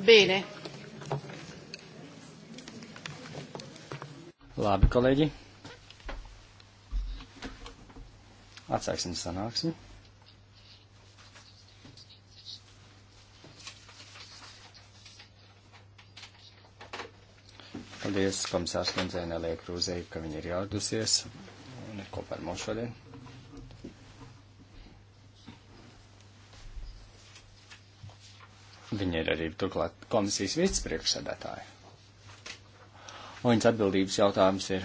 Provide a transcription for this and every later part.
Bene. Labi, kolēģi. Atsāksim sanāksmi. Paldies komisārs Kundzei Nelija Krūzei, ka viņa ir jādusies un ir kopā ar mums šodien. ir arī turklāt komisijas vicepriekšsēdētāja. Un viņas atbildības jautājums ir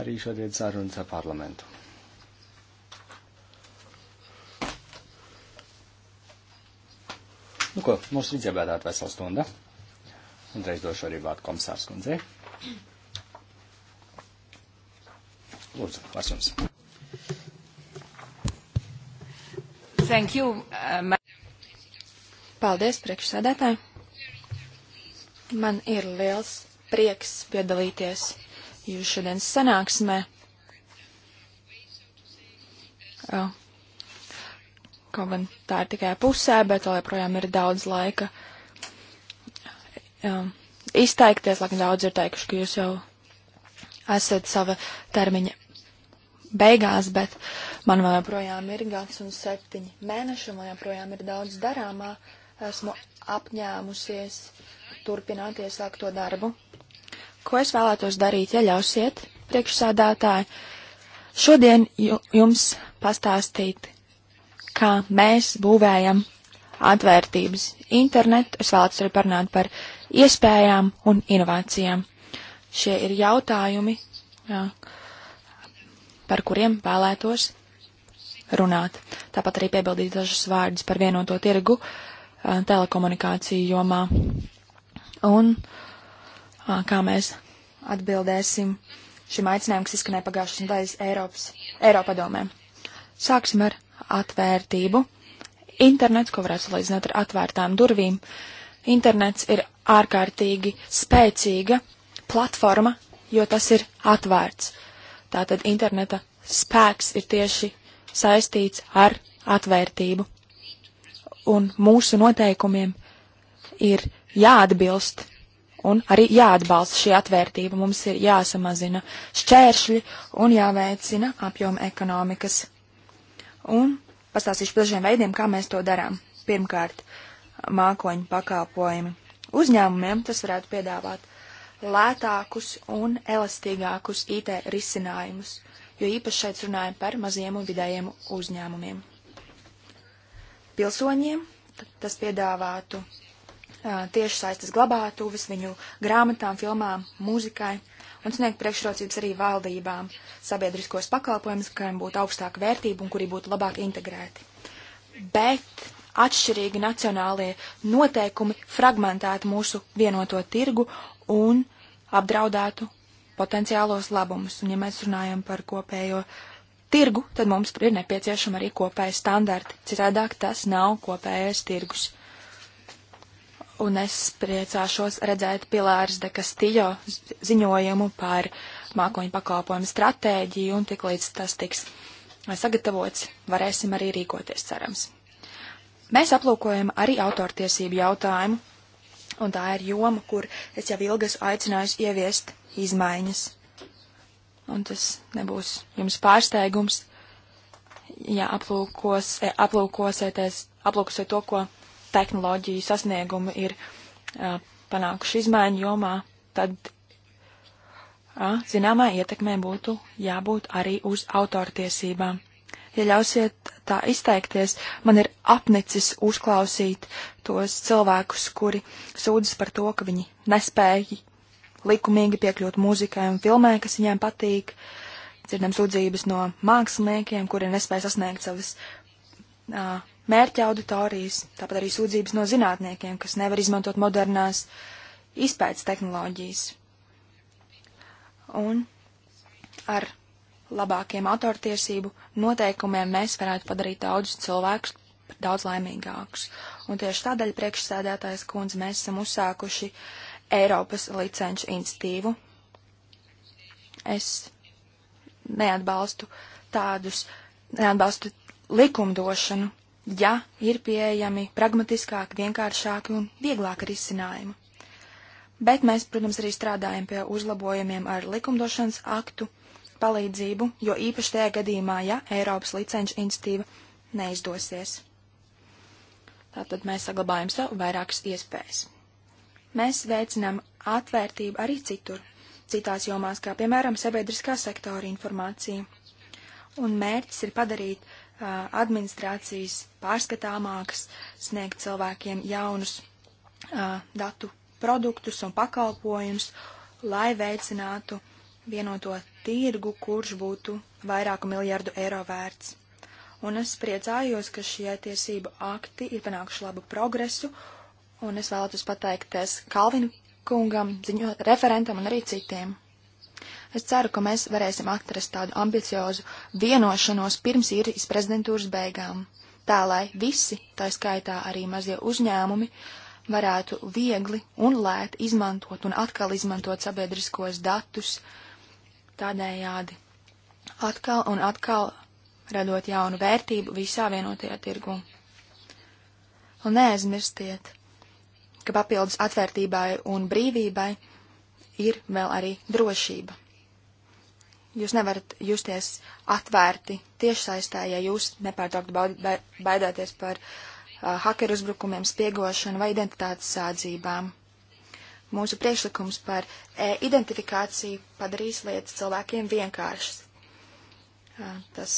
arī šodien sarunas ar parlamentu. Nu ko, mums ir dzirdētāta vesela stunda. Un reiz došu arī vārdu komisārs kundzei. Lūdzu, vārds jums. Thank you. Um, Paldies, priekšsēdētāji! Man ir liels prieks piedalīties jūs šodien sanāksmē. Oh. Kaut gan tā ir tikai pusē, bet vēl joprojām ir daudz laika um, izteikties, lai gan daudz ir teikuši, ka jūs jau esat sava termiņa beigās, bet man vēl joprojām ir gads un septiņi mēneši, un vēl joprojām ir daudz darāmā. Uh, esmu apņēmusies turpināt iesākto darbu. Ko es vēlētos darīt, ja ļausiet, priekšsādātāji? Šodien jums pastāstīt, kā mēs būvējam atvērtības internetu. Es vēlētos arī parunāt par iespējām un inovācijām. Šie ir jautājumi, jā, par kuriem vēlētos runāt. Tāpat arī piebildīt dažus vārdus par vienoto tirgu. Uh, telekomunikāciju jomā. Un kā mēs atbildēsim šim aicinājumam, kas izskanēja pagājušas nedēļas Eiropas, Eiropadomē. Sāksim ar atvērtību. Internets, ko varētu salīdzināt ar atvērtām durvīm. Internets ir ārkārtīgi spēcīga platforma, jo tas ir atvērts. Tātad interneta spēks ir tieši saistīts ar atvērtību un mūsu noteikumiem ir jāatbilst un arī jāatbalsta šī atvērtība. Mums ir jāsamazina šķēršļi un jāveicina apjoma ekonomikas. Un pastāstīšu par dažiem veidiem, kā mēs to darām. Pirmkārt, mākoņu pakāpojumi. Uzņēmumiem tas varētu piedāvāt lētākus un elastīgākus IT risinājumus, jo īpaši šeit runājam par maziem un vidējiem uzņēmumiem pilsoņiem. Tas piedāvātu tieši saistas glabātuves viņu grāmatām, filmām, mūzikai un sniegt priekšrocības arī valdībām sabiedriskos pakalpojumus, kuriem būtu augstāka vērtība un kuri būtu labāk integrēti. Bet atšķirīgi nacionālie noteikumi fragmentētu mūsu vienoto tirgu un apdraudētu potenciālos labumus. Un ja mēs runājam par kopējo uh, tirgu, tad mums ir nepieciešama arī kopēja standarti. Citādāk tas nav kopējais tirgus. Un es priecāšos redzēt Pilārs de Castillo ziņojumu par mākoņu pakalpojumu stratēģiju, un tik līdz tas tiks sagatavots, varēsim arī rīkoties, cerams. Mēs aplūkojam arī autortiesību jautājumu, un tā ir joma, kur es jau ilgas aicinājusi ieviest izmaiņas un tas nebūs jums pārsteigums, ja aplūkos, e, aplūkosieties, aplūkosiet to, ko tehnoloģiju sasniegumi ir uh, panākuši izmaiņu jomā, tad, uh, zināmā, ietekmē būtu jābūt arī uz autortiesībām. Ja ļausiet tā izteikties, man ir apnicis uzklausīt tos cilvēkus, kuri sūdzas par to, ka viņi nespēja likumīgi piekļūt mūzikai un filmai, kas viņiem patīk. Dzirdam sūdzības no māksliniekiem, kuri nespēja sasniegt savas uh, mērķa auditorijas, tāpat arī sūdzības no zinātniekiem, kas nevar izmantot modernās izpētes tehnoloģijas. Un ar labākiem autortiesību noteikumiem mēs varētu padarīt daudzus cilvēkus daudz laimīgākus. Un tieši tādēļ priekšsēdētājs kundze mēs esam uzsākuši uh, Eiropas licenču institīvu. Es neatbalstu tādus, neatbalstu likumdošanu, ja ir pieejami pragmatiskāki, vienkāršāki un vieglāki risinājumi. Bet mēs, protams, arī strādājam pie uzlabojumiem ar likumdošanas aktu palīdzību, jo īpaši tajā gadījumā, ja Eiropas licenču institīva neizdosies. Tātad mēs saglabājam sev vairākas iespējas mēs veicinām atvērtību arī citur, citās jomās, kā piemēram sabiedriskā sektora informācija. Un mērķis ir padarīt uh, administrācijas pārskatāmākas, sniegt cilvēkiem jaunus uh, datu produktus un pakalpojumus, lai veicinātu vienoto tirgu, kurš būtu vairāku miljardu eiro vērts. Un es priecājos, ka šie tiesību akti ir panākuši labu progresu un es vēlētos pateikties Kalvinu kungam, ziņo referentam un arī citiem. Es ceru, ka mēs varēsim atrast tādu ambiciozu vienošanos pirms īrijas prezidentūras beigām, tā lai visi, tā skaitā arī mazie uzņēmumi, varētu viegli un lēti izmantot un atkal izmantot sabiedriskos datus, tādējādi atkal un atkal radot jaunu vērtību visā vienotajā tirgu. Un neaizmirstiet, ka papildus atvērtībai un brīvībai ir vēl arī drošība. Jūs nevarat justies atvērti tiešsaistē, ja jūs nepārtraukti baidāties par uh, hakeru uzbrukumiem, spiegošanu vai identitātes sādzībām. Mūsu priekšlikums par e-identifikāciju padarīs lietas cilvēkiem vienkāršas. Uh, tas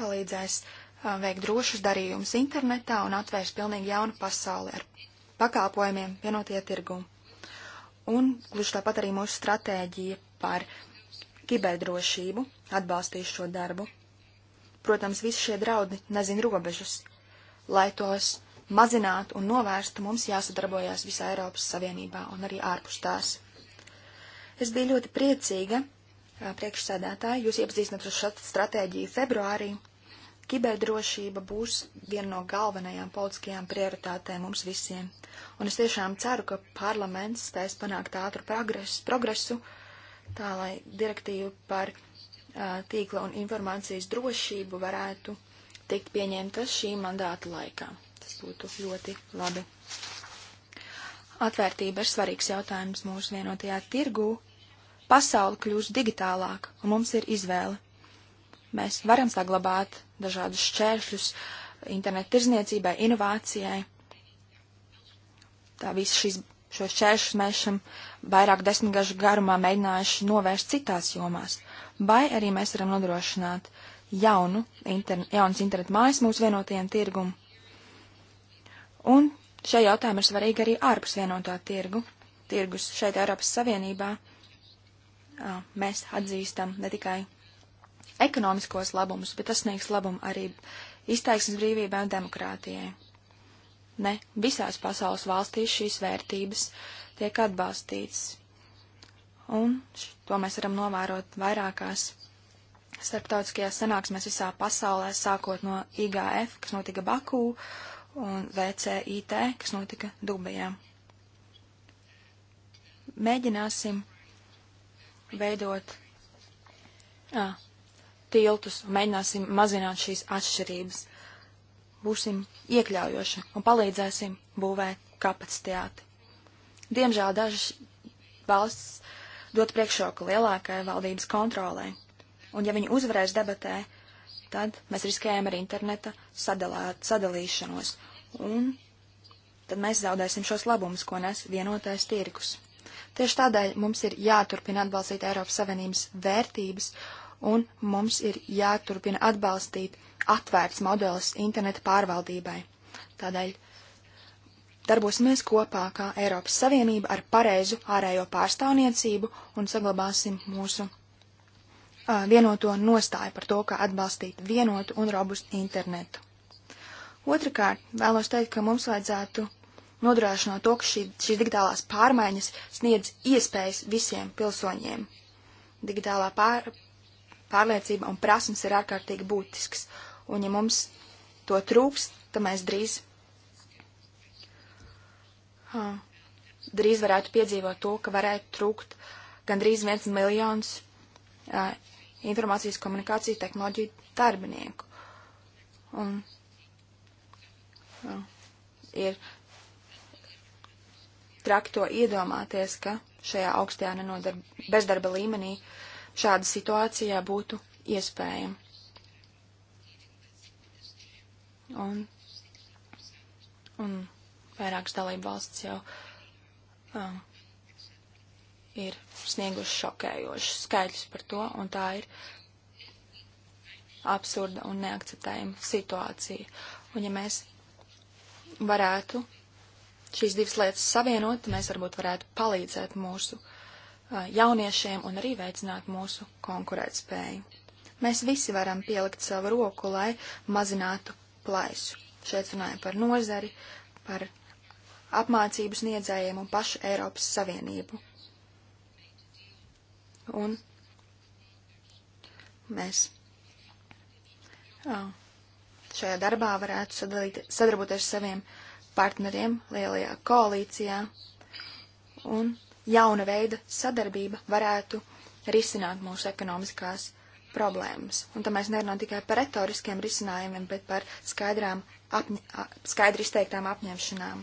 palīdzēs uh, veikt drošus darījumus internetā un atvērs pilnīgi jaunu pasauli ar pakāpojumiem vienotie tirgu. Un gluži tāpat arī mūsu stratēģija par kiberdrošību atbalstīs šo darbu. Protams, visi šie draudi nezina robežas. Lai tos mazinātu un novērstu, mums jāsadarbojās visā Eiropas Savienībā un arī ārpus tās. Es biju ļoti priecīga, priekšsēdētāji, jūs iepazīstināt ar šo stratēģiju februārī, Kiberdrošība būs viena no galvenajām politiskajām prioritātēm mums visiem, un es tiešām ceru, ka parlaments spēs panākt ātru progresu, progresu tā lai direktīva par uh, tīkla un informācijas drošību varētu tikt pieņemta šī mandāta laikā. Tas būtu ļoti labi. Atvērtība ir svarīgs jautājums mūsu vienotajā tirgū. Pasauli kļūst digitālāk, un mums ir izvēle Mēs varam saglabāt dažādus šķēršļus internetu tirzniecībai, inovācijai. Tā visu šis, šo šķēršļus mēs esam vairāk desmitgažu garumā mēģinājuši novērst citās jomās. Vai arī mēs varam nodrošināt jaunu, interne, jaunas internetu mājas mūsu vienotajam tirgumam. Un šie jautājumi ir svarīgi arī ārpus vienotā tirgu. Tirgus šeit Eiropas Savienībā mēs atzīstam ne tikai ekonomiskos labumus, bet tas sniegs labumu arī izteiksmes brīvībai un demokrātijai. Ne, visās pasaules valstīs šīs vērtības tiek atbalstītas. Un to mēs varam novērot vairākās starptautiskajās sanāksmēs visā pasaulē, sākot no IGF, kas notika Bakū, un VCIT, kas notika Dubajā. Mēģināsim veidot à, tiltus un mēģināsim mazināt šīs atšķirības. Būsim iekļaujoši un palīdzēsim būvēt kapacitāti. Diemžēl dažas valsts dot priekšroku lielākai valdības kontrolē, un ja viņi uzvarēs debatē, tad mēs riskējam ar interneta sadalā, sadalīšanos, un tad mēs zaudēsim šos labumus, ko nes vienotais tirgus. Tieši tādēļ mums ir jāturpina atbalstīt Eiropas Savienības vērtības un mums ir jāturpina atbalstīt atvērts modelis interneta pārvaldībai. Tādēļ darbosimies kopā kā Eiropas Savienība ar pareizu ārējo pārstāvniecību un saglabāsim mūsu uh, vienoto nostāju par to, kā atbalstīt vienotu un robustu internetu. Otrakārt, vēlos teikt, ka mums vajadzētu nodrošināt to, ka šī, šīs digitālās pārmaiņas sniedz iespējas visiem pilsoņiem. Digitālā pār, pārliecība un prasmes ir ārkārtīgi būtisks. Un ja mums to trūks, tad mēs drīz, ha, drīz varētu piedzīvot to, ka varētu trūkt gandrīz viens miljons uh, informācijas komunikāciju tehnoloģiju darbinieku. Un, uh, ir traki to iedomāties, ka šajā augstajā bezdarba līmenī uh, šāda situācijā būtu iespējama. Un, un vairākas dalību valsts jau um, ir snieguši šokējošus skaidrs par to, un tā ir absurda un neakceptējama situācija. Un ja mēs varētu šīs divas lietas savienot, mēs varbūt varētu palīdzēt mūsu jauniešiem un arī veicināt mūsu konkurētspēju. Mēs visi varam pielikt savu roku, lai mazinātu plaisu. Šeit runājam par nozari, par apmācību sniedzējiem un pašu Eiropas Savienību. Un mēs šajā darbā varētu sadalīt, sadarboties ar saviem partneriem lielajā koalīcijā un jauna veida sadarbība varētu risināt mūsu ekonomiskās problēmas. Un tam mēs nerunājam tikai par retoriskiem risinājumiem, bet par skaidrām, apņ skaidri izteiktām apņemšanām.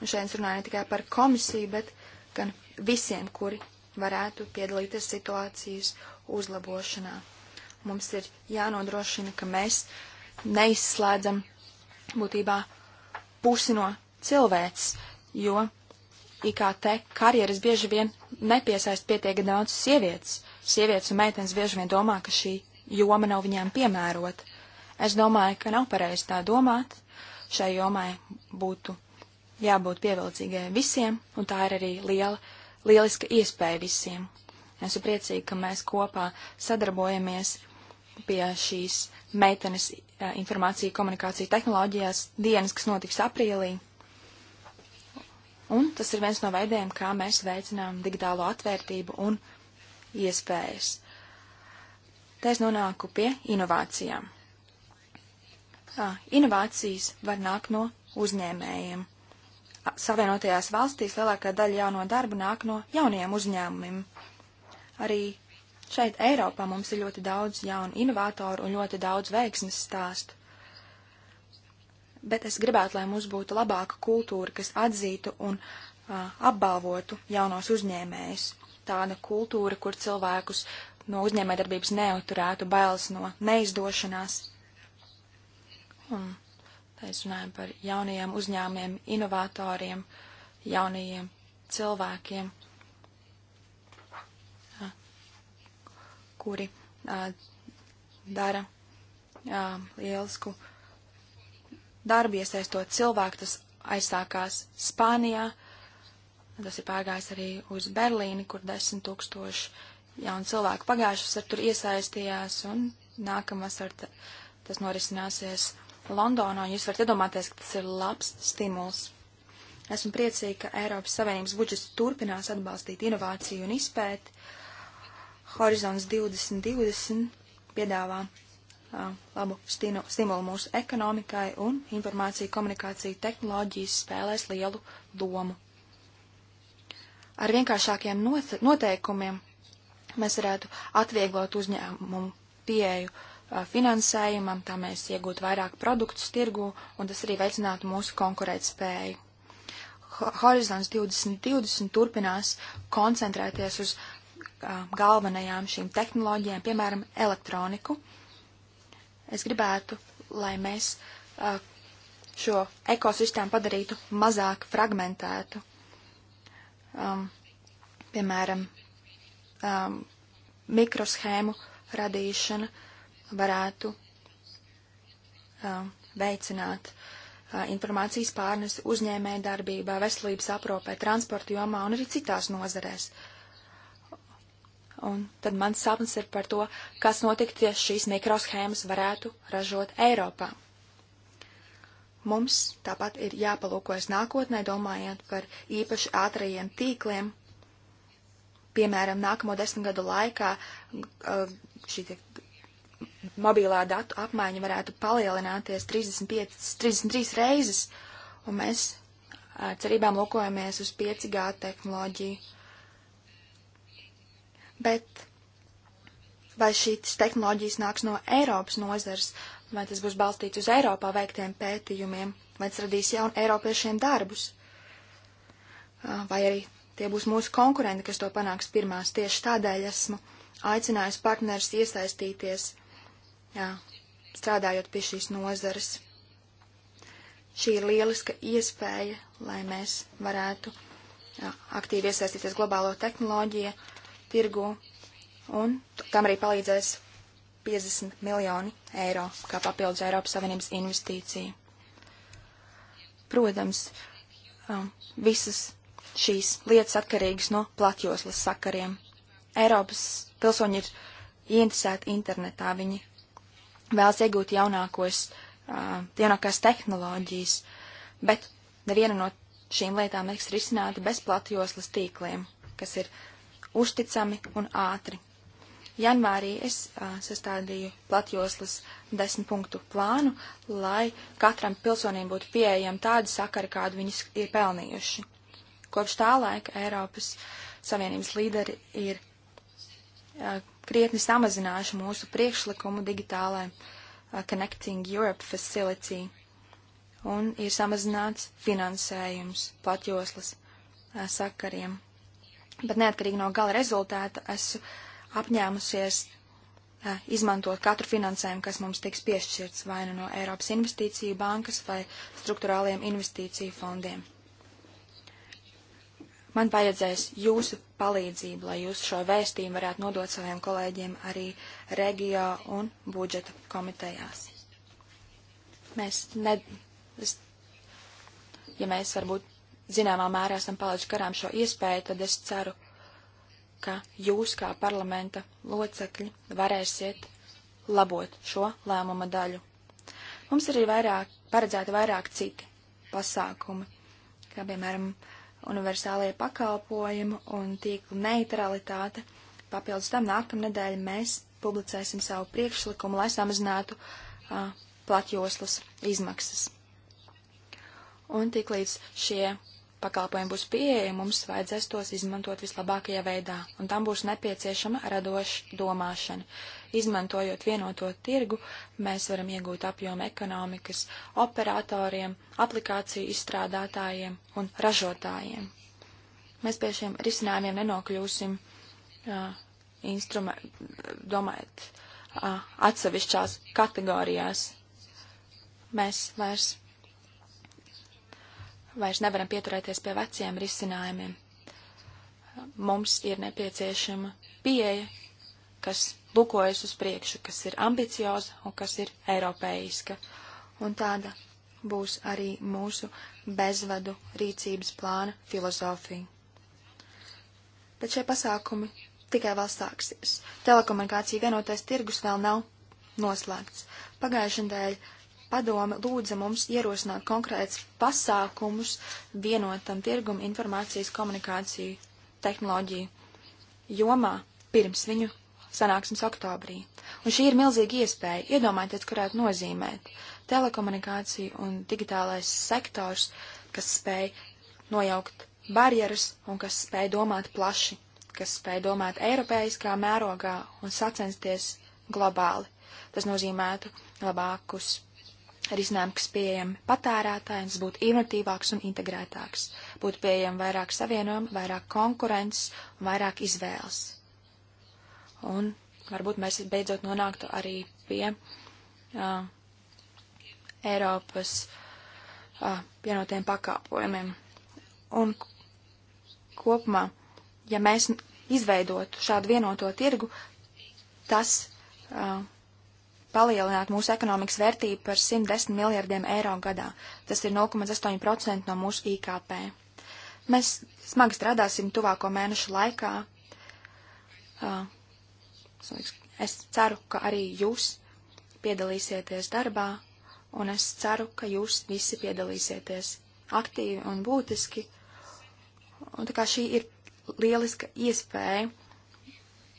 Un šeit es runāju ne tikai par komisiju, bet gan visiem, kuri varētu piedalīties situācijas uzlabošanā. Mums ir jānodrošina, ka mēs neizslēdzam būtībā pusi no cilvēks, jo IKT karjeras bieži vien nepiesaist pietiek daudz sievietes. Sievietes un meitenes bieži vien domā, ka šī joma nav viņām piemērota. Es domāju, ka nav pareizi tā domāt. Šai jomai būtu jābūt pievilcīgai visiem, un tā ir arī liela, lieliska iespēja visiem. Esmu priecīga, ka mēs kopā sadarbojamies pie šīs meitenes eh, informācija komunikācija tehnoloģijās dienas, kas notiks aprīlī. Un tas ir viens no veidiem, kā mēs veicinām digitālo atvērtību un iespējas. Tā es nonāku pie inovācijām. Inovācijas var nākt no uzņēmējiem. Savienotajās valstīs lielākā daļa jauno darbu nāk no jauniem uzņēmumiem. Arī šeit Eiropā mums ir ļoti daudz jaunu inovātoru un ļoti daudz veiksmes stāstu bet es gribētu, lai mums būtu labāka kultūra, kas atzītu un a, apbalvotu jaunos uzņēmējus. Tāda kultūra, kur cilvēkus no uzņēmējdarbības neuturētu bailes no neizdošanās. Un tā es runāju par jaunajiem uzņēmiem, inovatoriem, jaunajiem cilvēkiem, a, kuri a, dara lielisku darbu darbi iesaistot cilvēku. Tas aizsākās Spānijā, tas ir pārgājis arī uz Berlīni, kur desmit tūkstoši jaunu cilvēku pagājušas ar tur iesaistījās, un nākamās ar tas norisināsies Londonā, un jūs varat iedomāties, ka tas ir labs stimuls. Esmu priecīga, ka Eiropas Savienības budžets turpinās atbalstīt inovāciju un izpēti. Horizons 2020 piedāvā labu stinu, stimulu mūsu ekonomikai un informācija komunikācija tehnoloģijas spēlēs lielu lomu. Ar vienkāršākiem noteikumiem mēs varētu atvieglot uzņēmumu pieeju finansējumam, tā mēs iegūtu vairāk produktu tirgu un tas arī veicinātu mūsu konkurētspēju. Horizons 2020 turpinās koncentrēties uz galvenajām šīm tehnoloģijām, piemēram, elektroniku. Uh, Es gribētu, lai mēs šo ekosistēmu padarītu mazāk fragmentētu. Um, piemēram, um, mikroshēmu radīšana varētu um, veicināt uh, informācijas pārnesi uzņēmē darbībā, veselības aprūpē, transporta jomā un arī citās nozarēs. Un tad mans sapnis ir par to, kas notiktu, ja šīs mikroshēmas varētu ražot Eiropā. Mums tāpat ir jāpalūkojas nākotnē, domājot par īpaši ātrajiem tīkliem. Piemēram, nākamo desmit gadu laikā uh, šī mobilā datu apmaiņa varētu palielināties 35, 33 reizes, un mēs uh, cerībām lūkojamies uz 5G tehnoloģiju Bet vai šīs tehnoloģijas nāks no Eiropas nozars, vai tas būs balstīts uz Eiropā veiktiem pētījumiem, vai tas radīs jaunu Eiropiešiem darbus, vai arī tie būs mūsu konkurenti, kas to panāks pirmās. Tieši tādēļ esmu aicinājis partners iesaistīties, jā, strādājot pie šīs nozares. Šī ir lieliska iespēja, lai mēs varētu jā, aktīvi iesaistīties globālo tehnoloģiju tirgu, un tam arī palīdzēs 50 miljoni eiro, kā papildus Eiropas Savienības investīcija. Protams, um, visas šīs lietas atkarīgas no platjoslas sakariem. Eiropas pilsoņi ir ieinteresēti internetā, viņi vēlas iegūt jaunākos, uh, jaunākās tehnoloģijas, bet neviena no šīm lietām netiks risināta bez platjoslas tīkliem, kas ir uzticami un ātri. Janvārī es a, sastādīju platjoslas desmit punktu plānu, lai katram pilsonim būtu pieejama tāda sakara, kādu viņas ir pelnījuši. Kopš tā laika Eiropas Savienības līderi ir a, krietni samazinājuši mūsu priekšlikumu digitālajai Connecting Europe Facility un ir samazināts finansējums platjoslas sakariem bet neatkarīgi no gala rezultāta esmu apņēmusies uh, izmantot katru finansējumu, kas mums tiks piešķirts vai nu no Eiropas investīciju bankas vai struktūrāliem investīciju fondiem. Man vajadzēs jūsu palīdzību, lai jūs šo vēstījumu varētu nodot saviem kolēģiem arī regijā un budžeta komitejās. Mēs ne, es, ja mēs varbūt zināmā mērā esam palaiduši garām šo iespēju, tad es ceru, ka jūs kā parlamenta locekļi varēsiet labot šo lēmuma daļu. Mums ir arī vairāk, paredzēti vairāk citi pasākumi, kā piemēram universālie pakalpojumi un tīkla neutralitāte. Papildus tam nākamnedēļ mēs publicēsim savu priekšlikumu, lai samazinātu uh, platjoslas izmaksas. Un tiklīdz šie pakalpojumi būs pieejami, mums vajadzēs tos izmantot vislabākajā veidā, un tam būs nepieciešama radoša domāšana. Izmantojot vienoto tirgu, mēs varam iegūt apjomu ekonomikas operatoriem, aplikāciju izstrādātājiem un ražotājiem. Mēs pie šiem risinājumiem nenokļūsim, uh, instruma, domājot, uh, atsevišķās kategorijās. Mēs vairs vairs nevaram pieturēties pie veciem risinājumiem. Mums ir nepieciešama pieeja, kas lukojas uz priekšu, kas ir ambicioza un kas ir eiropeiska. Un tāda būs arī mūsu bezvadu rīcības plāna filozofija. Bet šie pasākumi tikai vēl sāksies. Telekomunikācija vienotais tirgus vēl nav noslēgts. Pagājušajā nedēļā padome lūdza mums ierosināt konkrēts pasākumus vienotam tirgumu informācijas komunikāciju tehnoloģiju jomā pirms viņu sanāksmes oktobrī. Un šī ir milzīga iespēja, iedomājieties, kurētu nozīmēt telekomunikācija un digitālais sektors, kas spēj nojaukt barjeras un kas spēj domāt plaši, kas spēj domāt eiropeiskā mērogā un sacensties globāli. Tas nozīmētu labākus risinājumu, kas pieejami patērētājiem, būtu inovatīvāks un integrētāks, būtu pieejami vairāk savienojumu, vairāk konkurences un vairāk izvēles. Un varbūt mēs beidzot nonāktu arī pie uh, Eiropas uh, vienotiem pakāpojumiem. Un kopumā, ja mēs izveidotu šādu vienoto tirgu, tas uh, palielināt mūsu ekonomikas vērtību par 110 miljardiem eiro gadā. Tas ir 0,8% no mūsu IKP. Mēs smagi strādāsim tuvāko mēnešu laikā. Es ceru, ka arī jūs piedalīsieties darbā, un es ceru, ka jūs visi piedalīsieties aktīvi un būtiski. Un tā kā šī ir lieliska iespēja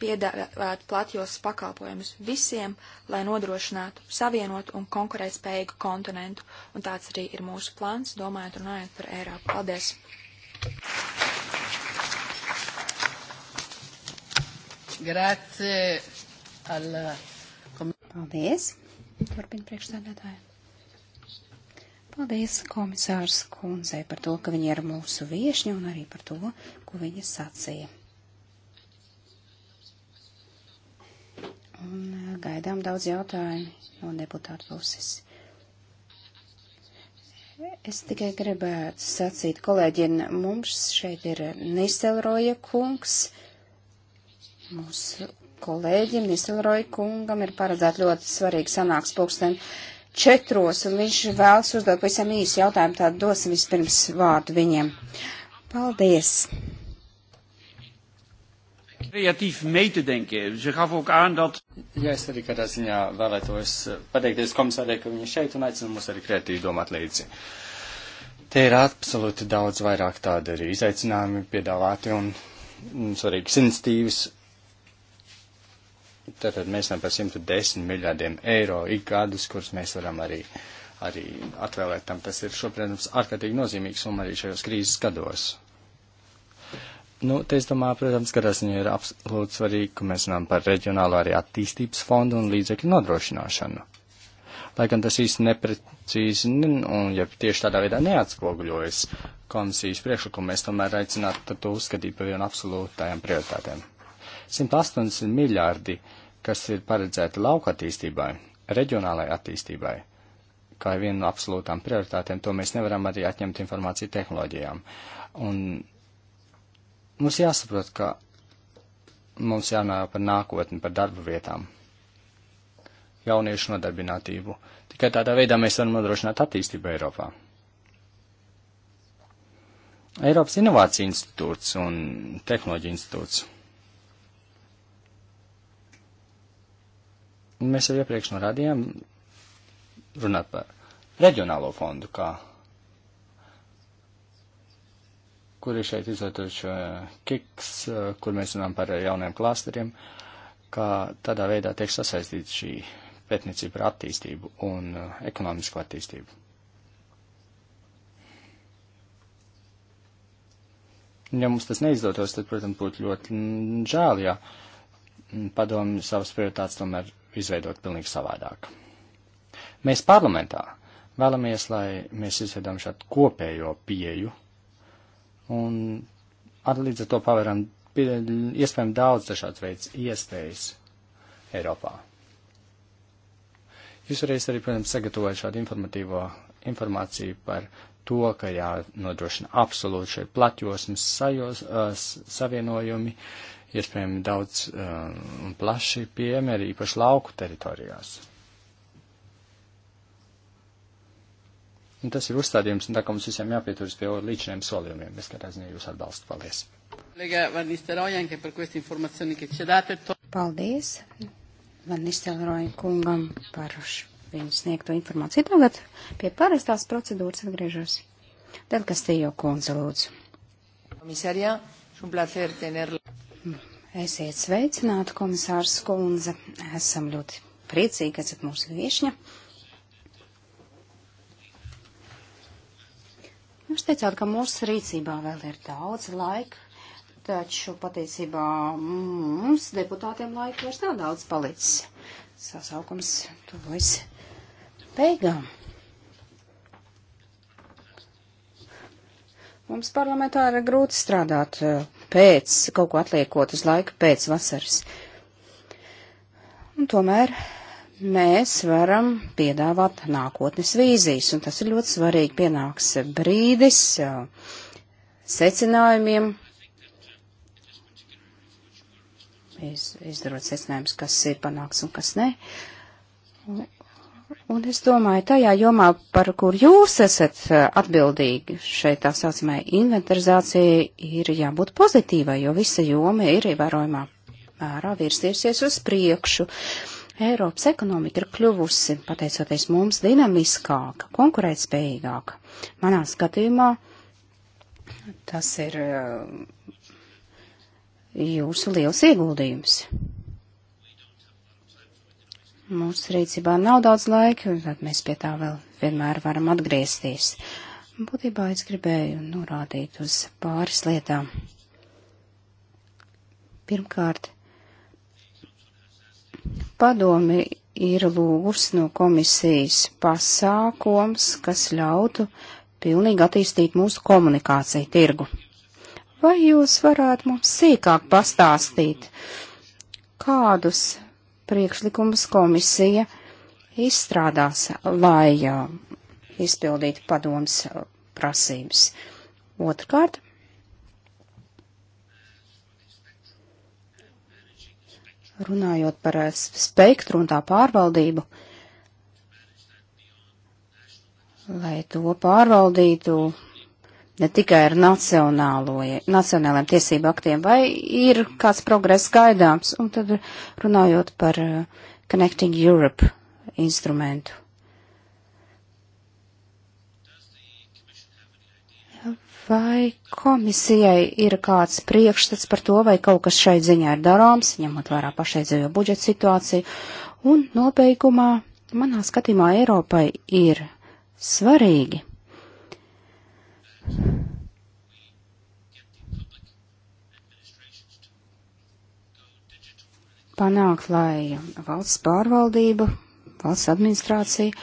piedāvāt platjos pakalpojumus visiem, lai nodrošinātu savienot un konkurētspējīgu kontinentu, un tāds arī ir mūsu plāns, domājot runājot par Eiropu. Paldies! Grazie. Alla. Paldies. Turpin priekšstādātāju. Paldies komisārs kundzei par to, ka viņa ir mūsu viešņa un arī par to, ko viņa sacīja. un eh, gaidām daudz jautājumu no deputātu puses. Es tikai gribētu sacīt, kolēģiem, mums šeit ir Niselroja kungs. Mūsu kolēģim Niselroja kungam ir paredzēta ļoti svarīga sanāks pulksten četros, un viņš vēlas uzdot pavisam īsu jautājumu, tādu dosim vispirms vārdu viņiem. Paldies! Kreatīvi meitedenkie. Jā, es arī kādā ziņā vēlētos eh, pateikties komisārē, ka viņi šeit un aicinu mūs arī kreatīvi domāt līdzi. Te ir absolūti daudz vairāk tādi arī izaicinājumi piedāvāti un mm, svarīgas inicitīvas. Tātad mēs esam par 110 miljārdiem eiro ik gadus, kurus mēs varam arī, arī atvēlēt tam. Tas ir, šo, protams, ārkārtīgi nozīmīgs summa arī šajos krīzes gados. Nu, te es domāju, protams, ka tas ir absolūti svarīgi, ka mēs runājam par reģionālo arī attīstības fondu un līdzekļu nodrošināšanu. Lai gan tas īsti neprecīzi un ja tieši tādā veidā neatspoguļojas komisijas priekšlikumu, mēs tomēr aicinātu to uzskatīt par vienu absolūtajām prioritātēm. 180 miljārdi, kas ir paredzēti lauka attīstībai, reģionālai attīstībai, kā vienu no absolūtām prioritātēm, to mēs nevaram arī atņemt informāciju tehnoloģijām. Un Mums jāsaprot, ka mums jārunā par nākotni, par darba vietām, jauniešu nodarbinātību. Tikai tādā veidā mēs varam nodrošināt attīstību Eiropā. Eiropas Inovācija institūts un Tehnoloģija institūts. Un mēs jau iepriekš norādījām runāt par reģionālo fondu kā kuri šeit izlietojuši uh, kiks, uh, kur mēs runājam par uh, jauniem klāsteriem, kā tādā veidā tiek sasaistīta šī pētniecība par attīstību un ekonomisko attīstību. Ja mums tas neizdotos, tad, protams, būtu ļoti žēl, ja padomi savas prioritātes tomēr izveidot pilnīgi savādāk. Mēs parlamentā vēlamies, lai mēs izveidām šādu kopējo pieju Un ar līdz ar to paveram iespējami daudz dažāds veids iespējas Eiropā. Jūs reiz arī, protams, sagatavojat šādu informatīvo informāciju par to, ka jānodrošina absolūti šeit platjosmas sajos, uh, savienojumi, iespējami daudz uh, un plaši piemēri, īpaši lauku teritorijās. Un tas ir uzstādījums, un tā kā mums visiem jāpieturas pie līdziniem solījumiem. Es katrā ziņā jūs atbalstu. Paldies! Paldies Van Nistelroja kungam par viņu sniegto informāciju. Tagad pie parastās procedūras atgriežos. Del Castillo kundze lūdzu. Komisārijā, šum placer tener. Esiet sveicināti, komisārs kundze. Esam ļoti priecīgi, ka esat mūsu viešņa. Jūs teicāt, ka mūsu rīcībā vēl ir daudz laika, taču patiesībā mums deputātiem laika vairs nav daudz palicis. Sasaukums tuvojas beigām. Mums parlamentā ir grūti strādāt eh, pēc, kaut ko atliekot uz laiku pēc vasaras. Un tomēr mēs varam piedāvāt nākotnes vīzijas, un tas ir ļoti svarīgi. Pienāks brīdis secinājumiem, iz, izdarot secinājumus, kas ir panāks un kas ne. Un, un es domāju, tajā jomā, par kur jūs esat atbildīgi, šeit tā saucamai inventarizācija ir jābūt pozitīvai, jo visa joma ir ievērojumā mērā virsīsies uz priekšu. Uh, Eiropas ekonomika ir kļuvusi, pateicoties mums, dinamiskāka, konkurētspējīgāka. Manā skatījumā tas ir uh, jūsu liels ieguldījums. Mūsu rīcībā nav daudz laika, tad mēs pie tā vēl vienmēr varam atgriezties. Būtībā es gribēju norādīt uz pāris lietām. Pirmkārt, Padomi ir lūgus no komisijas pasākums, kas ļautu pilnīgi attīstīt mūsu komunikāciju tirgu. Vai jūs varētu mums sīkāk pastāstīt, kādus priekšlikumus komisija izstrādās, lai izpildītu padoms prasības? Otrkārt, runājot par eh, spektru un tā pārvaldību, lai to pārvaldītu ne tikai ar nacionālajiem tiesību aktiem, vai ir kāds progress gaidāms, un tad runājot par eh, Connecting Europe instrumentu. Vai komisijai ir kāds priekšstats par to, vai kaut kas šai ziņā ir darāms, ņemot vērā pašreizējo budžeta situāciju? Un nobeigumā, manā skatījumā, Eiropai ir svarīgi panākt, lai valsts pārvaldība, valsts administrācija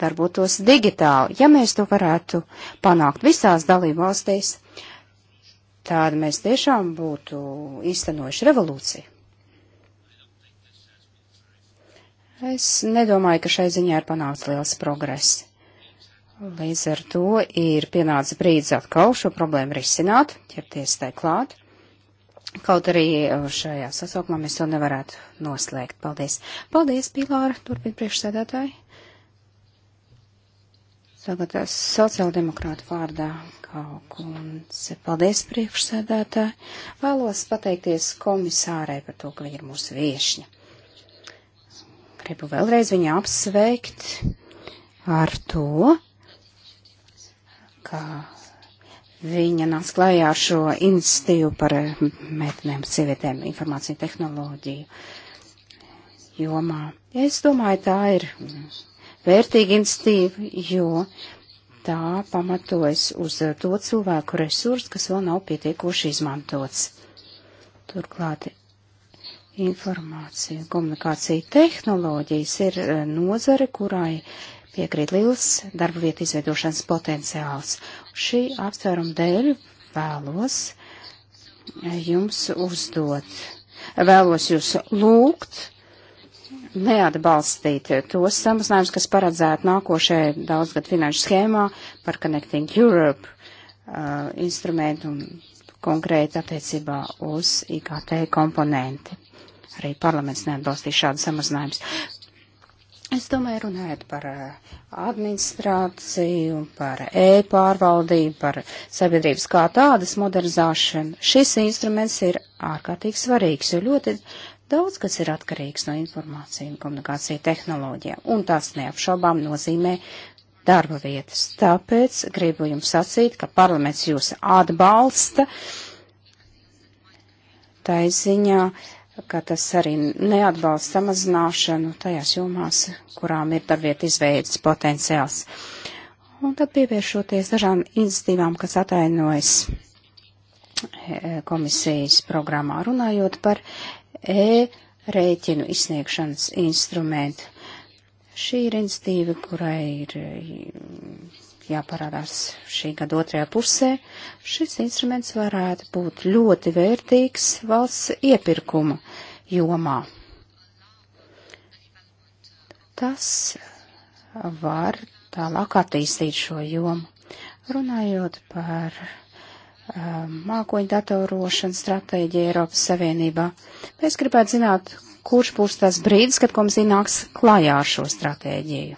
darbotos digitāli. Ja mēs to varētu panākt visās dalībvalstīs, tad mēs tiešām būtu īstenojuši revolūciju. Es nedomāju, ka šai ziņā ir panākts liels progress. Līdz ar to ir pienācis brīdis atkal šo problēmu risināt, ķerties tai klāt. Kaut arī uh, šajā sasaukumā mēs to nevarētu noslēgt. Paldies. Paldies, Pilāra, turpin priekšsēdētāji. Tagad sociāldemokrāta vārdā Kaukundze. Paldies priekšsēdētāji. Vēlos pateikties komisārei par to, ka viņa ir mūsu viešņa. Gribu vēlreiz viņu apsveikt ar to, ka viņa nāks klājā ar šo institīvu par meitenēm, sievietēm, informāciju tehnoloģiju jomā. Es domāju, tā ir vērtīga institīva, jo tā pamatojas uz to cilvēku resursu, kas vēl nav pietiekoši izmantots. Turklāt informācija, komunikācija, tehnoloģijas ir eh, nozare, kurai piekrīt liels darba vietu izveidošanas potenciāls. Šī apsvēruma dēļ vēlos eh, jums uzdot, vēlos jūs lūgt neatbalstīt tos samazinājumus, kas paredzētu nākošajai daudzgad finanšu schēmā par Connecting Europe uh, instrumentu un konkrēti attiecībā uz IKT komponenti. Arī parlaments neatbalstīja šādu samazinājumus. Es domāju, runājot par uh, administrāciju, par e-pārvaldību, par sabiedrības kā tādas modernizāšanu, šis instruments ir ārkārtīgi svarīgs, jo ļoti Daudz kas ir atkarīgs no informācija un komunikācija tehnoloģija, un tas neapšaubām nozīmē darba vietas. Tāpēc gribu jums sacīt, ka parlaments jūs atbalsta. Tā ir ziņā, ka tas arī neatbalsta samazināšanu tajās jomās, kurām ir darbvieta izveidas potenciāls. Un tad pievēršoties dažām iniciatīvām, kas atainojas eh, komisijas programmā runājot par e-rēķinu izsniegšanas instrumentu. Šī ir institīva, kurai ir mm, jāparādās šī gada otrajā pusē. Šis instruments varētu būt ļoti vērtīgs valsts iepirkuma jomā. Tas var tālāk attīstīt šo jomu. Runājot par Um, mākoņu datorošanas stratēģija Eiropas Savienībā. Mēs gribētu zināt, kurš būs tas brīdis, kad komisija nāks klajā ar šo stratēģiju.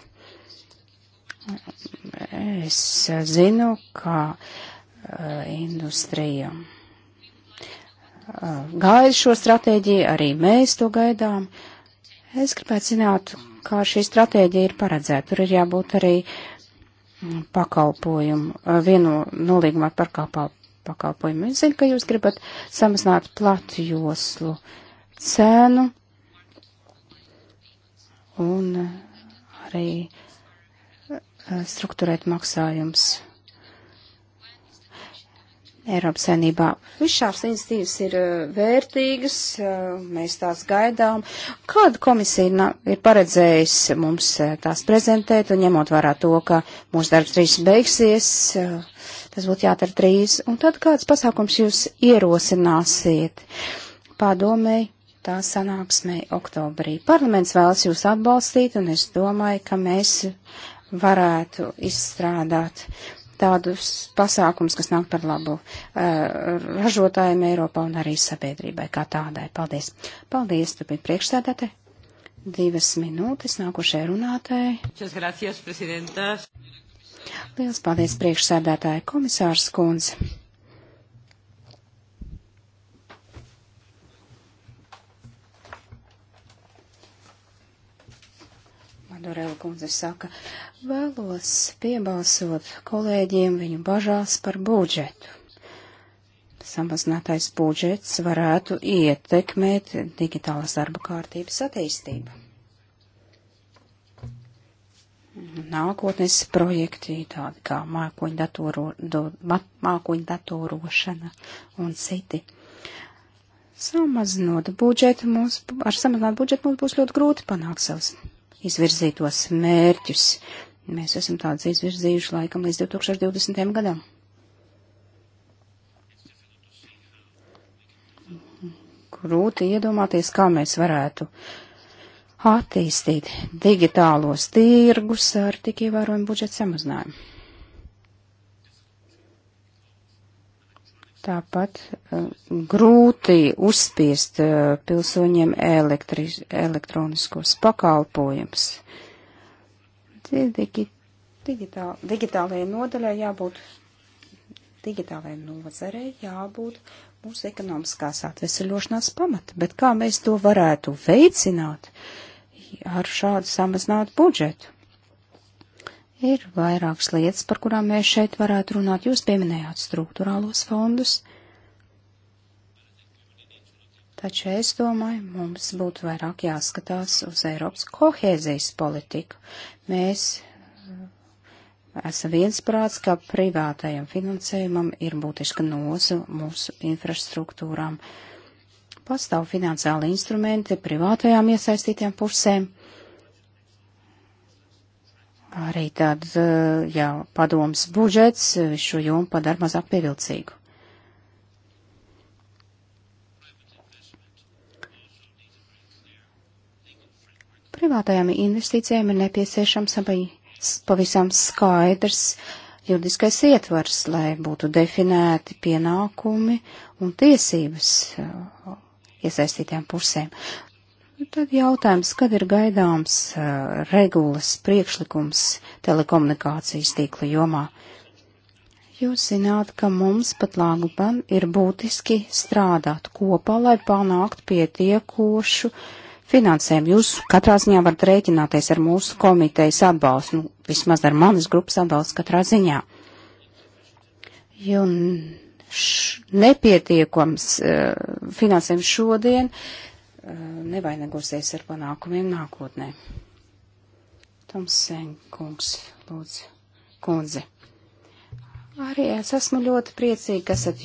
Es zinu, ka uh, industrija uh, gaida šo stratēģiju, arī mēs to gaidām. Es gribētu zināt, kā šī stratēģija ir paredzēta. Tur ir jābūt arī mm, pakalpojumu, uh, vienu nolīgumā par pakalpojumiem. Es zinu, ka jūs gribat samazināt platu joslu cenu un eh, arī eh, struktūrēt maksājums Eiropas saimnībā. Viss šās institīvas ir eh, vērtīgas, eh, mēs tās gaidām. Kāda komisija ir paredzējusi mums eh, tās prezentēt un ņemot vērā to, ka mūsu darbs drīz beigsies, tas būtu jātara drīz. Un tad kāds pasākums jūs ierosināsiet padomēji tā sanāksmē oktobrī. Parlaments vēlas jūs atbalstīt un es domāju, ka mēs varētu izstrādāt tādus pasākums, kas nāk par labu eh, ražotājiem Eiropā un arī sabiedrībai kā tādai. Paldies. Paldies, tu biji priekšstādāte. Divas minūtes nākošajai runātājai. Lielas paldies priekšsēdētāja komisārs Kunze. Dorela kundze saka, vēlos piebalsot kolēģiem viņu bažās par budžetu. Samazinātais budžets varētu ietekmēt digitālās darba kārtības attīstību. Nākotnes projekti tādi kā mākoņdatoro, do, mākoņdatorošana un citi samazinot budžetu, mums, ar samazināt budžetu mums būs ļoti grūti panākt savus izvirzītos mērķus. Mēs esam tādus izvirzījuši laikam līdz 2020. gadam. Grūti iedomāties, kā mēs varētu attīstīt digitālos tirgus ar tik ievērojumu budžeta samazinājumu. Tāpat uh, grūti uzspiest uh, pilsoņiem elektri, elektroniskos pakalpojumus. Digi, digitāl, digitālajai nodaļai jābūt, digitālajai nozarei jābūt mūsu ekonomiskās atvesaļošanās pamata. Bet kā mēs to varētu veicināt ar šādu samazinātu budžetu? Ir vairākas lietas, par kurām mēs šeit varētu runāt. Jūs pieminējāt struktūrālos fondus, taču es domāju, mums būtu vairāk jāskatās uz Eiropas kohēzijas politiku. Mēs uh, esam viensprāts, ka privātajam finansējumam ir būtiska noza mūsu infrastruktūrām. Pastāv finansiāli instrumenti privātajām iesaistītām pusēm arī tāds, eh, jā, padoms budžets eh, šo jomu padara mazāk pievilcīgu. Privātajām investīcijām ir nepieciešams arī pavisam skaidrs juridiskais ietvars, lai būtu definēti pienākumi un tiesības eh, iesaistītām pusēm. Nu, tad jautājums, kad ir gaidāms uh, regulas priekšlikums telekomunikācijas tīkla jomā? Jūs zināt, ka mums pat Lāguban ir būtiski strādāt kopā, lai panāktu pietiekošu finansējumu. Jūs katrā ziņā varat rēķināties ar mūsu komitejas atbalstu, nu, vismaz ar manas grupas atbalstu katrā ziņā. Jo nepietiekams uh, finansējums šodien. Uh, Eh, nevainagosies ar panākumiem nākotnē. Tomsen kungs, lūdzu, kundze. Arī es esmu ļoti priecīga, ka esat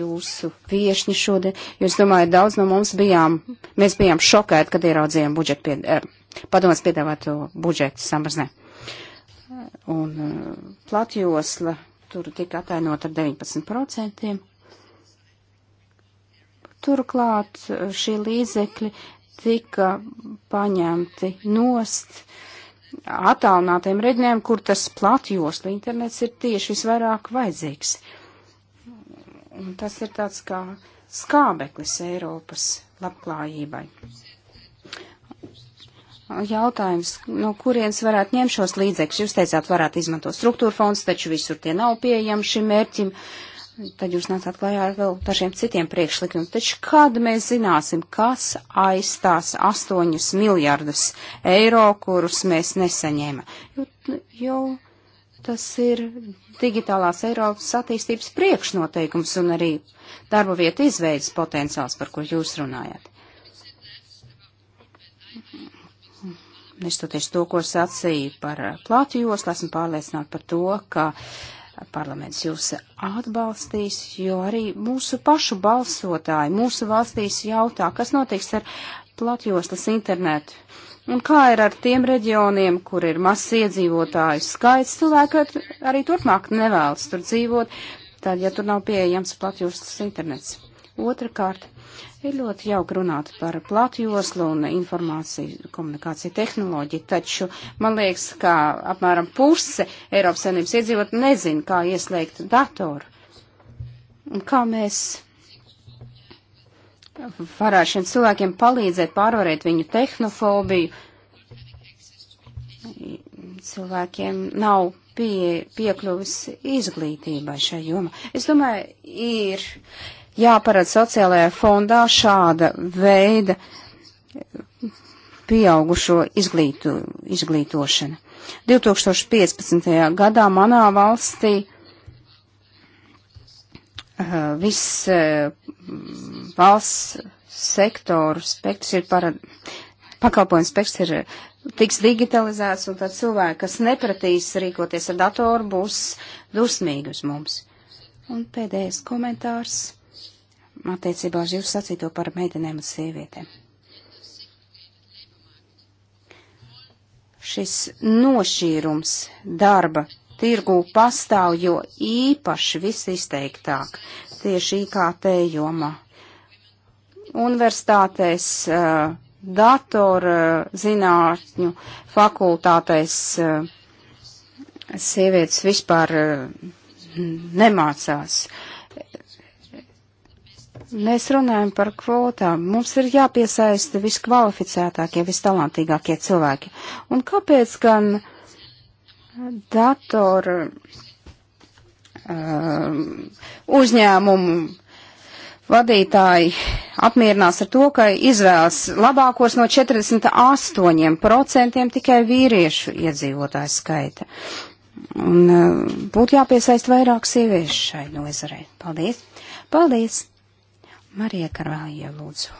jūsu viešņi šodien, jo es domāju, daudz no mums bijām, mēs bijām šokēti, kad ieraudzījām budžetu, pied, eh, padomas piedāvāto budžetu samaznē. Un eh, platjosla tur tika atainot ar 19%. Turklāt eh, šie līdzekļi tika paņemti nost attālinātiem reģioniem, kur tas platjosla internets ir tieši visvairāk vajadzīgs. Un tas ir tāds kā skābeklis Eiropas labklājībai. Jautājums, no kurienes varētu ņemt šos līdzekļus? Jūs teicāt, varētu izmantot struktūra fonds, taču visur tie nav pieejami šim mērķim. Uh, tad jūs nācāt klajā ar vēl dažiem citiem priekšlikumiem. Taču kad mēs zināsim, kas aizstās 8 miljardus eiro, kurus mēs nesaņēma? Jo, jo tas ir digitālās Eiropas attīstības priekšnoteikums un arī darba vieta izveidas potenciāls, par kur jūs runājat. Nestoties to, ko sacīju par plātjos, esmu pārliecināta par to, ka uh, parlaments jūs atbalstīs, jo arī mūsu pašu balsotāji mūsu valstīs jautā, kas notiks ar platjoslas internetu. Un kā ir ar tiem reģioniem, kur ir mazs iedzīvotāju skaits, cilvēki arī turpmāk nevēlas tur dzīvot, tad, ja tur nav pieejams platjoslas internets. Otrakārt, Ir ļoti jauki runāt par platjoslu un informāciju komunikāciju tehnoloģiju, taču man liekas, ka apmēram puse Eiropas saimnības iedzīvot nezin, kā ieslēgt datoru. Un kā mēs varētu šiem cilvēkiem palīdzēt pārvarēt viņu tehnofobiju. Cilvēkiem nav pie, piekļuvis izglītībai šajā jomā. Es domāju, ir jāparedz sociālajā fondā šāda veida pieaugušo izglītu, izglītošana. 2015. gadā manā valstī eh, viss eh, valsts sektoru spektrs ir parad, pakalpojums spektrs ir eh, tiks digitalizēts, un tad cilvēki, kas nepratīs rīkoties ar datoru, būs dusmīgi uz mums. Un pēdējais komentārs attiecībā uz jūsu sacīto par meitenēm un sievietēm. Šis nošķīrums darba tirgū pastāv jo īpaši visizteiktāk tieši IKT jomā. Universitātēs, eh, datora eh, zinātņu fakultātēs eh, sievietes vispār nemācās. Uh, Mēs runājam par kvotām. Mums ir jāpiesaista viskvalificētākie, vistalantīgākie cilvēki. Un kāpēc gan datoru uh, um, uzņēmumu vadītāji apmierinās ar to, ka izvēlas labākos no 48% tikai vīriešu iedzīvotāju skaita. Un uh, būtu jāpiesaist vairāk sieviešu šai nozarei. Paldies! Paldies! Marija Karvalija, lūdzu.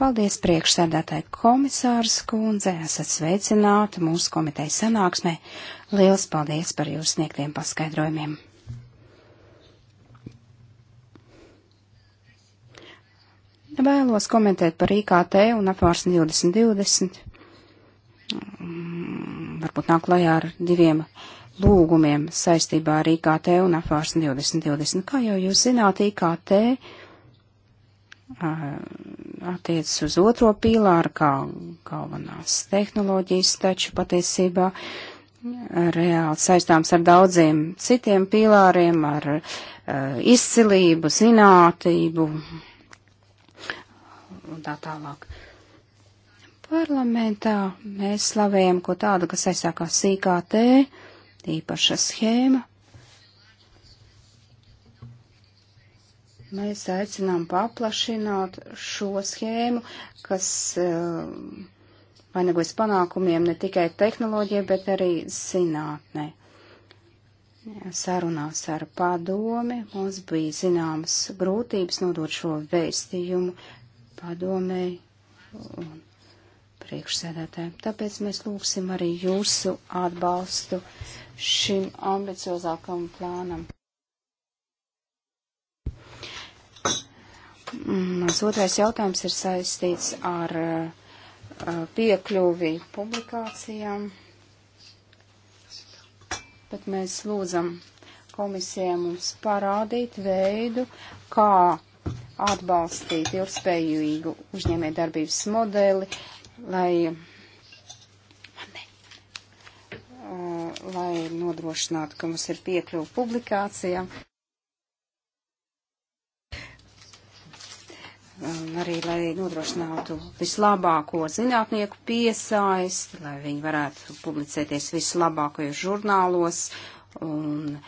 Paldies priekšsēdētāji komisārs kundze, esat sveicināti mūsu komitejas sanāksmē. Liels paldies par jūsu sniegtiem paskaidrojumiem. Vēlos komentēt par IKT un apvārsni 2020. Mm, varbūt nāk klajā ar diviem lūgumiem saistībā ar IKT un apvārsni 2020. Kā jau jūs zināt, IKT attiecas uz otro pīlāru kā galvenās tehnoloģijas, taču patiesībā reāli saistāms ar daudziem citiem pīlāriem, ar uh, izcilību, zinātību un tā tālāk. Parlamentā mēs slavējam ko tādu, kas aizsākās IKT, īpaša schēma, Mēs aicinām paplašināt šo schēmu, kas uh, vainagojas panākumiem ne tikai tehnoloģija, bet arī zinātnē. Sarunās ar padomi mums bija zināmas grūtības nodot šo vēstījumu padomēji un priekšsēdētājiem. Tāpēc mēs lūgsim arī jūsu atbalstu šim ambiciozākam plānam. Mans otrais jautājums ir saistīts ar eh, piekļuvi publikācijām, bet mēs lūdzam komisijai mums parādīt veidu, kā atbalstīt ilgspējīgu uzņēmē darbības modeli, lai, eh, lai nodrošinātu, ka mums ir piekļuva publikācijām. arī, lai nodrošinātu vislabāko zinātnieku piesaisti, lai viņi varētu publicēties vislabākajos žurnālos un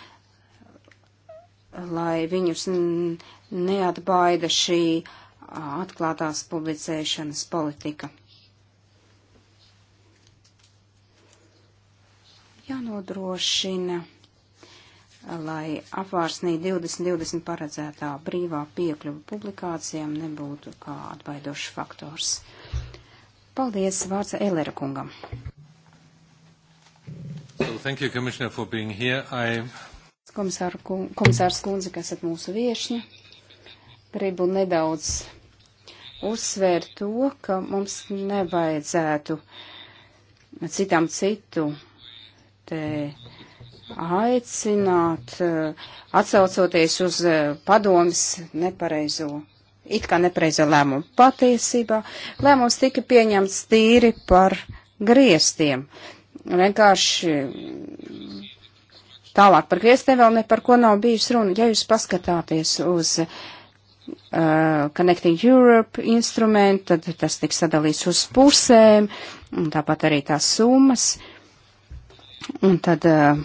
lai viņus neatbaida šī atklātās publicēšanas politika. Jānodrošina. Ja lai apvārsnī 2020 paredzētā brīvā piekļuva publikācijām nebūtu kā atbaidošs faktors. Paldies vārds Elera kungam. So, thank you, Commissioner, for being here. I... Komisāru, komisārs Kundze, kas esat mūsu viešņi, gribu nedaudz uzsvērt to, ka mums nevajadzētu citam citu te aicināt, eh, atsaucoties uz eh, padomas nepareizo, it kā nepareizo lēmumu. Patiesībā lēmums tika pieņemts tīri par griestiem. Vienkārši tālāk par griestiem vēl ne par ko nav bijis runa. Ja jūs paskatāties uz uh, Connecting Europe instrumentu, tad tas tiks sadalīts uz pusēm, un tāpat arī tās summas. Un tad uh,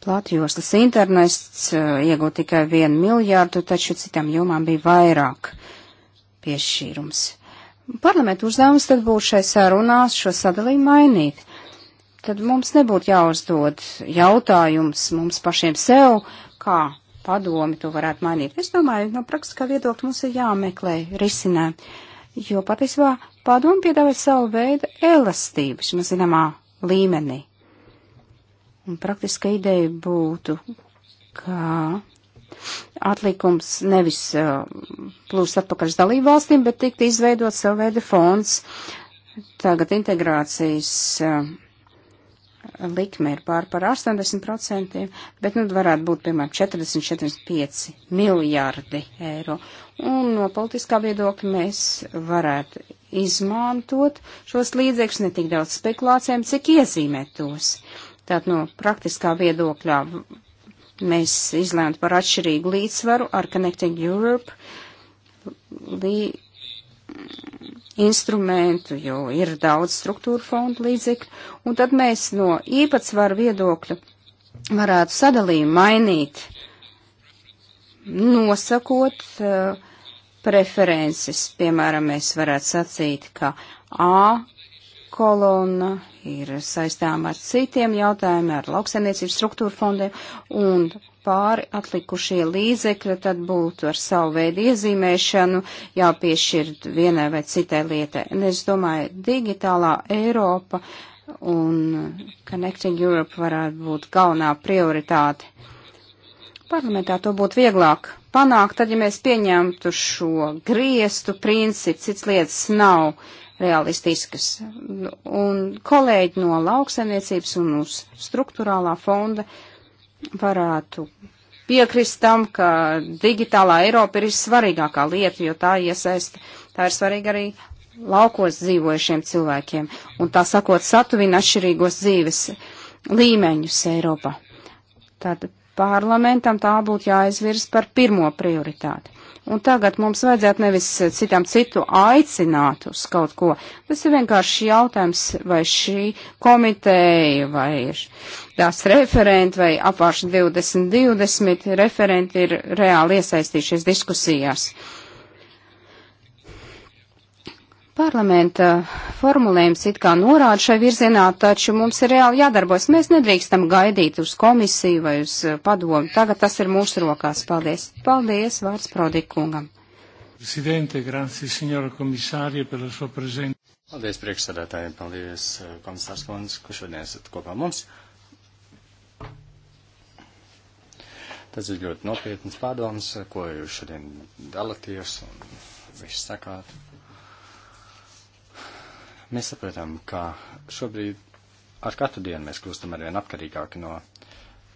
Platjoslas internets eh, iegūta tikai vienu miljārdu, taču citām jomām bija vairāk piešķīrums. Parlamentu uzdevums tad būs šai sarunās šo sadalījumu mainīt. Tad mums nebūtu jāuzdod jautājums mums pašiem sev, kā padomi to varētu mainīt. Es domāju, no praktiskā viedokļa mums ir jāmeklē risinājumi, jo patiesībā padomi piedāvā savu veidu elastības, man zināmā līmenī. Un praktiska ideja būtu, ka atlikums nevis uh, plūst atpakaļ uz dalību valstīm, bet tikt izveidot savu veidu fonds. Tagad integrācijas uh, likme ir pār par 80%, bet nu varētu būt, piemēram, 40-45 miljārdi eiro. Un no politiskā viedokļa mēs varētu izmantot šos līdzekļus ne tik daudz spekulācijām, cik iezīmēt tos. Uh, Tātad no nu, praktiskā viedokļā mēs izlēmt par atšķirīgu līdzsvaru ar Connecting Europe lī, instrumentu, jo ir daudz struktūra fondu līdzekļu, un tad mēs no īpatsvaru viedokļa varētu sadalījumu mainīt, nosakot uh, preferences. Piemēram, mēs varētu sacīt, ka A kolona ir saistām ar citiem jautājumiem, ar lauksaimniecības struktūra fondiem, un pāri atlikušie līdzekļi tad būtu ar savu veidu iezīmēšanu jāpiešķir vienai vai citai lietai. Un es domāju, digitālā Eiropa un Connecting Europe varētu būt galvenā prioritāte. Parlamentā to būtu vieglāk panākt, tad, ja mēs pieņemtu šo griestu principu, cits lietas nav. Uh, realistiskas. Un kolēģi no lauksaimniecības un uz struktūrālā fonda varētu piekrist tam, ka digitālā Eiropa ir svarīgākā lieta, jo tā iesaista, tā ir svarīga arī laukos dzīvojušiem cilvēkiem. Un tā sakot, satuvina atšķirīgos dzīves līmeņus Eiropā. Tad parlamentam tā būtu jāizvirs par pirmo prioritāti. Un tagad mums vajadzētu nevis citām citu aicināt uz kaut ko. Tas ir vienkārši jautājums, vai šī komiteja, vai tās referenti, vai apvārš 2020 referenti ir reāli iesaistījušies diskusijās. Uh, Parlamenta formulējums it kā norāda šai virzienā, taču mums ir reāli jādarbojas. Mēs nedrīkstam gaidīt uz komisiju vai uz eh, padomu. Tagad tas ir mūsu rokās. Paldies. Paldies vārds Prodikungam. Paldies priekšsēdētājiem, paldies eh, komisārs Kondis, ka šodien esat kopā mums. Tas ir ļoti nopietns pārdoms, eh, ko jūs šodien dalaties un viss sakāt. Mēs saprotam, ka šobrīd ar katru dienu mēs kļūstam arvien atkarīgāki no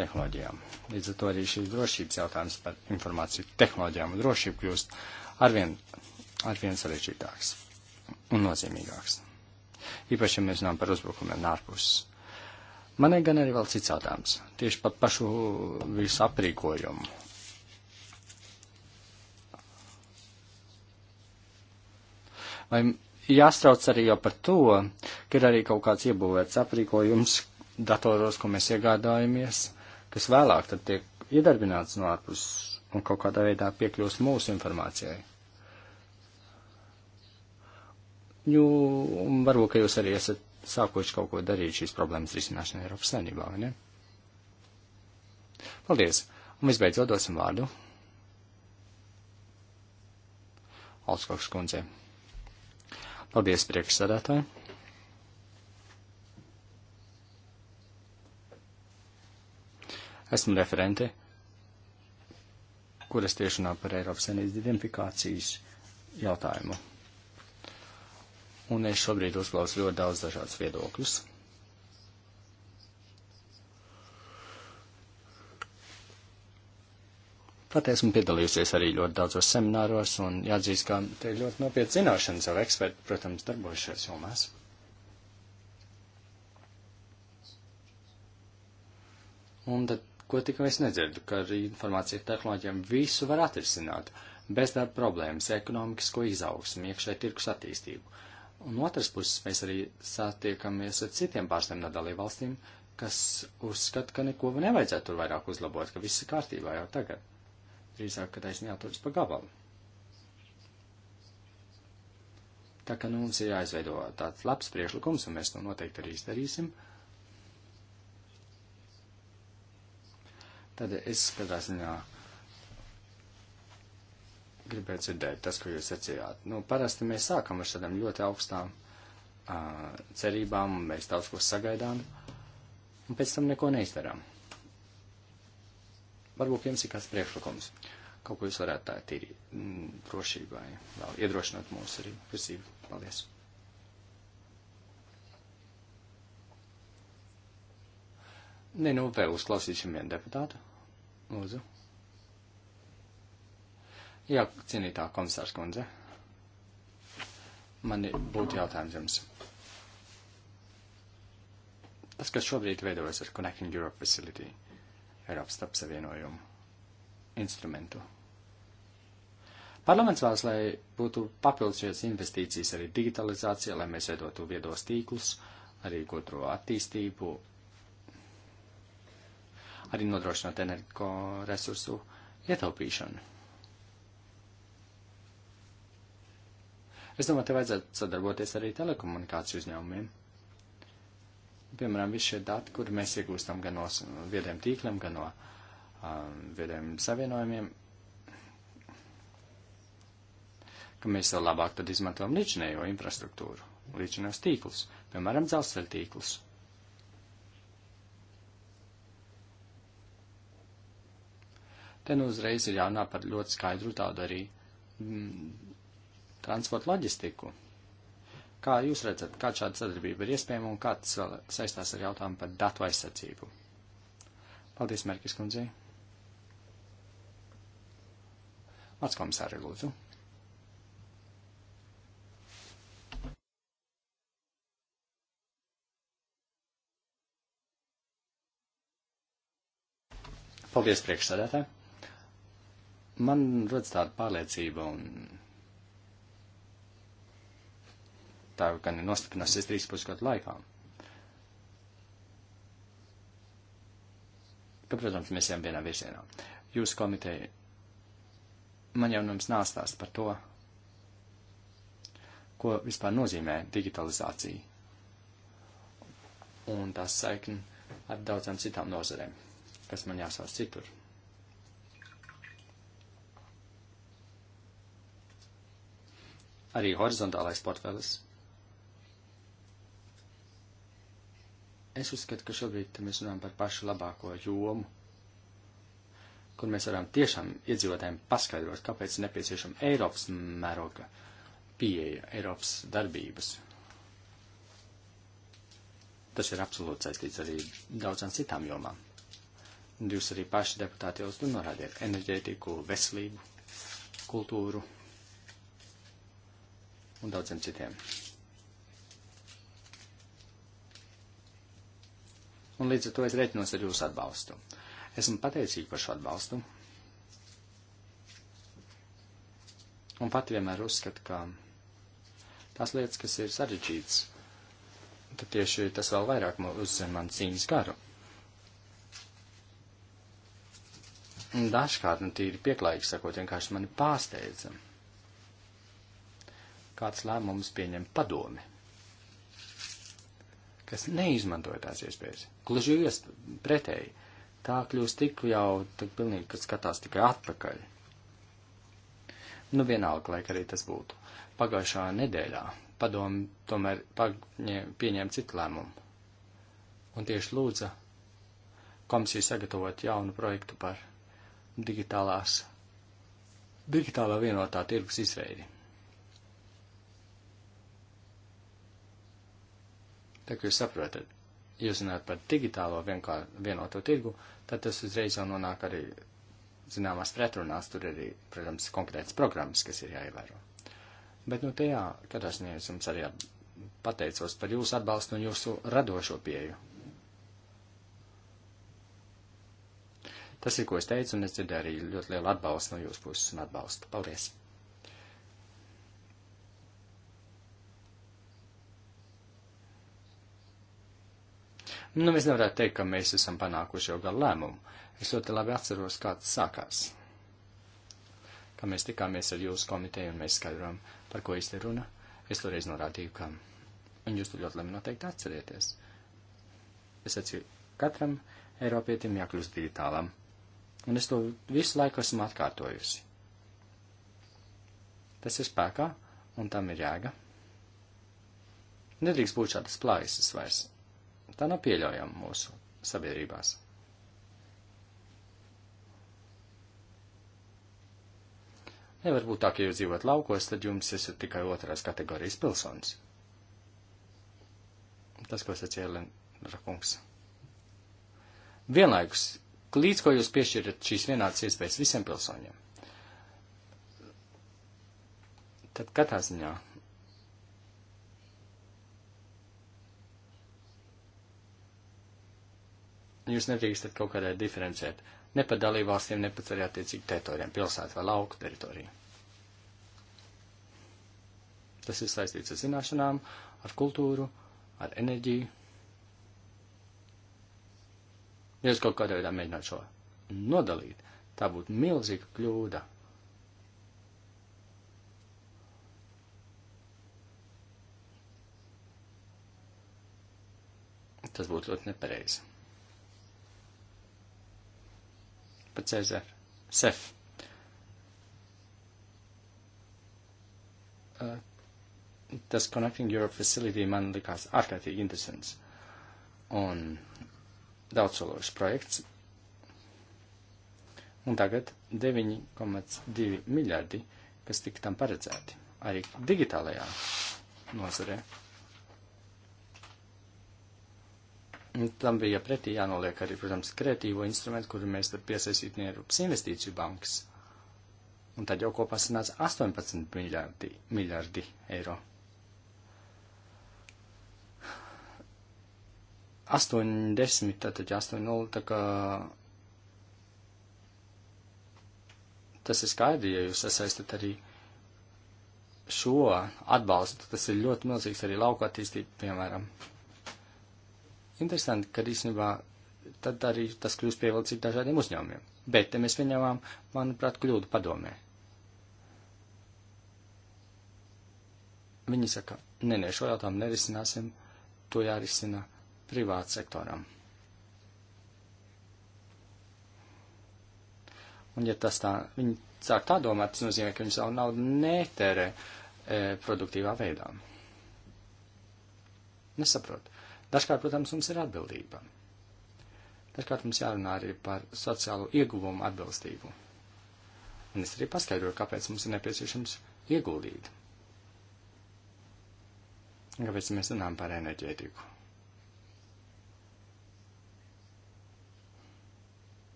tehnoloģijām. Līdz ar to arī šīs drošības jautājums par informāciju tehnoloģijām un drošību kļūst arvien, arvien sarežģītāks un nozīmīgāks. Īpaši, ja mēs runājam par uzbrukumiem ārpus. Man ir gan arī vēl cits jautājums, tieši par pašu visu aprīkojumu. Vai jāstrauc arī jau par to, ka ir arī kaut kāds iebūvēts aprīkojums datoros, ko mēs iegādājamies, kas vēlāk tad tiek iedarbināts no ārpus un kaut kādā veidā piekļūst mūsu informācijai. Jū, un varbūt, ka jūs arī esat sākoši kaut ko darīt šīs problēmas risināšanai Eiropas saimnībā, vai ne? Paldies! Un visbeidzot dosim vārdu. Alskoks kundzei. Paldies, priekšsēdētāji! Esmu referente, kuras tieši runā par Eiropas Savienības identifikācijas jautājumu. Un es šobrīd uzklausu ļoti daudz dažādas viedokļus. Pat esmu piedalījusies arī ļoti daudzos semināros un jāatzīst, ka te ir ļoti nopietnas zināšanas jau eksperti, protams, darbojušies jomās. Un tad, ko tikai es nedzirdu, ka ar informāciju tehnoloģijām visu var atrisināt. Bezdarba problēmas, ekonomisko izaugsmu, iekšē tirkus attīstību. Un otrs puses mēs arī satiekamies ar citiem pārstāvjiem no dalībvalstīm, kas uzskata, ka neko nevajadzētu tur vairāk uzlabot, ka viss ir kārtībā jau tagad drīzāk, ka taisnība jāatrodas pa gabalu. Tā kā nu, mums ir jāizveido tāds labs priekšlikums, un mēs to noteikti arī izdarīsim. Tad es katrā ziņā gribētu dzirdēt tas, ko jūs sacījāt. Nu, parasti mēs sākam ar šādām ļoti augstām uh, cerībām, mēs daudz ko sagaidām, un pēc tam neko neizdarām. Varbūt jums ir kāds priekšlikums. Kaut ko jūs varētu tā tīri mm, drošībai vēl iedrošināt mūsu arī virzību. Paldies! Nē, nu vēl uzklausīsim vienu deputātu. Lūdzu. Jā, cienītā komisārs kundze. Man būtu jautājums jums. Tas, kas šobrīd veidojas ar Connecting Europe Facility, uh, Eiropas starpsavienojumu instrumentu. Parlaments vēlas, lai būtu papildus investīcijas arī digitalizācijā, lai mēs veidotu viedos tīklus, arī gudro attīstību, arī nodrošināt energo resursu ietaupīšanu. Es domāju, te vajadzētu sadarboties arī telekomunikāciju uzņēmumiem Piemēram, visi šie dati, kur mēs iegūstam gan no viediem tīkliem, gan no um, viediem savienojumiem, ka mēs vēl labāk tad izmantojam līdzinējo infrastruktūru, līdzinējos tīklus, piemēram, dzelzceļa tīklus. Te nu uzreiz ir jārunā par ļoti skaidru tādu arī mm, transporta loģistiku. Kā jūs redzat, kā šāda sadarbība ir iespējama un kā tas vēl saistās ar jautājumu par datu aizsardzību? Paldies, Merkis kundzei. Mats komisāri, lūdzu. Paldies, priekšsēdētāji. Man rodas tāda pārliecība un tā gan ir nostiprināsies 13 gadu laikā. Ka, protams, mēs ejam vienā virzienā. Jūsu komiteja man jau jums nāstāst par to, ko vispār nozīmē digitalizācija un tās saikni ar daudzām citām nozarēm, kas man jāsauc citur. Arī horizontālais portfelis Es uzskatu, ka šobrīd mēs runājam par pašu labāko jomu, kur mēs varam tiešām iedzīvotājiem paskaidrot, kāpēc ir nepieciešama Eiropas mēroga pieeja, Eiropas darbības. Tas ir absolūti saistīts arī daudzām citām jomām. Un jūs arī paši deputāti jau tur norādījāt - enerģētiku, veselību, kultūru un daudziem citiem. un līdz ar to es reiķinos ar jūsu atbalstu. Esmu pateicīgi par šo atbalstu. Un pat vienmēr uzskatu, ka tās lietas, kas ir sarežģītas, tad tieši tas vēl vairāk uzzina man cīņas garu. Un dažkārt, nu tīri pieklājīgi sakot, vienkārši mani pārsteidza kāds lēmums pieņem padomi kas neizmantoja tās iespējas. Gluži ies pretēji. Tā kļūst tik jau, tik pilnīgi, ka skatās tikai atpakaļ. Nu, vienalga, lai arī tas būtu. Pagājušā nedēļā padomu tomēr pieņēma citu lēmumu. Un tieši lūdza komisiju sagatavot jaunu projektu par digitālās, digitālā vienotā tirgus izveidi. Tā kā jūs saprotat, jūs zināt par digitālo vienkār, vienoto tirgu, tad tas uzreiz jau nonāk arī zināmās pretrunās, tur arī, protams, konkrēts programmas, kas ir jāievēro. Bet, nu, tajā, kad es jums arī pateicos par jūsu atbalstu un jūsu radošo pieju. Tas ir, ko es teicu, un es dzirdēju arī ļoti lielu atbalstu no jūsu puses un atbalstu. Paldies! Nu, mēs nevarētu teikt, ka mēs esam panākuši jau galu lēmumu. Es ļoti labi atceros, kā tas sākās. Kā mēs tikāmies ar jūsu komiteju un mēs skaidrojam, par ko īsti runa. Es toreiz norādīju, ka, un jūs to ļoti labi noteikti atcerieties. Es atceru, katram Eiropietim jākļūst digitālam. Un es to visu laiku esmu atkārtojusi. Tas ir spēkā, un tam ir jēga. Nedrīkst būt šādas plaisas vairs Tā nav pieļaujama mūsu sabiedrībās. Nevar būt tā, ka jūs dzīvot laukos, tad jums esat tikai otrās kategorijas pilsonis. Tas, ko sacīja Elena kungs. Vienlaikus, līdz ko jūs piešķirat šīs vienādas iespējas visiem pilsoņiem, tad katrā ziņā Jūs nedrīkstat kaut kādā diferencēt ne par dalībvalstīm, ne pat arī attiecīgi teritorijām, pilsētu vai lauku teritoriju. Tas ir saistīts ar zināšanām, ar kultūru, ar enerģiju. Ja es kaut kādā veidā mēģinātu šo nodalīt, tā būtu milzīga kļūda. Tas būtu ļoti nepareizi. par Cezar, Sef. Tas uh, Connecting Europe Facility man likās ārkārtīgi interesants un daudzsološs projekts. Un tagad 9,2 miljardi, kas tik tam paredzēti arī digitālajā nozarē. Un nu, tam bija pretī jānoliek arī, protams, kreatīvo instrumentu, kuru mēs tad piesaistītu no Eiropas investīciju bankas. Un tad jau kopā sanāca 18 miljardi, miljardi eiro. 80, tātad 8,0, tā kā tas ir skaidri, ja jūs sasaistat arī šo atbalstu, tas ir ļoti milzīgs arī lauku attīstību, piemēram. Interesanti, ka īstenībā tad arī tas kļūst pievilcīgi dažādiem uzņēmumiem. Bet te mēs pieņēmām, manuprāt, kļūdu padomē. Viņi saka, nē, nē, šo jautājumu nerisināsim, to jārisina privāts sektoram. Un ja tas tā, viņi sāk tā domāt, tas nozīmē, ka viņi savu naudu netērē e, produktīvā veidā. Nesaprotu. Dažkārt, protams, mums ir atbildība. Dažkārt mums jārunā arī par sociālo ieguvumu atbilstību. Un es arī paskaidroju, kāpēc mums ir nepieciešams ieguldīt. Kāpēc mēs runājam par enerģētiku?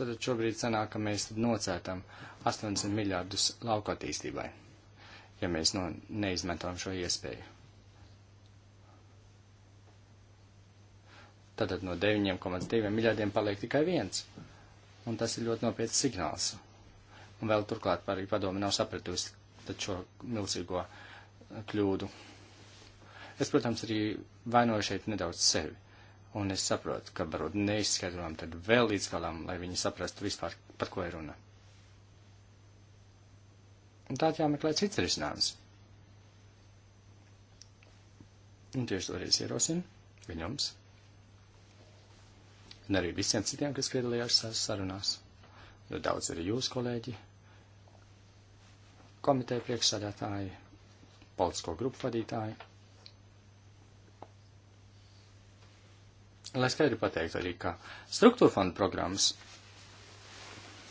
Tad šobrīd sanāk, ka mēs nocērtam 80 miljārdus lauka attīstībai ja mēs no, neizmantojam šo iespēju. Tātad no 9,2 miljardiem paliek tikai viens, un tas ir ļoti nopietns signāls. Un vēl turklāt arī padomi nav sapratusi šo milzīgo eh, kļūdu. Es, protams, arī vainoju šeit nedaudz sevi, un es saprotu, ka varbūt neizskaidrojam tad vēl līdz galam, lai viņi saprastu vispār, par ko ir runa. Un tāds jāmeklē cits risinājums. Un tieši to arī es ierosinu viņams. Un arī visiem citiem, kas piedalījās sarunās. Jo daudz arī jūs, kolēģi, komiteja priekšsādātāji, politisko grupu vadītāji. Lai skaidri pateiktu arī, ka struktūra fonda programmas,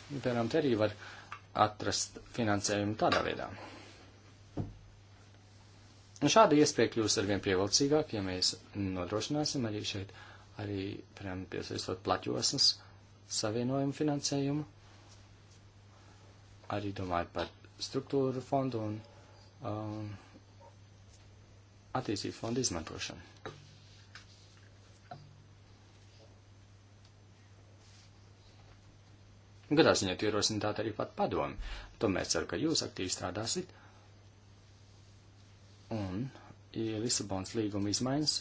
piemēram, te arī var atrast finansējumu tādā veidā. Un šāda iespēja kļūs arvien pievilcīgāk, ja mēs nodrošināsim arī šeit, arī, piemēram, piesaistot plaķosnes savienojumu finansējumu, arī domājot par struktūru fondu un um, attīstību fondu izmantošanu. Un kādā ziņā tu ierosini tādu arī pat padomu. Tomēr ceru, ka jūs aktīvi strādāsit. Un ja Lisabons līguma izmaiņas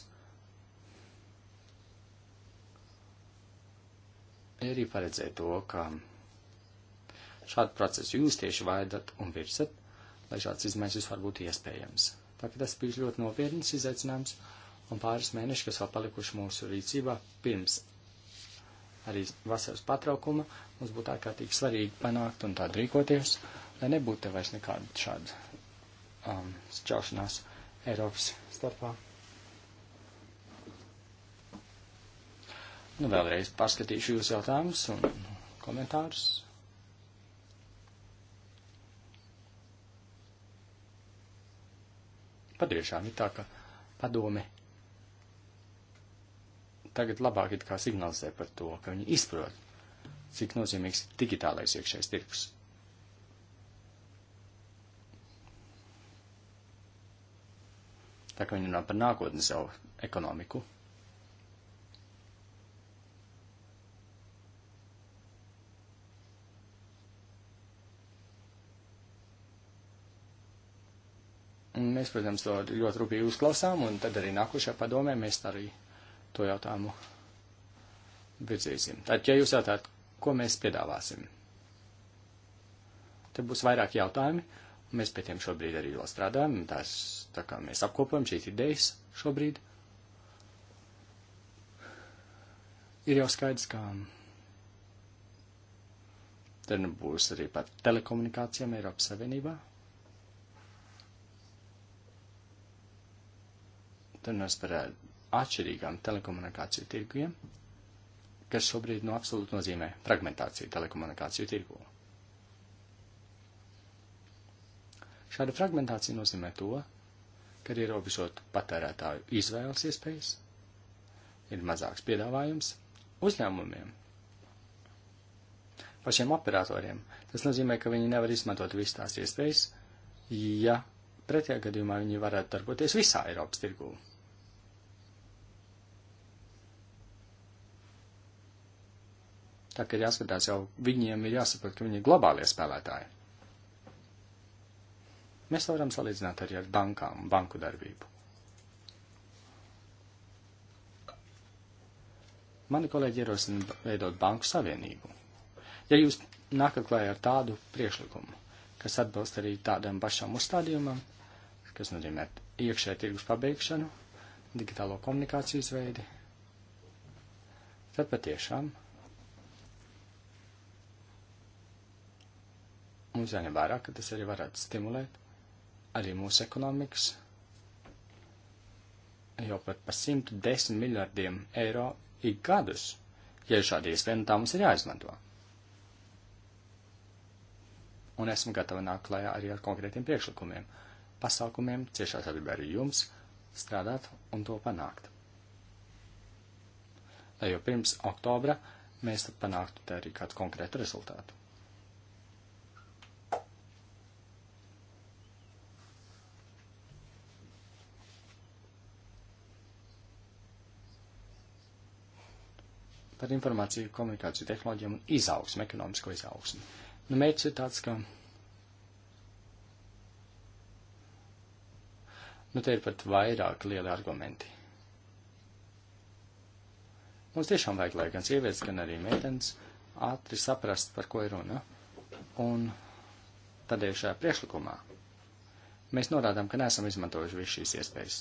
arī paredzēja to, ka šādu procesu jūs tieši vaidat un virsat, lai šāds izmaiņas vispār būtu iespējams. Tā ka tas bija ļoti nopietns izaicinājums, un pāris mēneši, kas vēl palikuši mūsu rīcībā pirms arī vasaras patraukuma, mums būtu ārkārtīgi svarīgi panākt un tādu rīkoties, lai nebūtu te vairs nekāda šāda um, šķelšanās Eiropas starpā. Nu, vēlreiz pārskatīšu jūs jautājumus un komentārus. Patiešām ir tā, ka padome tagad labāk it kā signalizē par to, ka viņi izprot, cik nozīmīgs ir digitālais iekšējais tirgus. Tā kā viņi runā par nākotnes jau ekonomiku. Un mēs, protams, to ļoti rūpīgi uzklausām, un tad arī nākošajā padomē mēs arī to jautājumu virzīsim. Tad, ja jūs jautājat, ko mēs piedāvāsim, tad būs vairāk jautājumi, un mēs pie tiem šobrīd arī vēl strādājam, tās, tā kā mēs apkopojam šīs idejas šobrīd. Ir jau skaidrs, ka tad nu būs arī par telekomunikācijām Eiropas Savienībā. Tad mēs nu varētu atšķirīgām telekomunikāciju tirgiem, kas šobrīd no nu, absolūti nozīmē fragmentāciju telekomunikāciju tirgu. Šāda fragmentācija nozīmē to, ka ir ierobežot patērētāju izvēles iespējas, ir mazāks piedāvājums uzņēmumiem. Pašiem operatoriem tas nozīmē, ka viņi nevar izmantot visu tās iespējas, ja pretējā gadījumā viņi varētu darboties visā Eiropas tirgū. Tā kā ir jāskatās jau, viņiem ir jāsaprot, ka viņi ir globālie spēlētāji. Mēs to varam salīdzināt arī ar bankām un banku darbību. Mani kolēģi ierosina veidot banku savienību. Ja jūs nākat klājā ar tādu priekšlikumu, kas atbilst arī tādam pašam uzstādījumam, kas nozīmē iekšē tirgus pabeigšanu, digitālo komunikācijas veidi, tad patiešām Mums jāņem vērā, ka tas arī varētu stimulēt arī mūsu ekonomikas, jo pat par 110 miljardiem eiro ik gadus, ja ir šādi iespēja, nu tā mums ir jāizmanto. Un esmu gatava nākt klajā arī ar konkrētiem priekšlikumiem, pasākumiem, ciešā sadarbībā ar jums, strādāt un to panākt. Lai jau pirms oktobra mēs panāktu arī kādu konkrētu rezultātu. par informāciju, komunikāciju tehnoloģijām un izaugsmu, ekonomisko izaugsmu. Nu, mērķis ir tāds, ka. Nu, te ir pat vairāk lieli argumenti. Mums tiešām vajag, lai gan sievietes, gan arī meitenes ātri saprast, par ko ir runa. Un tādēļ šajā priekšlikumā mēs norādām, ka neesam izmantojuši visu šīs iespējas,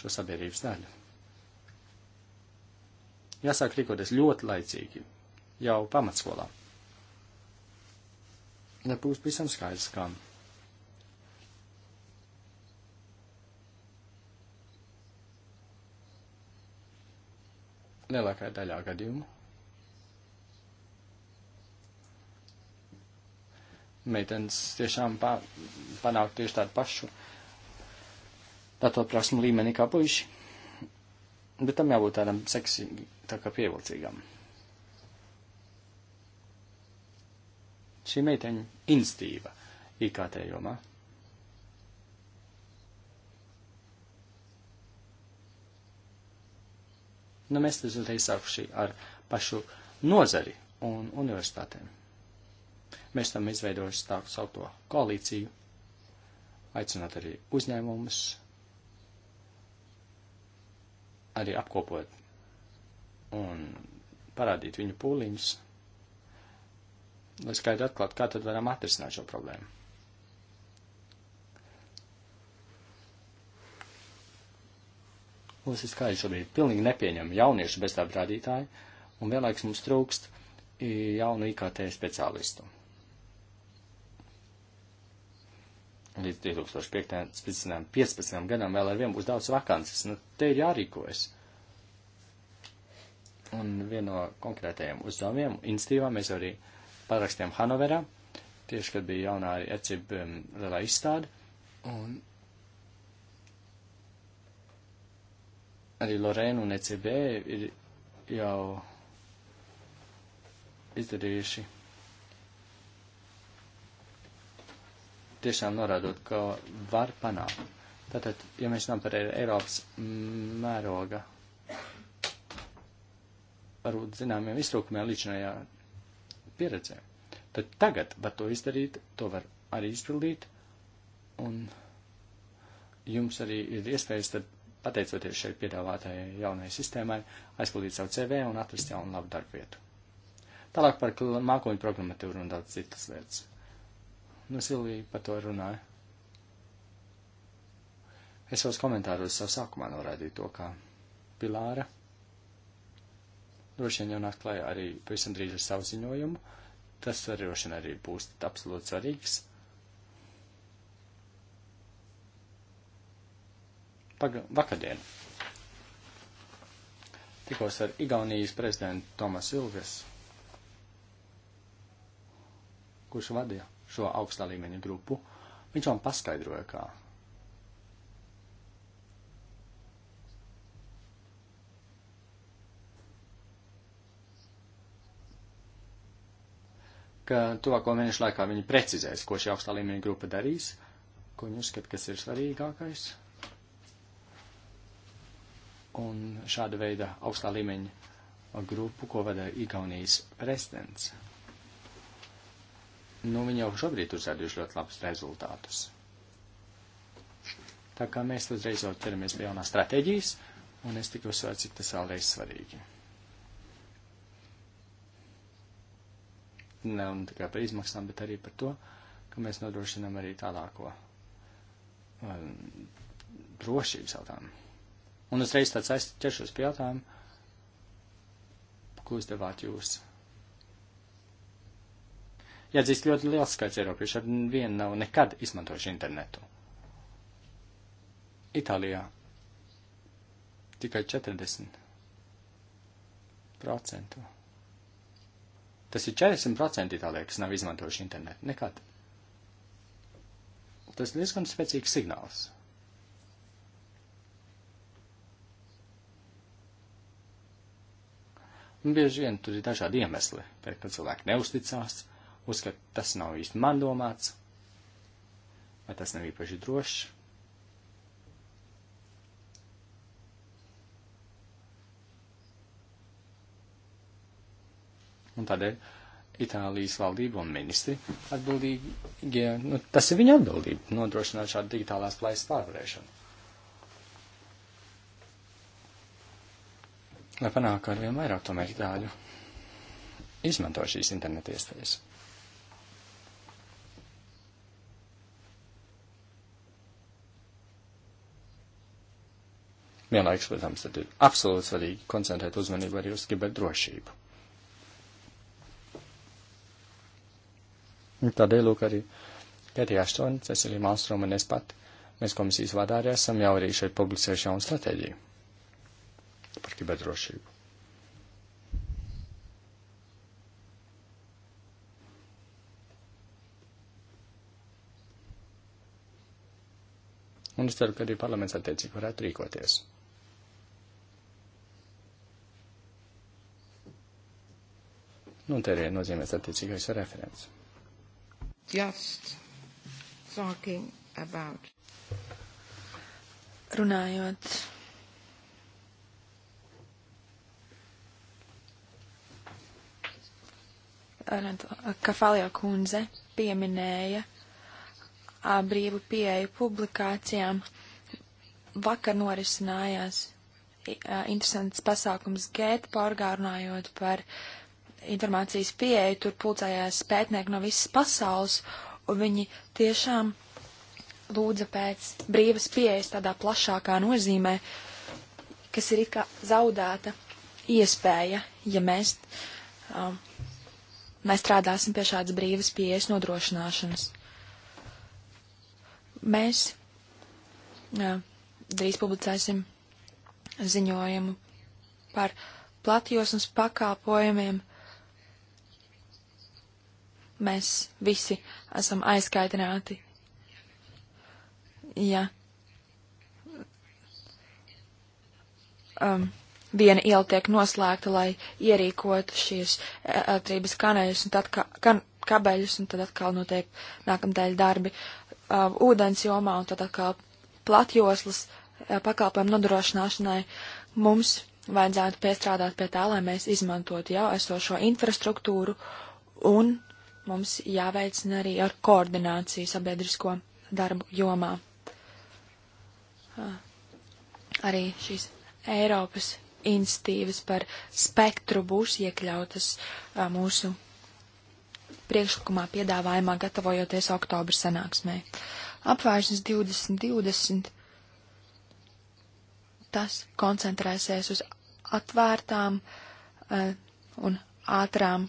šo sabiedrības daļu jāsāk rīkoties ļoti laicīgi, jau pamatskolā. Lai būs pavisam skaidrs, kā. Lielākajā daļā gadījumu meitenes tiešām pa, panāk tieši tādu pašu datorprasmu līmeni kā puiši. Bet tam jābūt tādam seksīgam, tā kā pievilcīgam. Šī meiteņa instīva IKT jomā. Nu, mēs tas uzreiz sākuši ar pašu nozari un universitātēm. Mēs tam izveidojuši tā saukto koalīciju, aicinot arī uzņēmumus, arī apkopot un parādīt viņu pūliņus, lai skaidri atklāt, kā tad varam atrisināt šo problēmu. Mums ir skaidrs šobrīd pilnīgi nepieņem jauniešu bezdarba rādītāji, un vienlaiks mums trūkst jaunu IKT speciālistu. līdz 2015. 15. gadam vēl ar vienu būs daudz vakances. Nu, te ir jārīkojas. Un vieno no konkrētajiem uzdevumiem, institīvām mēs arī parakstījām Hanoverā, tieši kad bija jaunā arī ECIB um, lielā izstāde. Un arī Lorēna un ECB ir jau izdarījuši tiešām norādot, ka var panākt. Tātad, ja mēs runājam par Eiropas mēroga, varbūt zināmiem iztrūkumiem līdzinājā pieredzē, tad tagad var to izdarīt, to var arī izpildīt, un jums arī ir iespējas tad, pateicoties šeit piedāvātajai jaunai sistēmai, aizpildīt savu CV un atrast jaunu labu darbu vietu. Tālāk par mākoņu programmatūru un daudz citas lietas. Nu, Silvija par to runāja. Es savus komentārus savu sākumā norādīju to, kā Pilāra droši vien jau nāk klajā arī pavisam drīz ar savu ziņojumu. Tas arī droši vien arī būs absolūti svarīgs. Paga vakardien tikos ar Igaunijas prezidentu Tomas Ilves, kurš vadīja šo augstā līmeņa grupu, viņš man paskaidroja, kā. ka tuvāko mēnešu laikā viņi precizēs, ko šī augstā līmeņa grupa darīs, ko viņi uzskata, kas ir svarīgākais. Un šāda veida augstā līmeņa grupu, ko vada Igaunijas prezidents nu, viņi jau šobrīd uzrādījuši ļoti labus rezultātus. Tā kā mēs uzreiz jau ķeramies pie jaunās stratēģijas, un es tikai uzsveru, cik tas vēlreiz svarīgi. Ne un tikai par izmaksām, bet arī par to, ka mēs nodrošinām arī tālāko um, drošības jautājumu. Un uzreiz tāds aizķeršos pie jautājumu, ko uzdevāt jūs. Devāt jūs Jāatzīst, ļoti liels skaits Eiropiešu ar vienu nav nekad izmantojuši internetu. Itālijā tikai 40%. Tas ir 40% Itālijā, kas nav izmantojuši internetu. Nekad. Tas ir diezgan spēcīgs signāls. Un bieži vien tur ir dažādi iemesli, pēc tam cilvēki neusticās, uzskata, tas nav īsti man domāts, vai tas nav īpaši drošs. Un tādēļ Itālijas valdība un ministri atbildīgie, nu, tas ir viņa atbildība nodrošināt šādu digitālās plaisas pārvarēšanu. Lai panāk ar vien vairāk tomēr itāļu izmanto šīs interneta iespējas. Vienlaiks, protams, tad ir absolūti svarīgi koncentrēt uzmanību arī uz kiberdrošību. Tādēļ, lūk, arī Ketija Aštoni, Cecilija Malstroma un es pat, mēs komisijas vadā arī esam jau arī šeit publicējuši jaunu stratēģiju par kiberdrošību. Un es ceru, ka arī parlaments attiecīgi varētu rīkoties. Nu, te arī nozīmēs attiecīgais referents. Just talking about. Runājot. Kafalio kundze pieminēja brīvu pieeju publikācijām. Vakar norisinājās interesants pasākums Gēta pārgārnājot par uh, informācijas pieeju, tur pulcējās pētnieki no visas pasaules, un viņi tiešām lūdza pēc brīvas pieejas tādā plašākā nozīmē, kas ir it kā zaudēta iespēja, ja mēs, um, mēs strādāsim pie šādas brīvas pieejas nodrošināšanas. Mēs jā, drīz publicēsim ziņojumu par platjosmas pakāpojumiem Mēs visi esam aizkaitināti. Ja um, viena iela tiek noslēgta, lai ierīkotu šīs e, elektrības kanēļus un tad ka, kan, kabeļus, un tad atkal notiek nākamdēļ darbi uh, ūdens jomā, un tad atkal platjoslas uh, pakalpojumu nodrošināšanai. Mums vajadzētu piestrādāt pie tā, lai mēs izmantotu jau esošo infrastruktūru un mums jāveicina arī ar koordināciju sabiedrisko darbu jomā. Ah, arī šīs Eiropas institīvas par spektru būs iekļautas ah, mūsu priekšlikumā piedāvājumā, gatavojoties oktobra sanāksmē. Apvēršanas 2020 tas koncentrēsies uz atvērtām uh, un ātrām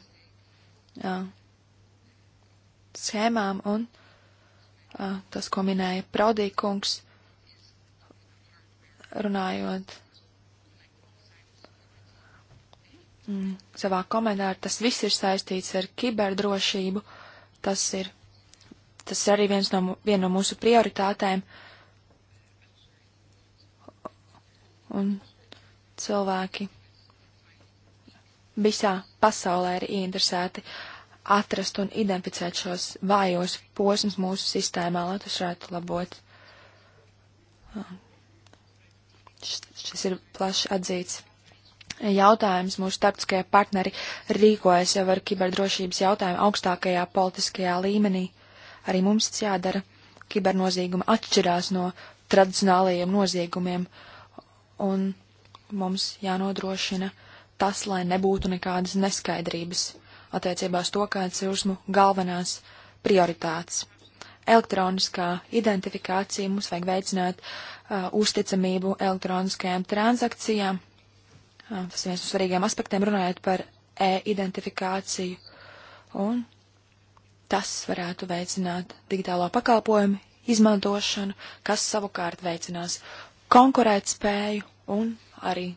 uh, schēmām un uh, tas, ko minēja Prodīkungs, runājot mm, savā komentārā, tas viss ir saistīts ar kiberdrošību, tas ir, tas ir arī viens no, viena no mūsu prioritātēm. Un cilvēki visā pasaulē ir ieinteresēti uh, atrast un identificēt šos vājos posmus mūsu sistēmā, lai tos varētu labot. Ah. Šis ir plaši atzīts jautājums. Mūsu starptautiskie partneri rīkojas jau ar kiberdrošības jautājumu augstākajā politiskajā līmenī. Arī mums tas jādara. Kibernozieguma atšķirās no tradicionālajiem noziegumiem, un mums jānodrošina tas, lai nebūtu nekādas neskaidrības attiecībā uz to, kādas ir uzmu galvenās prioritātes. Elektroniskā identifikācija mums vajag veicināt uh, uzticamību elektroniskajām transakcijām. Uh, tas ir viens no svarīgiem aspektiem runājot par e-identifikāciju. Un tas varētu veicināt digitālo pakalpojumu izmantošanu, kas savukārt veicinās konkurētspēju un arī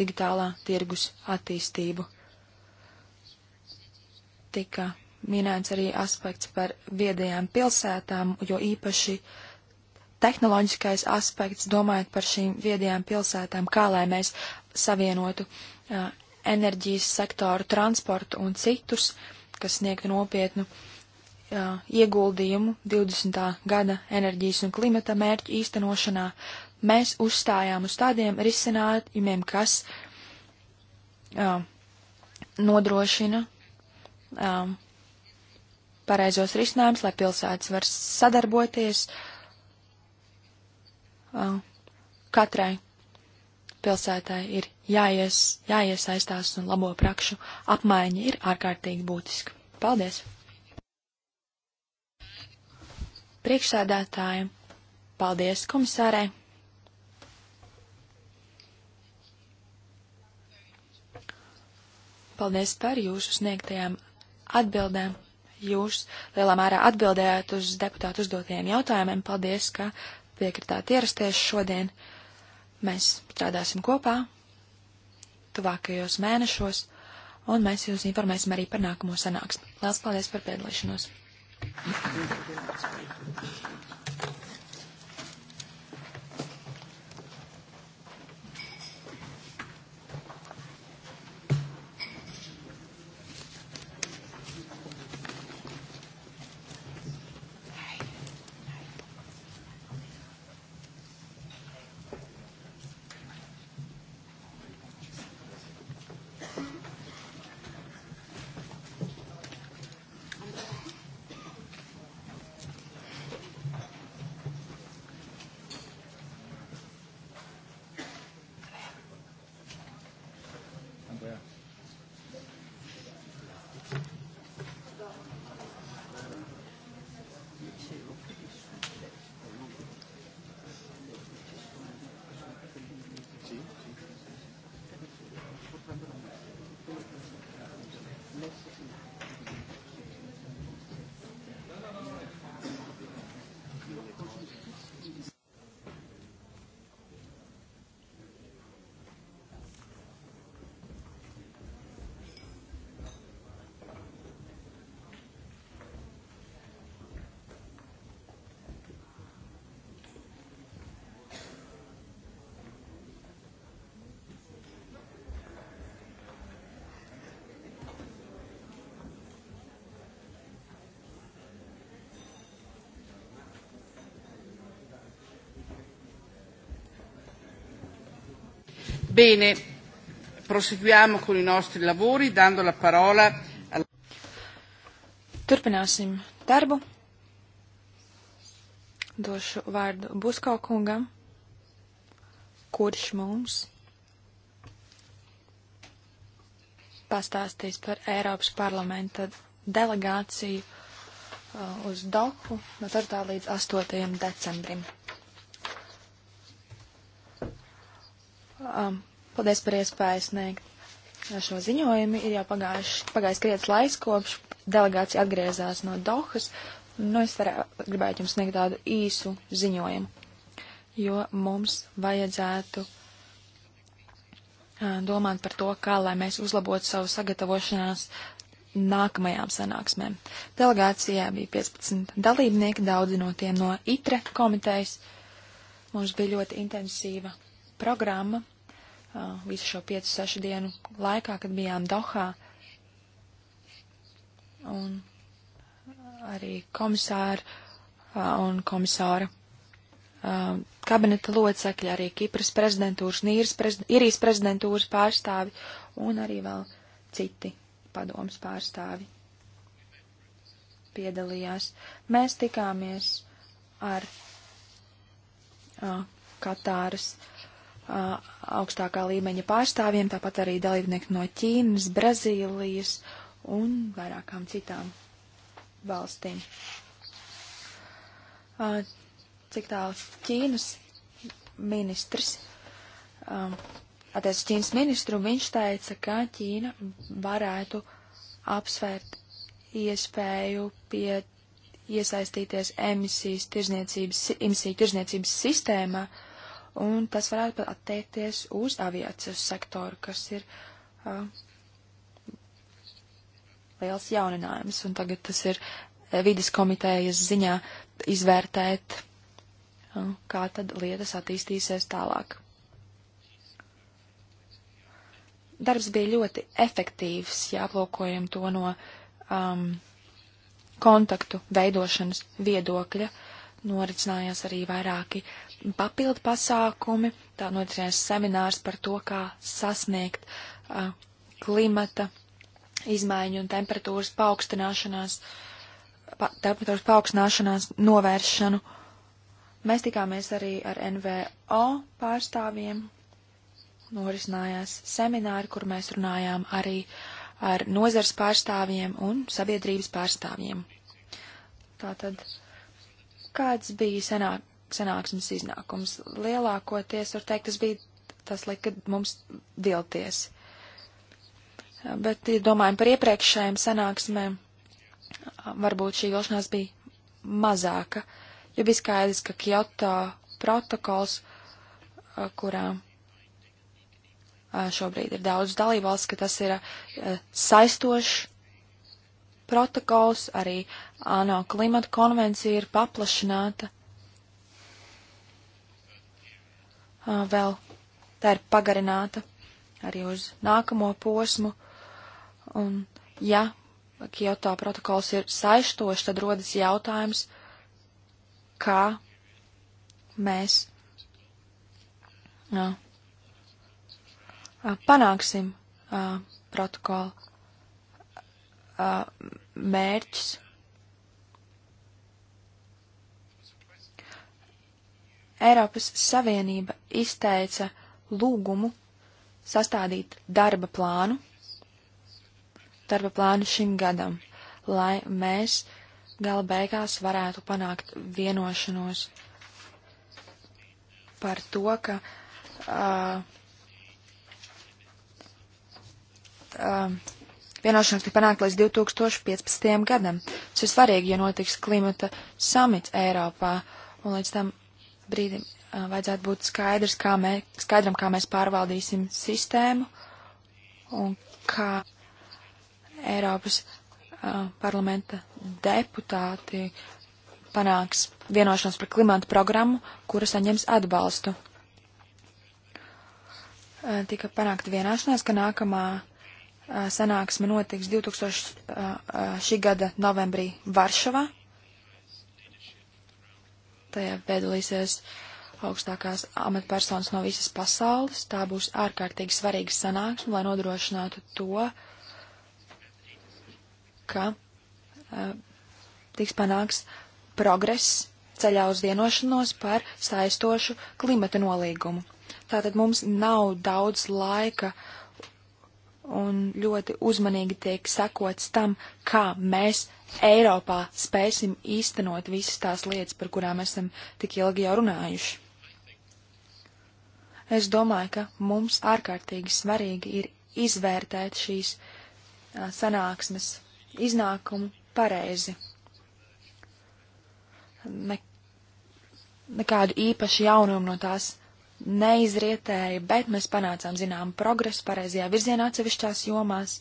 digitālā tirgus attīstību tika minēts arī aspekts par viedajām pilsētām, jo īpaši tehnoloģiskais aspekts, domājot par šīm viedajām pilsētām, kā lai mēs savienotu uh, enerģijas sektoru, transportu un citus, kas sniegtu nopietnu uh, ieguldījumu 20. gada enerģijas un klimata mērķu īstenošanā, mēs uzstājām uz tādiem risinājumiem, kas uh, nodrošina um, pareizos risinājumus, lai pilsētas var sadarboties. Um, katrai pilsētai ir jāies, jāiesaistās un labo prakšu apmaiņa ir ārkārtīgi būtiska. Paldies! Priekšsēdētājiem, paldies komisārai! Paldies par jūsu sniegtajām atbildēm. Jūs lielā mērā atbildējāt uz deputātu uzdotajiem jautājumiem. Paldies, ka piekritāt ierasties šodien. Mēs strādāsim kopā tuvākajos mēnešos, un mēs jūs informēsim arī par nākamo sanāksmi. Lielas paldies par piedalīšanos! Thank you. Bene, proseguiamo con i nostri lavori dando la parola alla... Turpināsim darbu. Došu vārdu Busko kungam, kurš mums pastāstīs par Eiropas parlamenta delegāciju uh, uz Dohu no 4. līdz 8. decembrim. Um, paldies par iespēju sniegt šo ziņojumu. Ir jau pagājis krietnes laiks, kopš delegācija atgriezās no Dohas. Nu, es varā, gribētu jums sniegt tādu īsu ziņojumu, jo mums vajadzētu uh, domāt par to, kā lai mēs uzlabotu savu sagatavošanās nākamajām sanāksmēm. Delegācijā bija 15 dalībnieki, daudzi no tiem no ITRE komitejas. Mums bija ļoti intensīva programma, Uh, visu šo 5-6 dienu laikā, kad bijām Dohā. Un arī komisāri uh, un komisāra uh, kabineta locekļi, arī Kipras prezidentūras, Nīras prezident, Irijas prezidentūras pārstāvi un arī vēl citi padomas pārstāvi piedalījās. Mēs tikāmies ar uh, Katāras uh, augstākā līmeņa pārstāvjiem, tāpat arī dalībnieki no Ķīnas, Brazīlijas un vairākām citām valstīm. Cik tālu Ķīnas ministrs, attiecas Ķīnas ministru, viņš teica, ka Ķīna varētu apsvērt iespēju pie iesaistīties emisijas tirzniecības, emisiju tirzniecības sistēmā, uh, un tas varētu pat attiekties uz aviācijas sektoru, kas ir uh, liels jauninājums, un tagad tas ir vidas komitejas ziņā izvērtēt, uh, kā tad lietas attīstīsies tālāk. Darbs bija ļoti efektīvs, ja aplūkojam to no um, kontaktu veidošanas viedokļa. Noricinājās arī vairāki papildu pasākumi, tā notiek seminārs par to, kā sasniegt uh, klimata izmaiņu un temperatūras paaugstināšanās, pa, temperatūras paaugstināšanās novēršanu. Mēs tikāmies arī ar NVO pārstāvjiem, norisinājās semināri, kur mēs runājām arī ar nozars pārstāvjiem un sabiedrības pārstāvjiem. Tātad, kāds bija senāk, sanāksmes iznākums. Lielākoties, var teikt, tas bija, tas lika mums vilties. Bet, ja domājam par iepriekšējiem sanāksmēm, varbūt šī vilšanās bija mazāka, jo bija skaidrs, ka Kyoto protokols, kurā šobrīd ir daudz dalībvalsts, ka tas ir saistošs protokols, arī ANO klimata konvencija ir paplašināta. vēl tā ir pagarināta arī uz nākamo posmu. Un, ja Kyoto protokols ir saistošs, tad rodas jautājums, kā mēs jā, panāksim protokola mērķis. Eiropas Savienība izteica lūgumu sastādīt darba plānu, darba plānu šim gadam, lai mēs gala beigās varētu panākt vienošanos par to, ka uh, uh, vienošanās tika panākt līdz 2015. gadam. Tas ir svarīgi, jo notiks klimata samits Eiropā, un līdz tam brīdim vajadzētu būt skaidrs, kā mē, skaidram, kā mēs pārvaldīsim sistēmu un kā Eiropas uh, parlamenta deputāti panāks vienošanos par klimatu programmu, kura saņems atbalstu. Uh, tika panākta vienāšanās, ka nākamā uh, sanāksme notiks 2000 šī gada novembrī Varšavā. Tajā piedalīsies augstākās amatpersonas no visas pasaules. Tā būs ārkārtīgi svarīga sanāksme, lai nodrošinātu to, ka uh, tiks panāks progress ceļā uz vienošanos par saistošu klimata nolīgumu. Tātad mums nav daudz laika un ļoti uzmanīgi tiek sekots tam, kā mēs Eiropā spēsim īstenot visas tās lietas, par kurām esam tik ilgi jau runājuši. Es domāju, ka mums ārkārtīgi svarīgi ir izvērtēt šīs a, sanāksmes iznākumu pareizi. Ne, nekādu īpašu jaunumu no tās neizrietēja, bet mēs panācām zinām progresu pareizajā virzienā atsevišķās jomās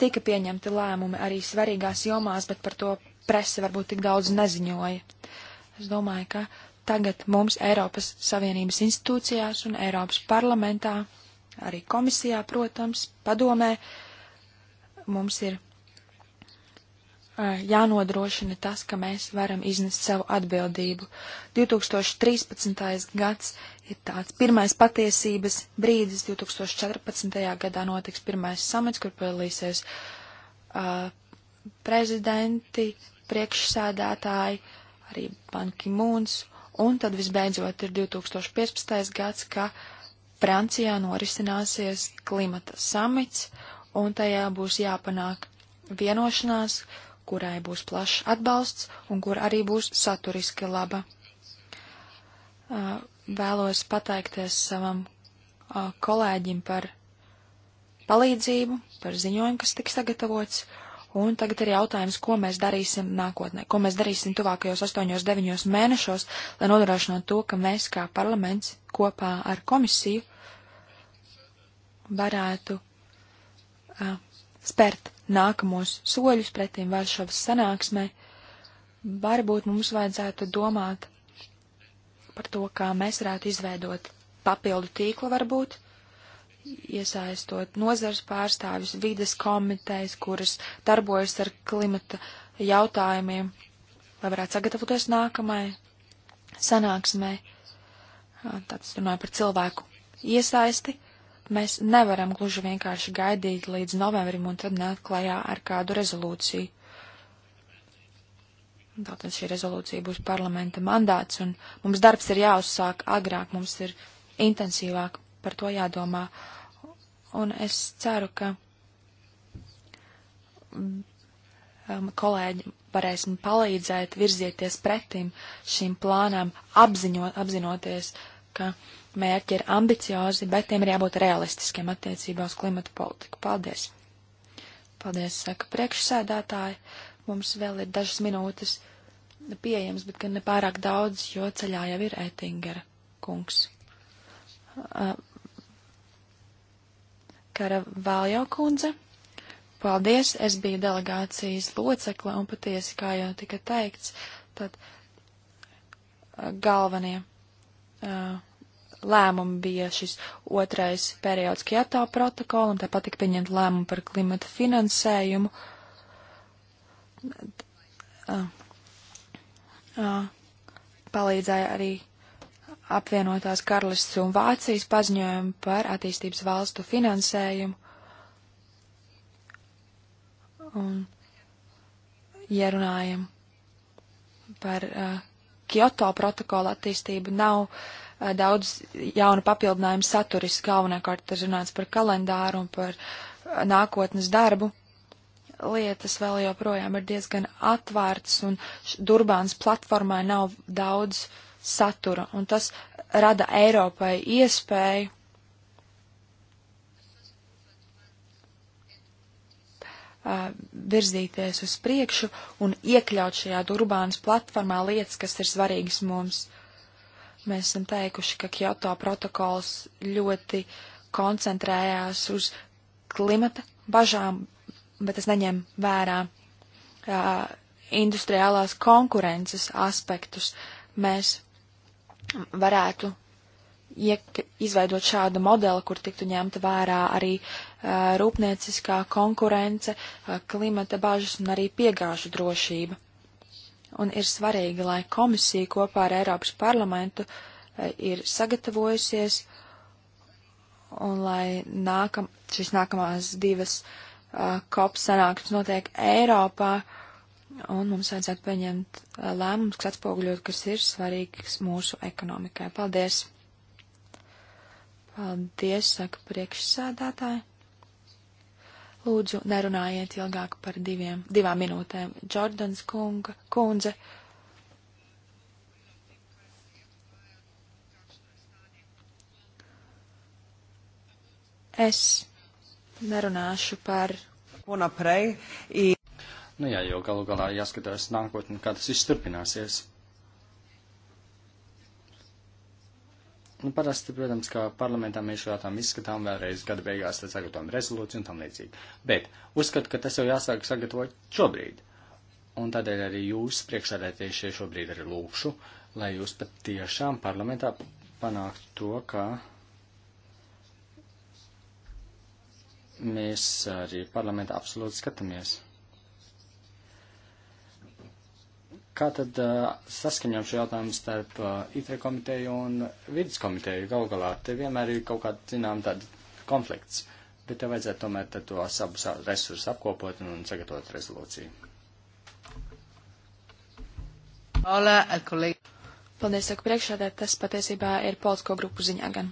tika pieņemti lēmumi arī svarīgās jomās, bet par to prese varbūt tik daudz neziņoja. Es domāju, ka tagad mums Eiropas Savienības institūcijās un Eiropas parlamentā, arī komisijā, protams, padomē, mums ir Eh, jānodrošina tas, ka mēs varam iznest savu atbildību. 2013. gads ir tāds pirmais patiesības brīdis, 2014. gadā notiks pirmais samits, kur piedalīsies uh, prezidenti, priekšsēdētāji, arī Banki Mūns, un tad visbeidzot ir 2015. gads, ka Francijā norisināsies klimata samits, un tajā būs jāpanāk vienošanās, uh, kurai būs plašs atbalsts un kur arī būs saturiski laba. Vēlos pateikties savam kolēģim par palīdzību, par ziņojumu, kas tiks sagatavots, un tagad ir jautājums, ko mēs darīsim nākotnē, ko mēs darīsim tuvākajos 8-9 mēnešos, lai nodrošinātu to, ka mēs kā parlaments kopā ar komisiju varētu uh, spērt nākamos soļus pretīm Varšavas sanāksmē, varbūt mums vajadzētu domāt par to, kā mēs varētu izveidot papildu tīklu varbūt, iesaistot nozars pārstāvis, vides komitejas, kuras darbojas ar klimata jautājumiem, lai varētu sagatavoties nākamajai sanāksmē. Tātad runāju par cilvēku iesaisti Mēs nevaram gluži vienkārši gaidīt līdz novembrim un tad nākt klajā ar kādu rezolūciju. Tātad šī rezolūcija būs parlamenta mandāts, un mums darbs ir jāuzsāk agrāk, mums ir intensīvāk par to jādomā. Un es ceru, ka um, kolēģi varēs man palīdzēt virzieties pretim šīm plānām, apziņo, apzinoties, ka uh, mērķi ir ambiciozi, bet tiem ir jābūt realistiskiem attiecībā uz klimatu politiku. Paldies! Paldies, saka priekšsēdētāji. Mums vēl ir dažas minūtes pieejams, bet gan nepārāk daudz, jo ceļā jau ir Ētingera kungs. Kara Vāljo kundze. Paldies, es biju delegācijas locekle un patiesi, kā jau tika teikts, tad galvenie. Uh, lēmumi bija šis otrais periods Kyoto protokola, un tāpat tika pieņemta lēmuma par klimata finansējumu. Uh, uh, palīdzēja arī apvienotās karalists un Vācijas paziņojumu par attīstības valstu finansējumu. Un ierunājam par uh, Kyoto protokolu attīstību nav uh, Eh, daudz jaunu papildinājumu saturis, galvenokārt ir runāts par kalendāru un par eh, nākotnes darbu. Lietas vēl joprojām ir diezgan atvērtas un Durbāns platformai nav daudz satura, un tas rada Eiropai iespēju eh, virzīties uz priekšu un iekļaut šajā Durbānas platformā lietas, kas ir svarīgas mums. Uh, Mēs esam teikuši, ka Kyoto protokols ļoti koncentrējās uz klimata bažām, bet tas neņem vērā uh, industriālās konkurences aspektus. Mēs varētu iek, izveidot šādu modeli, kur tiktu ņemta vērā arī uh, rūpnieciskā konkurence, uh, klimata bažas un arī piegāžu drošība un ir svarīgi, lai komisija kopā ar Eiropas parlamentu e, ir sagatavojusies un lai nākam, šis nākamās divas uh, kop sanāksmes notiek Eiropā, un mums vajadzētu pieņemt uh, lēmumus, kas atspoguļot, kas ir svarīgs mūsu ekonomikai. Paldies! Paldies, saka priekšsēdētāji. Lūdzu, nerunājiet ilgāk par diviem, divām minūtēm. Jordans kunga, kundze. Es nerunāšu par. Un aprei. Nu jā, jo galu galā jāskatās nākotni, kā tas viss turpināsies. Nu, parasti, protams, kā parlamentā mēs šo jautājumu izskatām vēlreiz gada beigās, tad sagatavojam rezolūciju un tam līdzīgi. Bet uzskatu, ka tas jau jāsāk sagatavot šobrīd. Un tādēļ arī jūs priekšsēdētiešie šobrīd arī lūkšu, lai jūs pat tiešām parlamentā panāktu to, ka mēs arī parlamentā absolūti skatāmies Kā tad uh, saskaņot šo jautājumu starp uh, ITRE komiteju un vidas komiteju? Galu galā te vienmēr ir kaut kāds, zinām, tāds konflikts, bet te vajadzētu tomēr tad to abus resursus apkopot un sagatavot rezolūciju. Hola, kolēģi. Paldies, saku priekšādē, tas patiesībā ir politisko grupu ziņā gan.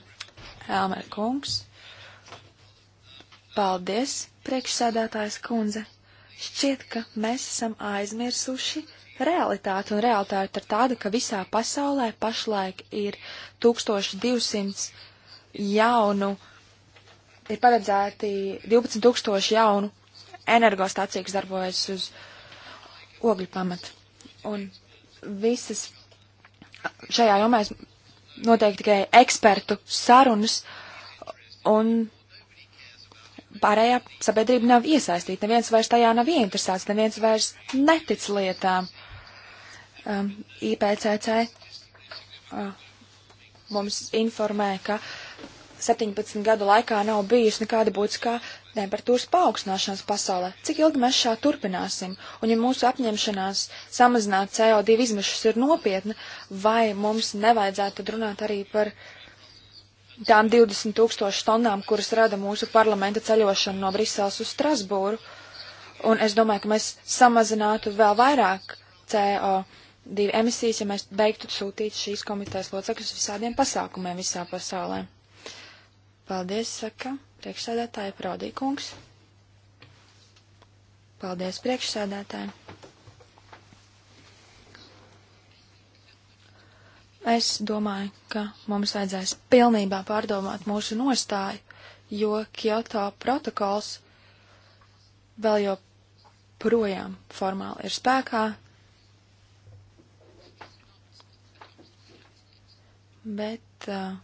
Elmer kungs. Paldies, priekšsēdētājs kundze. Šķiet, ka mēs esam aizmirsuši realitāti, un realitāte ir tāda, ka visā pasaulē pašlaik ir 1200 jaunu, ir paredzēti 12 tūkstoši jaunu energostaciju, kas darbojas uz ogļu pamata. Un visas šajā jomā noteikti tikai ekspertu sarunas, un pārējā sabiedrība nav iesaistīta, neviens vairs tajā nav ieinteresēts, neviens vairs netic lietām. Uh, um, IPCC uh, mums informē, ka 17 gadu laikā nav bijusi nekāda būtiskā temperatūras paaugstināšanās pasaulē. Cik ilgi mēs šā turpināsim? Un ja mūsu apņemšanās samazināt CO2 izmešus ir nopietna, vai mums nevajadzētu tad runāt arī par tām 20 tūkstošu tonnām, kuras rada mūsu parlamenta ceļošana no Briseles uz Strasbūru? Un es domāju, ka mēs samazinātu vēl vairāk CO2 divi emisijas, ja mēs beigtu sūtīt šīs komitejas locekļus visādiem pasākumiem visā pasaulē. Paldies, saka priekšsēdētāja Prodīkungs. Paldies, priekšsēdētāji. Es domāju, ka mums vajadzēs pilnībā pārdomāt mūsu nostāju, jo Kyoto protokols vēl joprojām formāli ir spēkā, bet uh,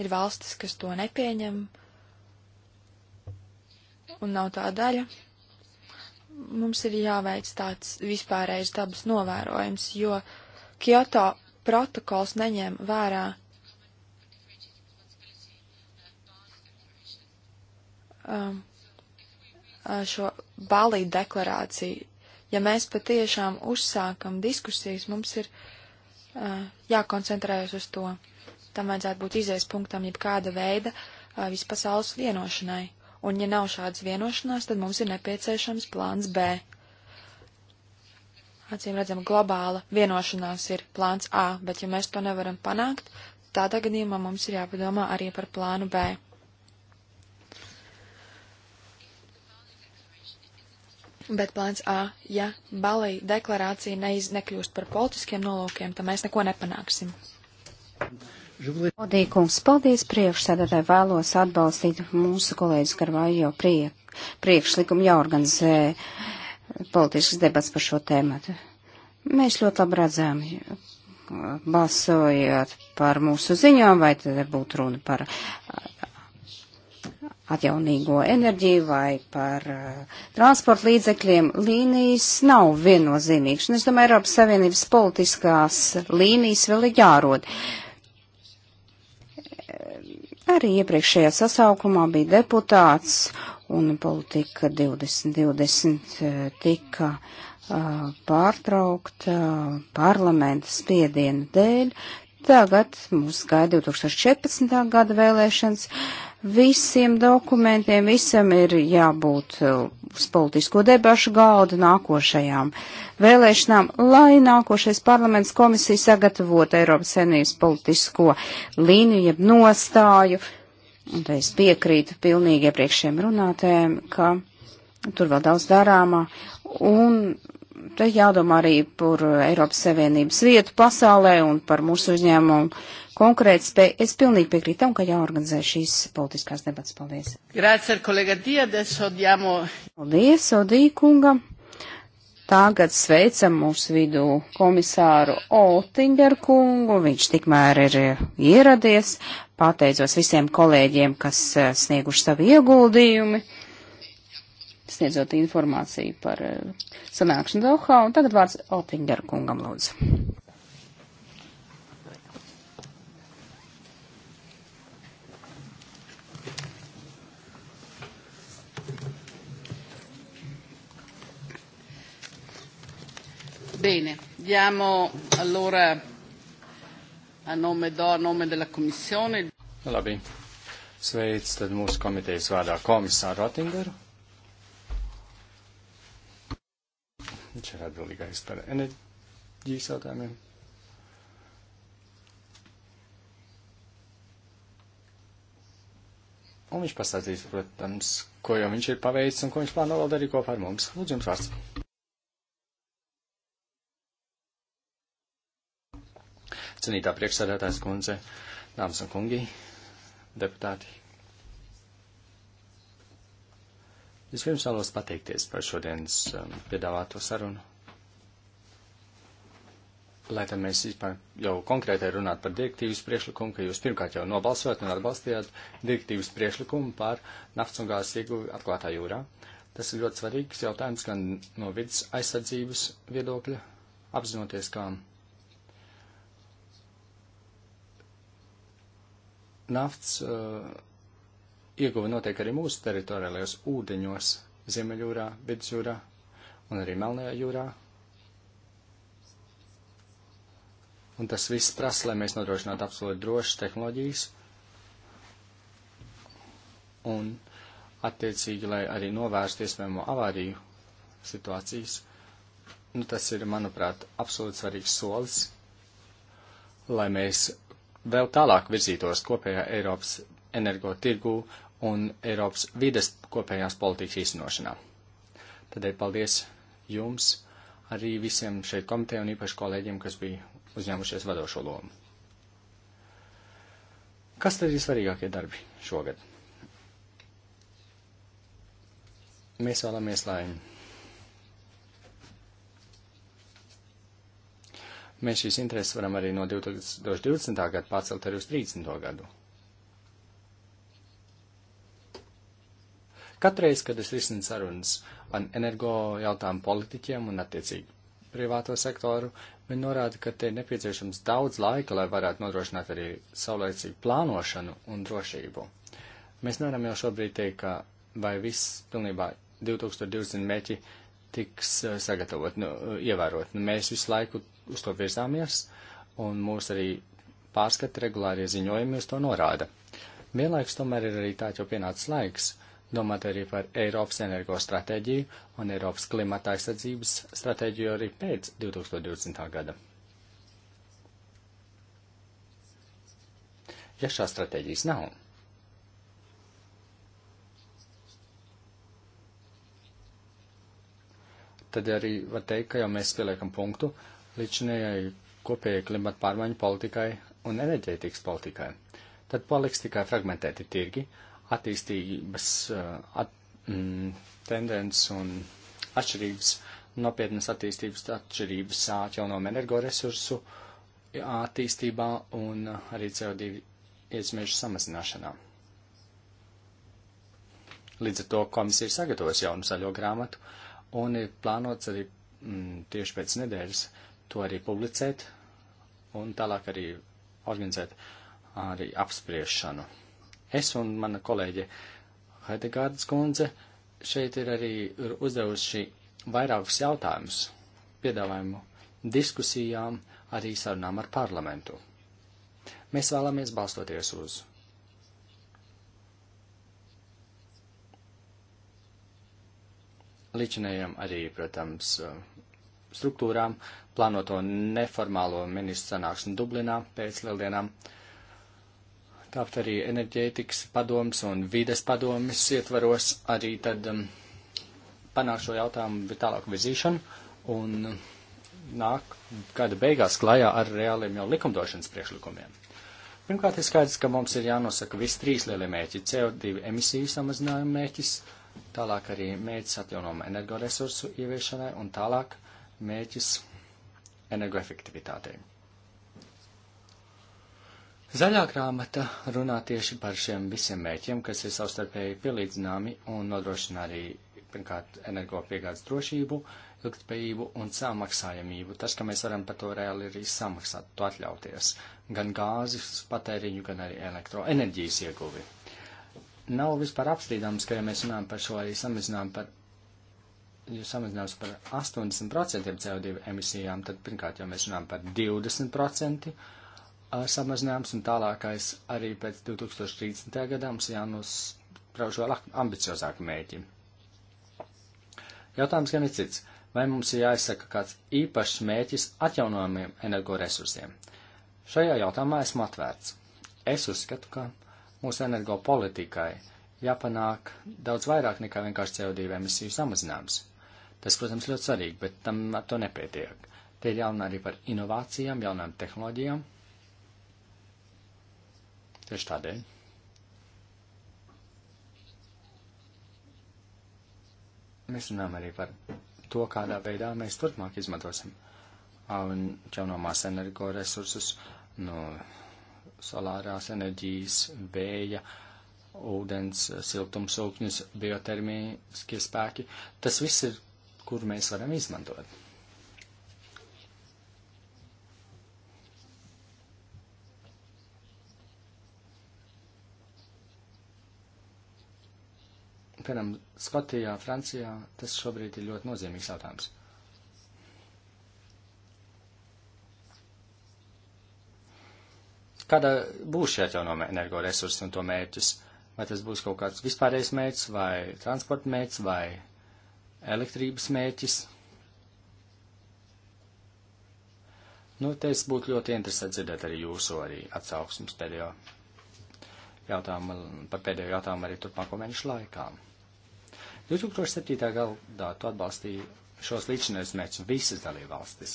ir valstis, kas to nepieņem un nav tā daļa. Mums ir jāveic tāds vispārējais dabas novērojums, jo Kyoto protokols neņem vērā um, uh, šo Balī deklarāciju. Ja mēs patiešām uzsākam diskusijas, mums ir uh, Eh, jākoncentrējas uz to. Tam vajadzētu būt izējas punktam jebkāda veida eh, vispasaules vienošanai. Un, ja nav šādas vienošanās, tad mums ir nepieciešams plāns B. Acīm redzam, globāla vienošanās ir plāns A, bet ja mēs to nevaram panākt, tādā gadījumā mums ir jāpadomā arī par plānu B. Bet plāns A, ja Balī deklarācija neiz, nekļūst par politiskiem nolūkiem, tad mēs neko nepanāksim. Odīkums, paldies priekšsēdētāji, vēlos atbalstīt mūsu kolēģis Karvājo priek, priekšlikumu jāorganizē politisks debats par šo tēmatu. Mēs ļoti labi redzam, balsojot par mūsu ziņām, vai tad būtu runa par atjaunīgo enerģiju vai par uh, transporta līdzekļiem, līnijas nav viennozīmīgas. Un es domāju, Eiropas Savienības politiskās līnijas vēl ir jārod. Eh, arī iepriekšējā sasaukumā bija deputāts un politika 2020 eh, tika uh, pārtraukta uh, parlamenta spiediena dēļ. Tagad mums gaida 2014. gada vēlēšanas. Uh, Visiem dokumentiem, visam ir jābūt eh, uz politisko debašu galda nākošajām vēlēšanām, lai nākošais parlaments komisija sagatavotu Eiropas senības politisko līniju, jeb nostāju. Un te es piekrītu pilnīgi iepriekšējiem runātējiem, ka tur vēl daudz darāmā. Un te jādomā arī par Eiropas Savienības vietu pasaulē un par mūsu uzņēmumu konkrēta spēja. Es pilnīgi piekrītu tam, ka jāorganizē šīs politiskās debatas. Paldies. Grācer, kolega Diedes, odjamo. Paldies, Odī kungam. Tagad sveicam mūsu vidū komisāru Otingeru kungu. Viņš tikmēr ir eh, ieradies. Pateicos visiem kolēģiem, kas eh, snieguši savu ieguldījumu sniedzot informāciju par eh, sanākšanu Dohā. Un tagad vārds Otingeru kungam lūdzu. Bene, diamo allora a nome, do, a nome della Commissione. Labi. Sveic, tad mūsu komitejas vārdā komisāru Atingeru. Viņš ir atbildīgais par enerģijas jautājumiem. Un viņš pastāstīs, protams, ko jau viņš ir paveicis un ko viņš plāno vēl darīt kopā ar mums. Lūdzu, jums vārds. Cenītā priekšsēdētājs kundze, dāmas un kungi, deputāti. Vispirms vēlos pateikties par šodienas um, piedāvāto sarunu. Lai tam mēs vispār jau konkrētai runātu par direktīvas priekšlikumu, ka jūs pirmkārt jau nobalsojat un atbalstījāt direktīvas priekšlikumu par nafts un gāzes ieguvi atklātā jūrā. Tas ir ļoti svarīgs jautājums gan no vidas aizsardzības viedokļa, apzinoties, ka Nafts uh, eh, ieguva notiek arī mūsu teritoriālajos ūdeņos, Ziemeļjūrā, Vidusjūrā un arī Melnajā jūrā. Un tas viss prasa, lai mēs nodrošinātu absolūti drošas tehnoloģijas un attiecīgi, lai arī novērstu iespējamo avāriju situācijas. Nu, tas ir, manuprāt, absolūti svarīgs solis, lai mēs vēl tālāk virzītos kopējā Eiropas energotirgū un Eiropas vides kopējās politikas īstenošanā. Tādēļ paldies jums, arī visiem šeit komitē un īpaši kolēģiem, kas bija uzņēmušies vadošo lomu. Kas tad ir svarīgākie darbi šogad? Mēs vēlamies, lai Mēs šīs intereses varam arī no 2020. gada pacelt arī uz 30. gadu. Katreiz, kad es risinu sarunas ar energo jautājumu politiķiem un attiecīgi privāto sektoru, viņi norāda, ka te ir nepieciešams daudz laika, lai varētu nodrošināt arī saulēcīgu plānošanu un drošību. Mēs nevaram jau šobrīd teikt, ka vai viss pilnībā 2020 mēķi tiks eh, sagatavot, nu, ievērot. Nu, mēs visu laiku uz to virzāmies, un mūs arī pārskata regulārie ziņojumi uz to norāda. Vienlaiks tomēr ir arī tāds jau pienācis laiks domāt arī par Eiropas energo stratēģiju un Eiropas klimata aizsardzības stratēģiju arī pēc 2020. gada. Ja šā stratēģijas nav, tad arī var teikt, ka jau mēs pieliekam punktu uh, līdzinējai kopējai klimata pārmaiņu politikai un enerģētikas politikai, tad paliks tikai fragmentēti tirgi, attīstības uh, at, mm, tendences un atšķirības, nopietnas attīstības atšķirības atjaunojumu energoresursu attīstībā un arī CO2 iesmiešu samazināšanā. Līdz ar to komisija ir sagatavojusi jaunu zaļo grāmatu un ir plānots arī mm, tieši pēc nedēļas to arī publicēt un tālāk arī organizēt arī apspriešanu. Es un mana kolēģe Heidegārdas kundze šeit ir arī uzdevuši vairākus jautājumus, piedāvājumu diskusijām, arī sarunām ar parlamentu. Mēs vēlamies balstoties uz līdzinējiem arī, protams, struktūrām, uh, plānoto neformālo ministru sanāksmi Dublinā pēc lieldienām. Tāpat arī enerģētikas padoms un vides padomis ietvaros arī tad um, panāk šo jautājumu bet tālāk virzīšanu un nāk gada beigās klajā ar reāliem jau likumdošanas priekšlikumiem. Pirmkārt, ir skaidrs, ka mums ir jānosaka visi trīs lielie mērķi - CO2 emisiju samazinājuma mērķis, tālāk arī mērķis atjaunojama energoresursu ieviešanai un tālāk mērķis energoefektivitātei. Zaļā grāmata runā tieši par šiem visiem mērķiem, kas ir savstarpēji pielīdzināmi un nodrošina arī, pirmkārt, energopiegādes drošību, ilgtspējību un samaksājamību. Tas, ka mēs varam par to reāli arī samaksāt, to atļauties. Gan gāzes patēriņu, gan arī elektroenerģijas ieguvi. Nav vispār apstrīdams, ka, ja mēs runājam par šo arī samazinājumu par ir samazinājusi par 80% CO2 emisijām, tad pirmkārt jau mēs runājam par 20% uh, samazinājums, un tālākais arī pēc 2030. gadā mums jānosprauž vēl ambiciozāku mēķi. Jautājums gan ir cits. Vai mums ir jāizsaka kāds īpašs mēķis atjaunojumiem energoresursiem? Šajā jautājumā esmu atvērts. Es uzskatu, ka mūsu energopolitikai jāpanāk daudz vairāk nekā vienkārši CO2 emisiju samazinājums. Tas, protams, ļoti svarīgi, bet tam ar to nepietiek. Te ir jauna arī par inovācijām, jaunām tehnoloģijām. Tieši tādēļ. Mēs runājam arī par to, kādā veidā mēs turpmāk izmantosim jaunomās energoresursus, no solārās enerģijas, vēja, ūdens, siltumsūkņus, biotermīskie spēki. Tas viss ir kuru mēs varam izmantot. Piemēram, Skotijā, Francijā tas šobrīd ir ļoti nozīmīgs jautājums. kāda būs šī atjaunojama energoresursa un to mērķis? Vai tas būs kaut kāds vispārējais mērķis, vai transporta mērķis, vai elektrības mērķis. Nu, te es būtu ļoti interesēts dzirdēt arī jūsu arī atsauksmes pēdējo jautājumu, par pēdējo jautājumu arī turpmāko mēnešu laikā. 2007. gadā tu atbalstīji šos līdzinājus mērķus visas dalībvalstis.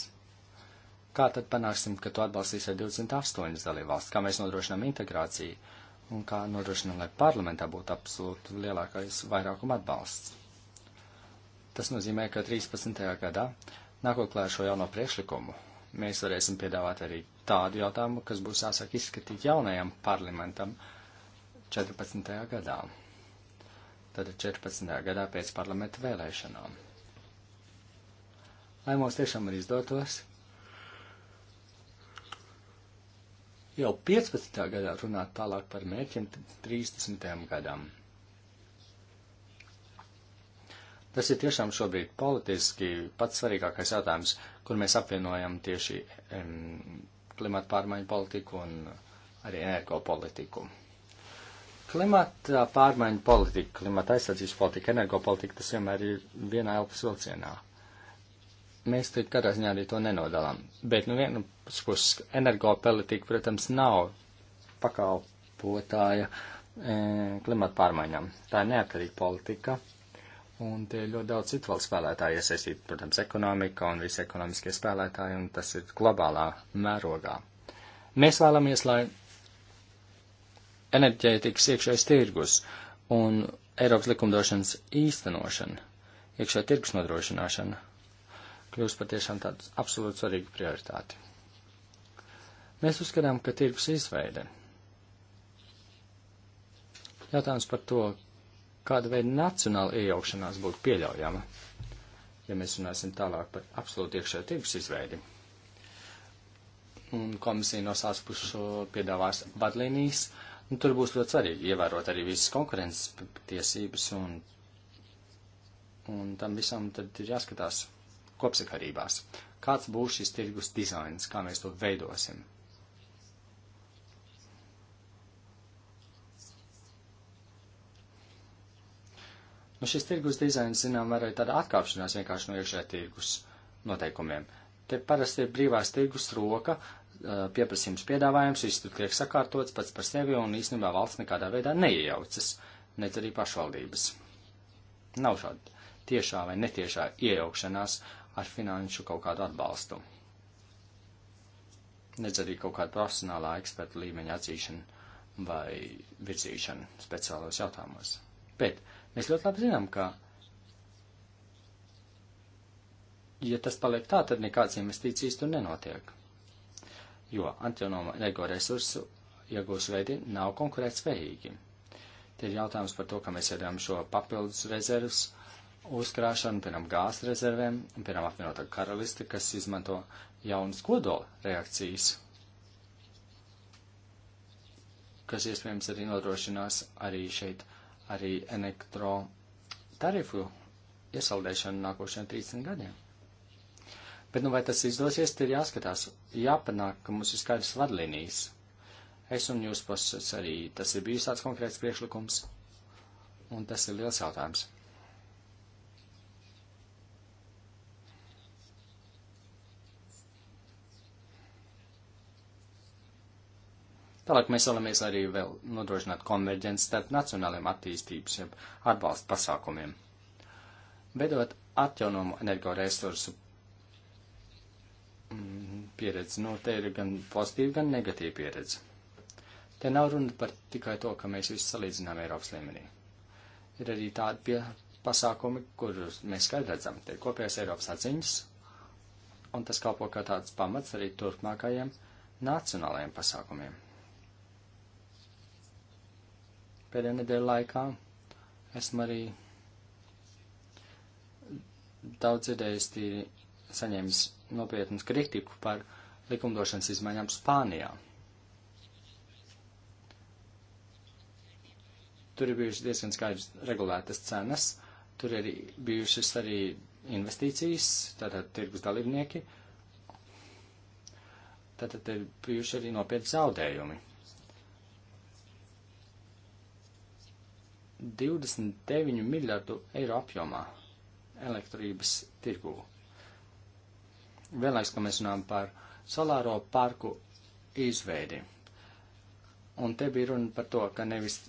Kā tad panāksim, ka tu atbalstīsi ar 28 dalībvalstis? Kā mēs nodrošinām integrāciju? Un kā nodrošinām, lai parlamentā būtu absolūti lielākais vairākuma atbalsts? Tas nozīmē, ka 13. gadā, nākot klāt šo jauno priekšlikumu, mēs varēsim piedāvāt arī tādu jautājumu, kas būs jāsāk izskatīt jaunajam parlamentam 14. gadā. Tad 14. gadā pēc parlamenta vēlēšanām. Lai mums tiešām arī izdotos jau 15. gadā runāt tālāk par mērķiem 30. gadam. Tas ir tiešām šobrīd politiski pats svarīgākais jautājums, kur mēs apvienojam tieši um, klimata pārmaiņu politiku un arī energopolitiku. Klimata pārmaiņu politika, klimata aizsardzības politika, energopolitika, tas vienmēr ir vienā elpas vilcienā. Mēs te katrā ziņā arī to nenodalām. Bet, nu, vienu puses energopolitika, protams, nav pakalpotāja e, klimata pārmaiņām. Tā ir neatkarīga politika, Un te ir ļoti daudz citu valstu spēlētāju iesaistīti, protams, ekonomika un visi ekonomiskie spēlētāji, un tas ir globālā mērogā. Mēs vēlamies, lai enerģētikas iekšējais tirgus un Eiropas likumdošanas īstenošana, iekšē tirgus nodrošināšana kļūst patiešām tāds absolūti svarīga prioritāte. Mēs uzskatām, ka tirgus izveide. Jautājums par to, kāda veida nacionāla iejaukšanās būtu pieļaujama, ja mēs runāsim tālāk par absolūti iekšējo tirgus izveidi. Un komisija no savas puses piedāvās vadlīnijas, un tur būs ļoti svarīgi ievērot arī visas konkurences tiesības, un, un tam visam tad ir jāskatās kopsakarībās. Kāds būs šis tirgus dizains, kā mēs to veidosim? Nu, šis tirgus dizains, zinām, var arī tāda atkāpšanās vienkārši no iekšē tirgus noteikumiem. Te parasti ir brīvās tirgus roka, pieprasījums piedāvājums, viss tur tiek sakārtots pats par sevi, un īstenībā valsts nekādā veidā neiejaucas, ne arī pašvaldības. Nav šāda tiešā vai netiešā iejaukšanās ar finanšu kaut kādu atbalstu. Nedz arī kaut kāda profesionālā eksperta līmeņa atzīšana vai virzīšana speciālos jautājumos. Bet Mēs ļoti labi zinām, ka, ja tas paliek tā, tad nekādas investīcijas tur nenotiek, jo atjaunojamo energoresursu iegūs veidi nav konkurētspējīgi. Te ir jautājums par to, ka mēs iedām šo papildus rezervus uzkrāšanu, piemēram, gāzes rezervēm, un, piemēram, apvienotā karaliste, kas izmanto jaunas kodola reakcijas, kas iespējams arī nodrošinās arī šeit arī elektro tarifu iesaldēšanu nākošajiem 30 gadiem. Bet, nu, vai tas izdosies, ir jāskatās, jāpanāk, ka mums ir skaidrs vadlīnijas. Es un jūs pašas arī, tas ir bijis tāds konkrēts priekšlikums, un tas ir liels jautājums. Tālāk mēs vēlamies arī vēl nodrošināt konverģenci starp nacionāliem attīstības jeb atbalsta pasākumiem. Vedot atjaunumu energoresursu mm, pieredzi, nu, te ir gan pozitīva, gan negatīva pieredze. Te nav runa par tikai to, ka mēs visu salīdzinām Eiropas līmenī. Ir arī tādi pie pasākumi, kurus mēs skaidri redzam, te ir kopējās Eiropas atziņas, un tas kalpo kā tāds pamats arī turpmākajiem nacionālajiem pasākumiem. pēdējā nedēļa laikā. Esmu arī daudz dzirdējis tīri saņēmis nopietnu kritiku par likumdošanas izmaiņām Spānijā. Tur ir bijušas diezgan skaidrs regulētas cenas, tur ir bijušas arī investīcijas, tātad tirgus dalībnieki, tātad ir bijuši arī nopietni zaudējumi. 29 miljardu eiro apjomā elektrības tirgū. Vēlreiz, ka mēs runājam par solāro parku izveidi. Un te bija runa par to, ka nevis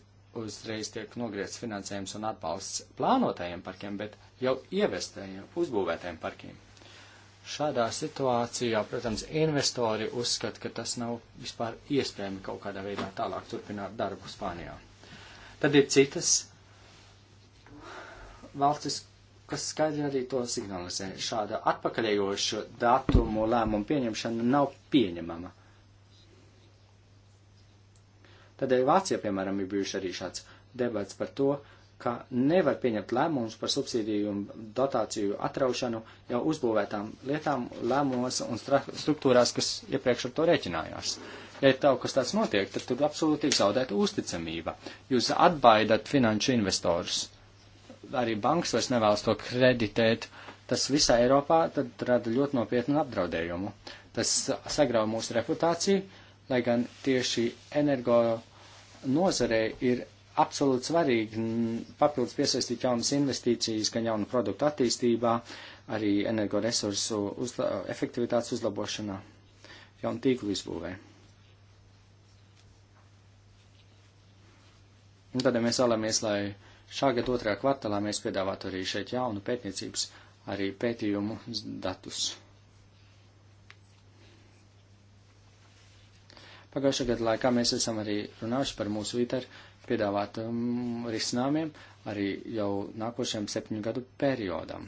uzreiz tiek nogriezts finansējums un atbalsts plānotajiem parkiem, bet jau ievestējiem, uzbūvētajiem parkiem. Šādā situācijā, protams, investori uzskata, ka tas nav vispār iespējami kaut kādā veidā tālāk turpināt darbu Spānijā. Tad ir citas valstis, kas skaidri arī to signalizē. Šāda atpakaļējoša datumu lēmumu pieņemšana nav pieņemama. Tādēļ Vācija, piemēram, ir bijuši arī šāds debats par to, ka nevar pieņemt lēmumus par subsīdiju un dotāciju atraušanu jau uzbūvētām lietām, lēmumos un struktūrās, kas iepriekš ar to rēķinājās. Ja ir kaut kas tāds notiek, tad tur absolūti tiek zaudēta uzticamība. Jūs atbaidat finanšu investorus. Arī banks vairs nevēlas to kreditēt. Tas visā Eiropā tad rada ļoti nopietnu apdraudējumu. Tas sagrauj mūsu reputāciju, lai gan tieši energo nozarei ir absolūti svarīgi papildus piesaistīt jaunas investīcijas, gan jaunu produktu attīstībā, arī energoresursu uzla efektivitātes uzlabošanā, jaunu tīklu izbūvē. Un tad, ja mēs vēlamies, lai šā gada otrajā kvartālā mēs piedāvātu arī šeit jaunu pētniecības, arī pētījumu datus. Pagājušā gada laikā mēs esam arī runājuši par mūsu ITER piedāvāt um, risinājumiem arī jau nākošajam septiņu gadu periodam.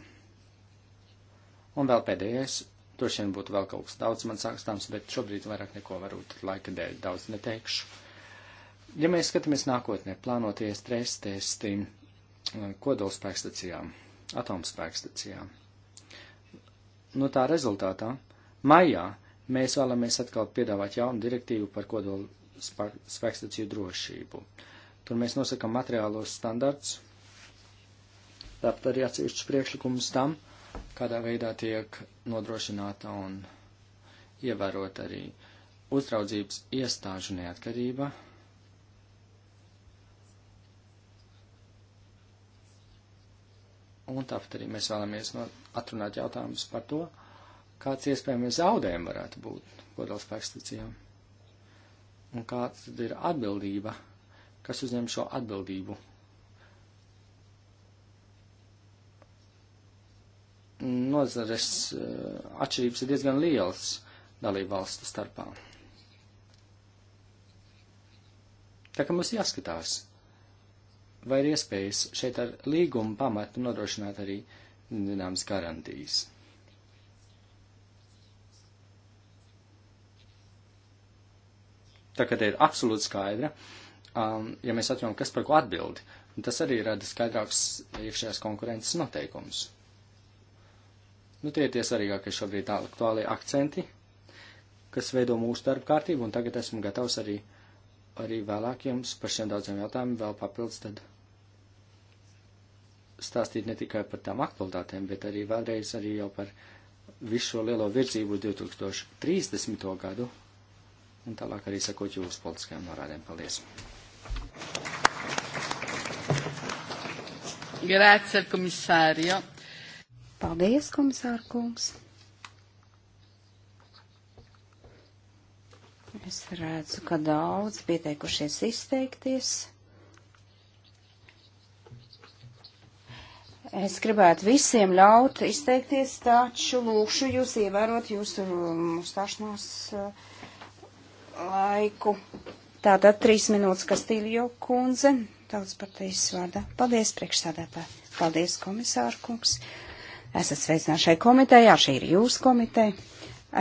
Un vēl pēdējais, droši vien būtu vēl kaut kas daudz man sākstāms, bet šobrīd vairāk neko varbūt laika dēļ daudz neteikšu. Ja mēs skatāmies nākotnē, plānotie stresa testi uh, kodolspēkstacijām, atomspēkstacijām, nu tā rezultātā maijā mēs vēlamies atkal piedāvāt jaunu direktīvu par kodolu spēkstaciju drošību. Uh, Tur mēs nosakam materiālos standarts, tāpat arī atsevišķus priekšlikumus tam, kādā veidā tiek nodrošināta un ievērot arī uzraudzības iestāžu neatkarība. Un tāpat arī mēs vēlamies no, atrunāt jautājumus par to, kāds iespējams zaudējumi varētu būt kodolspēkstacijām. Un kāds ir atbildība kas uzņem šo atbildību. Nozares eh, atšķirības ir diezgan lielas dalību valstu starpā. Tā kā mums jāskatās, vai ir iespējas šeit ar līgumu pamatu nodrošināt arī zināmas garantijas. Tā kā te ir absolūti skaidra, uh, um, ja mēs atrodam, kas par ko atbildi, tas arī rada skaidrāks iekšējās konkurences noteikumus. Nu, tie ir tie svarīgākie šobrīd aktuālie akcenti, kas veido mūsu darba kārtību, un tagad esmu gatavs arī, arī vēlāk jums par šiem daudziem jautājumiem vēl papildus tad stāstīt ne tikai par tām aktualitātēm, bet arī vēlreiz arī jau par visu šo lielo virzību 2030. gadu, un tālāk arī sakot jūsu politiskajām norādēm. Paldies! Grācija, komisārio. Paldies, komisāra kungs. Es redzu, ka daudz pieteikušies izteikties. Es gribētu visiem ļaut izteikties, taču lūkšu jūs ievērot jūsu um, uzstāšanās uh, laiku. Tātad trīs minūtes Kastīļo kundze, Tautas partijas vārdā. Paldies, priekšsādātā. Paldies, komisāra kungs. Esat sveicināti šai komitejā, šī ir jūsu komiteja.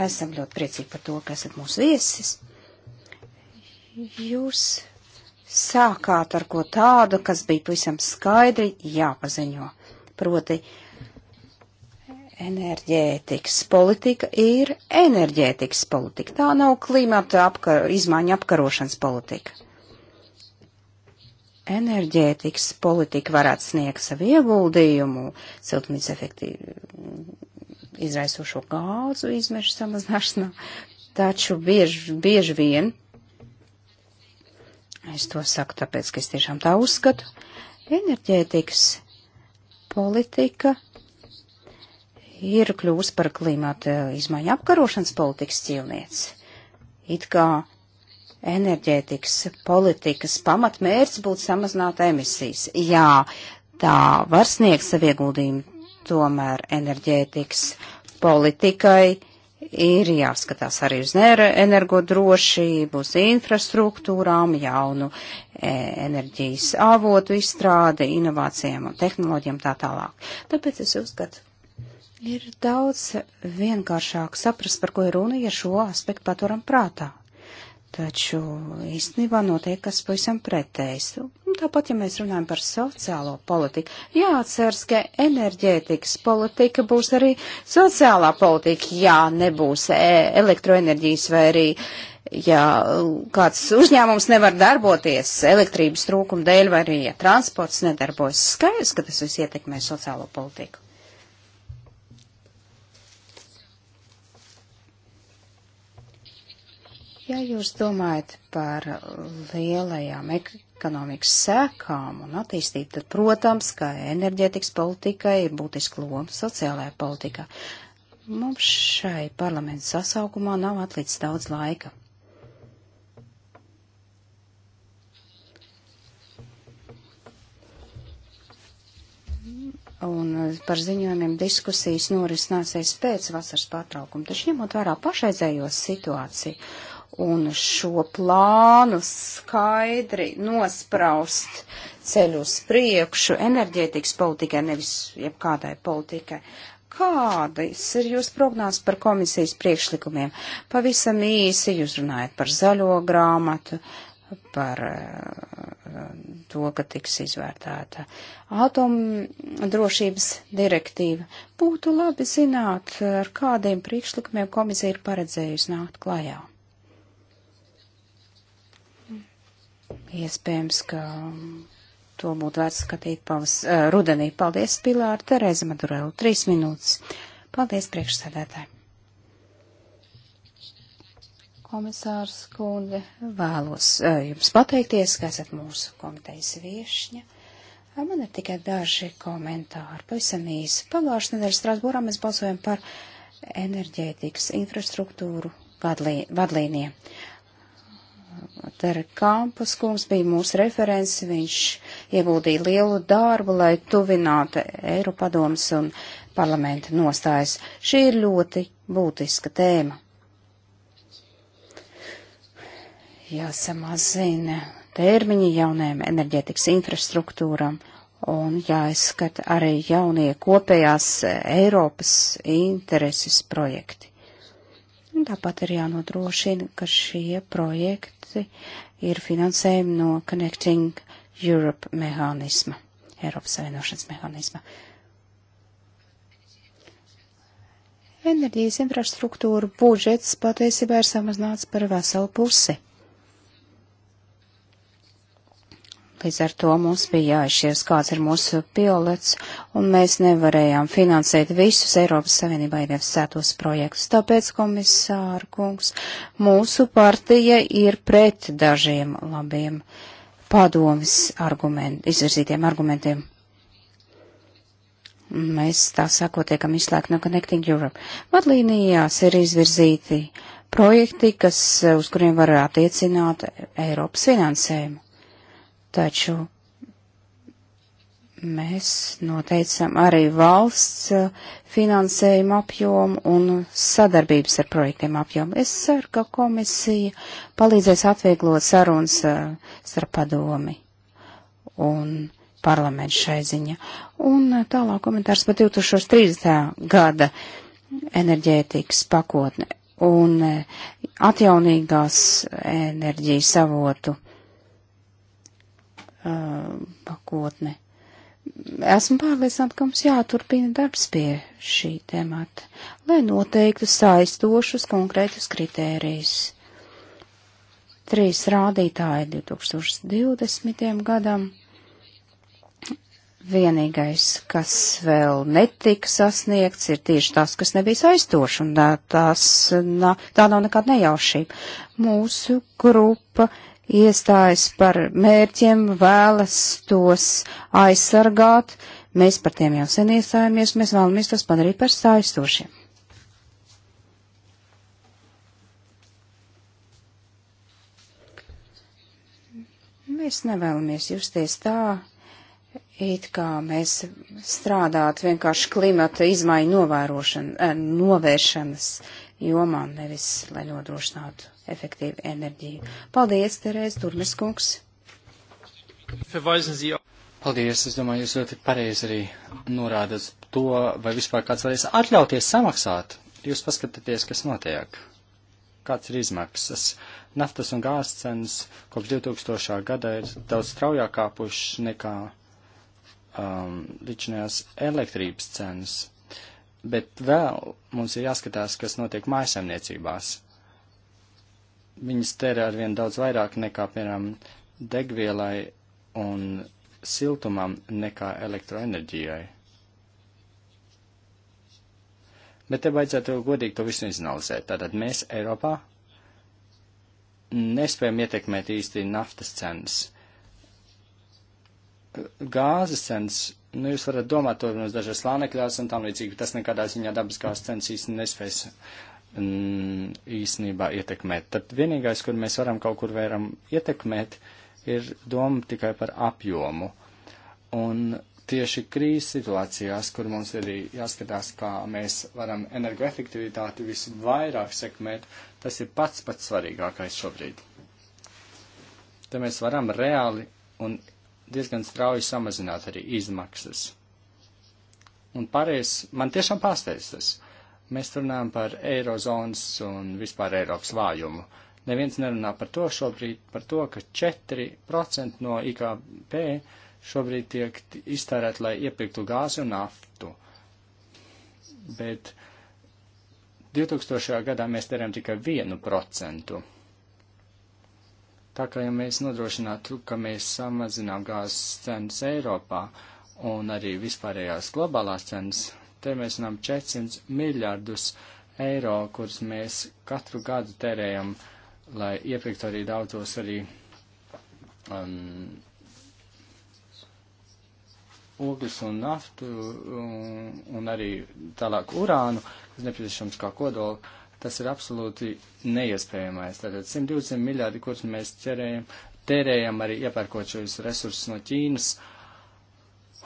Esam ļoti priecīgi par to, ka esat mūsu viesis. Jūs sākāt ar ko tādu, kas bija pavisam skaidri jāpaziņo. Proti, enerģētikas politika ir enerģētikas politika. Tā nav klimata apkar izmaiņa apkarošanas politika enerģētikas politika varētu sniegt savu ieguldījumu siltumnīca efekti izraisošo gāzu izmešu samazināšanā, taču bieži, bieži vien, es to saku tāpēc, ka es tiešām tā uzskatu, enerģētikas politika ir kļūst par klimata izmaiņu apkarošanas politikas ķilnieci. It kā enerģētikas politikas pamatmērķis būtu samazināt emisijas. Jā, tā var sniegt savu ieguldījumu, tomēr enerģētikas politikai ir jāskatās arī uz energodrošību, uz infrastruktūrām, jaunu e, enerģijas avotu izstrādi, inovācijām un tehnoloģijām tā tālāk. Tāpēc es uzskatu, ir daudz vienkāršāk saprast, par ko ir runa, ja šo aspektu paturam prātā. Taču īstenībā notiek kas pavisam pretējs. Tāpat, ja mēs runājam par sociālo politiku, jāatceras, ka enerģētikas politika būs arī sociālā politika, ja nebūs e- elektroenerģijas vai arī, ja kāds uzņēmums nevar darboties elektrības trūkuma dēļ vai arī, ja transports nedarbojas. Skaidrs, ka tas viss ietekmē sociālo politiku. Ja jūs domājat par lielajām ekonomikas sekām un attīstību, tad, protams, ka enerģētikas politika ir būtiska loma sociālajā politikā. Mums šai parlamentu sasaukumā nav atlicis daudz laika. Un par ziņojumiem diskusijas norisināsies pēc vasaras pārtraukuma, taču ņemot vērā pašreizējo situāciju un šo plānu skaidri nospraust ceļu uz priekšu enerģētikas politikai, nevis jebkādai politikai. Kādas ir jūs prognās par komisijas priekšlikumiem? Pavisam īsi jūs runājat par zaļo grāmatu, par eh, to, ka tiks izvērtēta atomdrošības direktīva. Būtu labi zināt, ar kādiem priekšlikumiem komisija ir paredzējusi nākt klajā. Iespējams, ka to būtu vērts skatīt pavas uh, rudenī. Paldies, Pilāra Tereza Madurelu. Trīs minūtes. Paldies, priekšsēdētāji. Komisārs Kunde, vēlos uh, jums pateikties, ka esat mūsu komitejas viešņa. Man ir tikai daži komentāri, pavisam īsi. Pagājušajā nedēļā Strasbūrā mēs balsojam par enerģētikas infrastruktūru vadlīnijām. Vadlī Tere Kampas kungs bija mūsu referents, viņš ieguldīja lielu darbu, lai tuvinātu Eiropadomas un parlamenta nostājas. Šī ir ļoti būtiska tēma. Jāsamazina termiņi jaunajām enerģētikas infrastruktūram un jāizskata arī jaunie kopējās Eiropas intereses projekti. Un tāpat ir jānodrošina, ka šie projekti ir finansējumi no Connecting Europe mehānisma, Eiropas Savienošanas mehānisma. Enerģijas infrastruktūra budžets patiesībā ir samazināts par veselu pusi. Līdz ar to mums bija jāizšķiras, kāds ir mūsu pielets, un mēs nevarējām finansēt visus Eiropas Savienībā identificētos projektus. Tāpēc, komisāra kungs, mūsu partija ir pret dažiem labiem padomis argument, izvirzītiem argumentiem. Mēs tā sakot tiekam izslēgti no Connecting Europe. Vadlīnijās ir izvirzīti projekti, kas, uz kuriem var attiecināt Eiropas finansējumu taču mēs noteicam arī valsts uh, finansējumu apjomu un sadarbības ar projektiem apjomu. Es ceru, ka komisija palīdzēs atvieglot sarunas uh, starp padomi un parlamentu šai ziņa. Un uh, tālāk komentārs par 2030. gada enerģētikas pakotni un atjaunīgās enerģijas avotu Uh, pakotne. Esmu pārliecināta, ka mums jāturpina darbs pie šī temata, lai noteiktu saistošus konkrētus kritērijus. Trīs rādītāji 2020. gadam. Vienīgais, kas vēl netika sasniegts, ir tieši tas, kas nebija saistoši, un tā, tās, tā nav nekāda nejaušība. Mūsu grupa iestājas par mērķiem, vēlas tos aizsargāt. Mēs par tiem jau sen iestājāmies, mēs vēlamies tos padarīt par saistošiem. Mēs nevēlamies justies tā, it kā mēs strādātu vienkārši klimata izmaiņu eh, novēršanas jomā, nevis lai nodrošinātu efektīvu enerģiju. Paldies, Terēs Turmes kungs! Paldies, es domāju, jūs ļoti pareizi arī norādat to, vai vispār kāds varēs atļauties samaksāt. Jūs paskatieties, kas notiek. Kāds ir izmaksas? Naftas un gāzes cenas kopš 2000. gada ir daudz straujāk kāpušas nekā um, ličinās elektrības cenas. Bet vēl mums ir jāskatās, kas notiek mājasemniecībās viņas tērē arvien daudz vairāk nekā, piemēram, degvielai un siltumam nekā elektroenerģijai. Bet te vajadzētu godīgi to visu izanalizēt. Tātad mēs Eiropā nespējam ietekmēt īsti naftas cenas. Gāzes cenas, nu jūs varat domāt to no dažas slānekļās un tam līdzīgi, bet tas nekādā ziņā dabas gāzes cenas īsti nespēs Mm, īsnībā ietekmēt. Tad vienīgais, kur mēs varam kaut kur varam ietekmēt, ir doma tikai par apjomu. Un tieši krīzes situācijās, kur mums ir jāskatās, kā mēs varam energoefektivitāti visvairāk sekmēt, tas ir pats pats svarīgākais šobrīd. Te mēs varam reāli un diezgan strauji samazināt arī izmaksas. Un pārējais man tiešām pārsteidz tas. Uh, Mēs runājam par eirozonas un vispār Eiropas vājumu. Neviens nerunā par to šobrīd, par to, ka 4% no IKP šobrīd tiek iztērēt, lai iepirktu gāzi un naftu. Bet 2000. gadā mēs darām tikai 1%. Tā kā ja mēs nodrošinātu, ka mēs samazinām gāzes cenas Eiropā un arī vispārējās globālās cenas, Te mēs zinām 400 miljardus eiro, kurus mēs katru gadu tērējam, lai iepirktu arī daudzos arī um, ogles un naftu un, un arī tālāk urānu, kas nepieciešams kā kodola. Tas ir absolūti neiespējamais. Tātad 120 miljardi, kurus mēs ķerējam, tērējam arī iepērkot šos resursus no Ķīnas. Uh,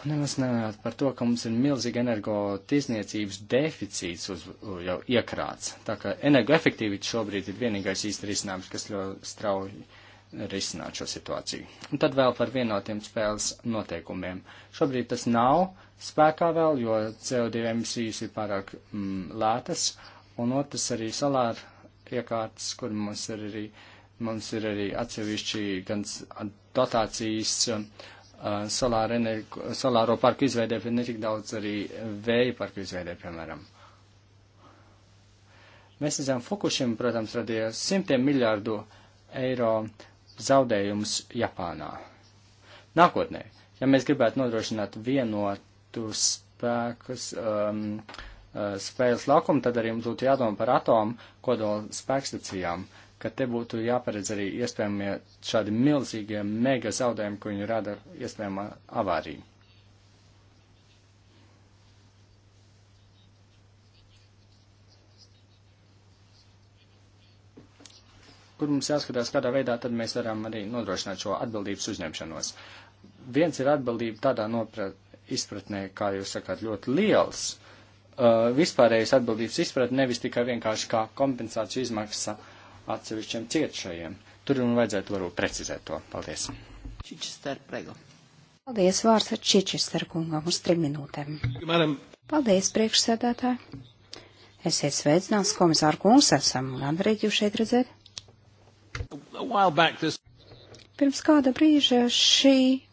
Un nemaz nerunāt par to, ka mums ir milzīgi energo tiesniecības deficīts uz, jau iekrāts. Tā kā energoefektīvitāte šobrīd ir vienīgais īsti risinājums, kas ļoti strauji risināt šo situāciju. Un tad vēl par vienotiem spēles noteikumiem. Šobrīd tas nav spēkā vēl, jo CO2 emisijas ir pārāk mm, lētas, un otrs arī salāra iekārtas, kur mums ir arī, mums ir arī atsevišķi gan dotācijas. Mm, Solāra energo, solāro parku izveidē, bet ne tik daudz arī vēja parku izveidē, piemēram. Mēs redzam, Fukušim, protams, radīja simtiem miljārdu eiro zaudējumus Japānā. Nākotnē, ja mēs gribētu nodrošināt vienotus spēkus, um, uh, spēles laukumu, tad arī mums būtu jādomā par atomu kodola spēkstacijām. Uh, ka te būtu jāparedz arī iespējamie šādi milzīgie mega zaudējumi, ko viņi rada iespējamā avārija. Kur mums jāskatās, kādā veidā tad mēs varam arī nodrošināt šo atbildības uzņemšanos. Viens ir atbildība tādā noprat, izpratnē, kā jūs sakāt, ļoti liels, uh, vispārējais atbildības izpratne, nevis tikai vienkārši kā kompensācija izmaksa uh, atsevišķiem cietušajiem. Tur un vajadzētu varbūt precizēt to. Paldies. Čičester, prego. Paldies, vārds ar Čičester kungam uz trim minūtēm. Madam. Paldies, priekšsēdētāji. Esiet sveicināts, komisāra kungs, esam gandrīz jūs šeit redzēt. This... Pirms kāda brīža šī,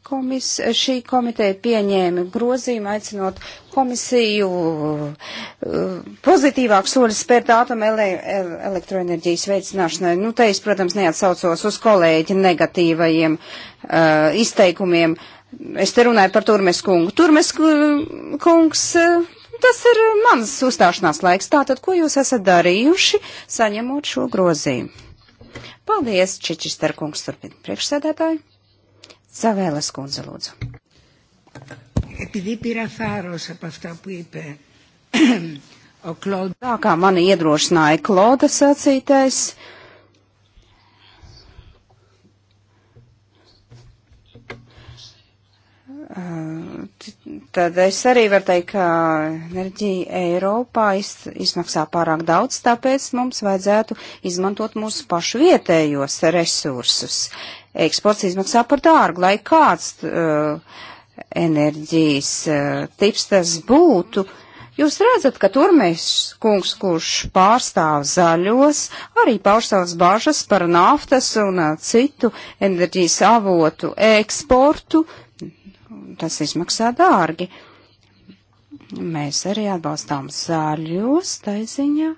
komis, šī komiteja pieņēma grozījumu, aicinot komisiju uh, pozitīvāk soļus spērt ātuma ele, elektroenerģijas veicināšanai. Nu, te es, protams, neatsaucos uz kolēģi negatīvajiem uh, izteikumiem. Es te runāju par Turmes kungu. Turmes kungs. Uh, Tas ir mans uzstāšanās laiks. Tātad, ko jūs esat darījuši, saņemot šo grozījumu? Paldies, Čečistar kungs, turpina priekšsēdētāji. Zavēles kundze, lūdzu. Επειδή πήρα θάρρος από αυτά που είπε ο Κλόντ. Tā kā mani iedrošināja Kloda sacītais, uh, tad es arī varu teikt, ka enerģija Eiropā izmaksā pārāk daudz, tāpēc mums vajadzētu izmantot mūsu pašu vietējos resursus. Eksports izmaksā par dārgu, lai kāds uh, enerģijas uh, tips tas būtu. Jūs redzat, ka turmēs kungs, kurš pārstāv zaļos, arī pauž savas bažas par naftas un uh, citu enerģijas avotu eksportu, uh, tas izmaksā dārgi. Mēs arī atbalstām zāļos taiziņā,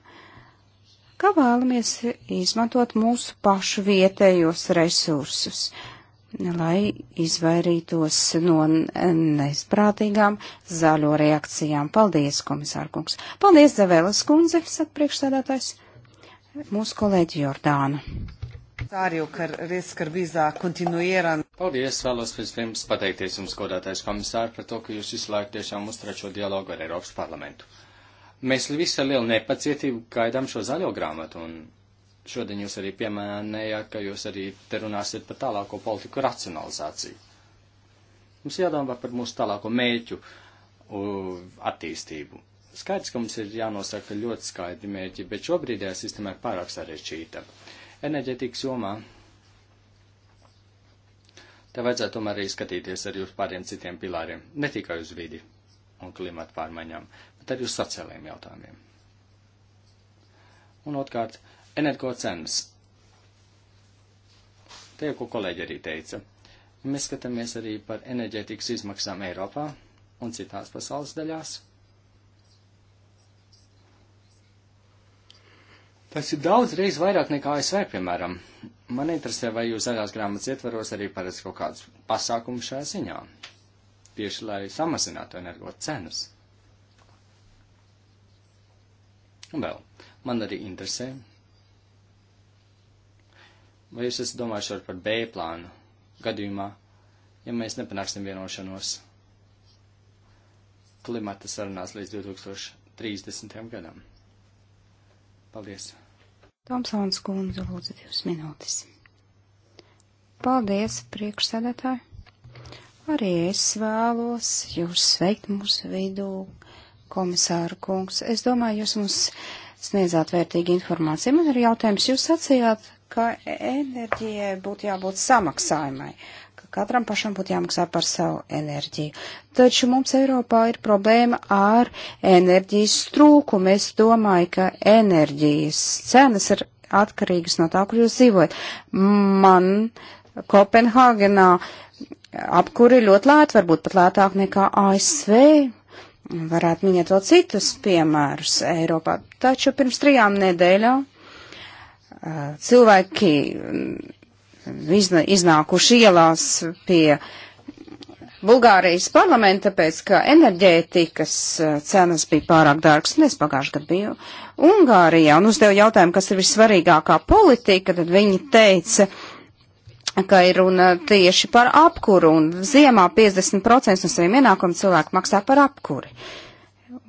ka vēlamies izmantot mūsu pašu vietējos resursus, lai izvairītos no nesprātīgām zāļo reakcijām. Paldies, komisārkungs! Paldies, Zavēlas kundze, saka priekšstādātājs, mūsu kolēģi Jordāna. Sariu, kar res skrbi za kontinuiran Paldies, vēlos vispirms pateikties jums, godātais komisār, par to, ka jūs visu laiku tiešām uzturat šo dialogu ar Eiropas parlamentu. Mēs visi ar lielu nepacietību gaidām šo zaļo grāmatu, un šodien jūs arī piemēnējāt, ka jūs arī te runāsiet par tālāko politiku racionalizāciju. Mums jādomā par mūsu tālāko mēķu attīstību. Skaidrs, ka mums ir jānosaka ļoti skaidri mērķi, bet šobrīd jā sistēma ir pārāk sarežģīta. Enerģetikas jomā Te vajadzētu tomēr arī skatīties arī uz pāriem citiem pilāriem, ne tikai uz vidi un klimatu pārmaiņām, bet arī uz sociālajiem jautājumiem. Un otrkārt, energo cenas. Te jau ko kolēģi arī teica. Mēs skatāmies arī par enerģētikas izmaksām Eiropā un citās pasaules daļās. Tas ir daudz reiz vairāk nekā ASV, piemēram. Man interesē, vai jūs zaļās grāmatas ietvaros arī paredz kaut kādus pasākumus šajā ziņā, tieši lai samazinātu energo cenas. Un vēl, man arī interesē, vai jūs esat domājuši par B plānu gadījumā, ja mēs nepanāksim vienošanos klimata sarunās līdz 2030. gadam. Paldies! Tomsons kundze, lūdzu, divas minūtes. Paldies, priekšsēdētāji! Arī es vēlos jūs sveikt mūsu vidū, komisāra kungs. Es domāju, jūs mums sniedzāt vērtīgu informāciju. Man ir jautājums, jūs sacījāt, ka enerģijai būtu jābūt samaksājumai. Uh, Katram pašam būtu jāmaksā par savu enerģiju. Taču mums Eiropā ir problēma ar enerģijas trūkumu. Es domāju, ka enerģijas cenas ir atkarīgas no tā, kur jūs dzīvojat. Man Kopenhāgenā apkuri ļoti lēta, varbūt pat lētāk nekā ASV. Varētu minēt vēl citus piemērus Eiropā. Taču pirms trijām nedēļām uh, cilvēki iznākuši ielās pie Bulgārijas parlamenta, tāpēc, ka enerģētikas e, cenas bija pārāk dārgas, un es pagājuši gadu biju Ungārijā, un uzdevu jautājumu, kas ir vissvarīgākā politika, tad viņi teica, ka ir runa tieši par apkuru, un ziemā 50% no saviem ienākumiem cilvēku maksā par apkuri.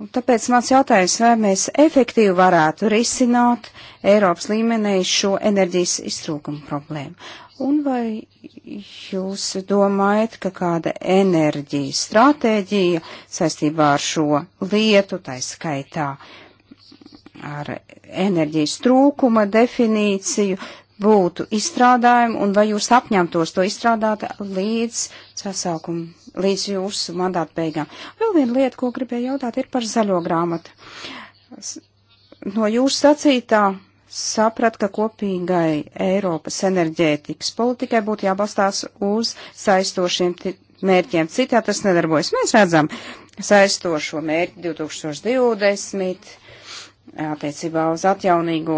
Un tāpēc mans jautājums, vai mēs efektīvi varētu risināt Eiropas līmenī šo enerģijas iztrūkumu problēmu. Un vai jūs domājat, ka kāda enerģijas stratēģija saistībā ar šo lietu, tā skaitā ar enerģijas trūkuma definīciju, būtu izstrādājumi un vai jūs apņemtos to izstrādāt līdz sasaukumu, līdz jūsu mandātu beigām? Vēl viena lieta, ko gribēju jautāt, ir par zaļo grāmatu. No jūsu sacītā saprat, ka kopīgai Eiropas enerģētikas politikai būtu jābalstās uz saistošiem mērķiem. Citā tas nedarbojas. Mēs redzam saistošo mērķi 2020 attiecībā uz atjaunīgo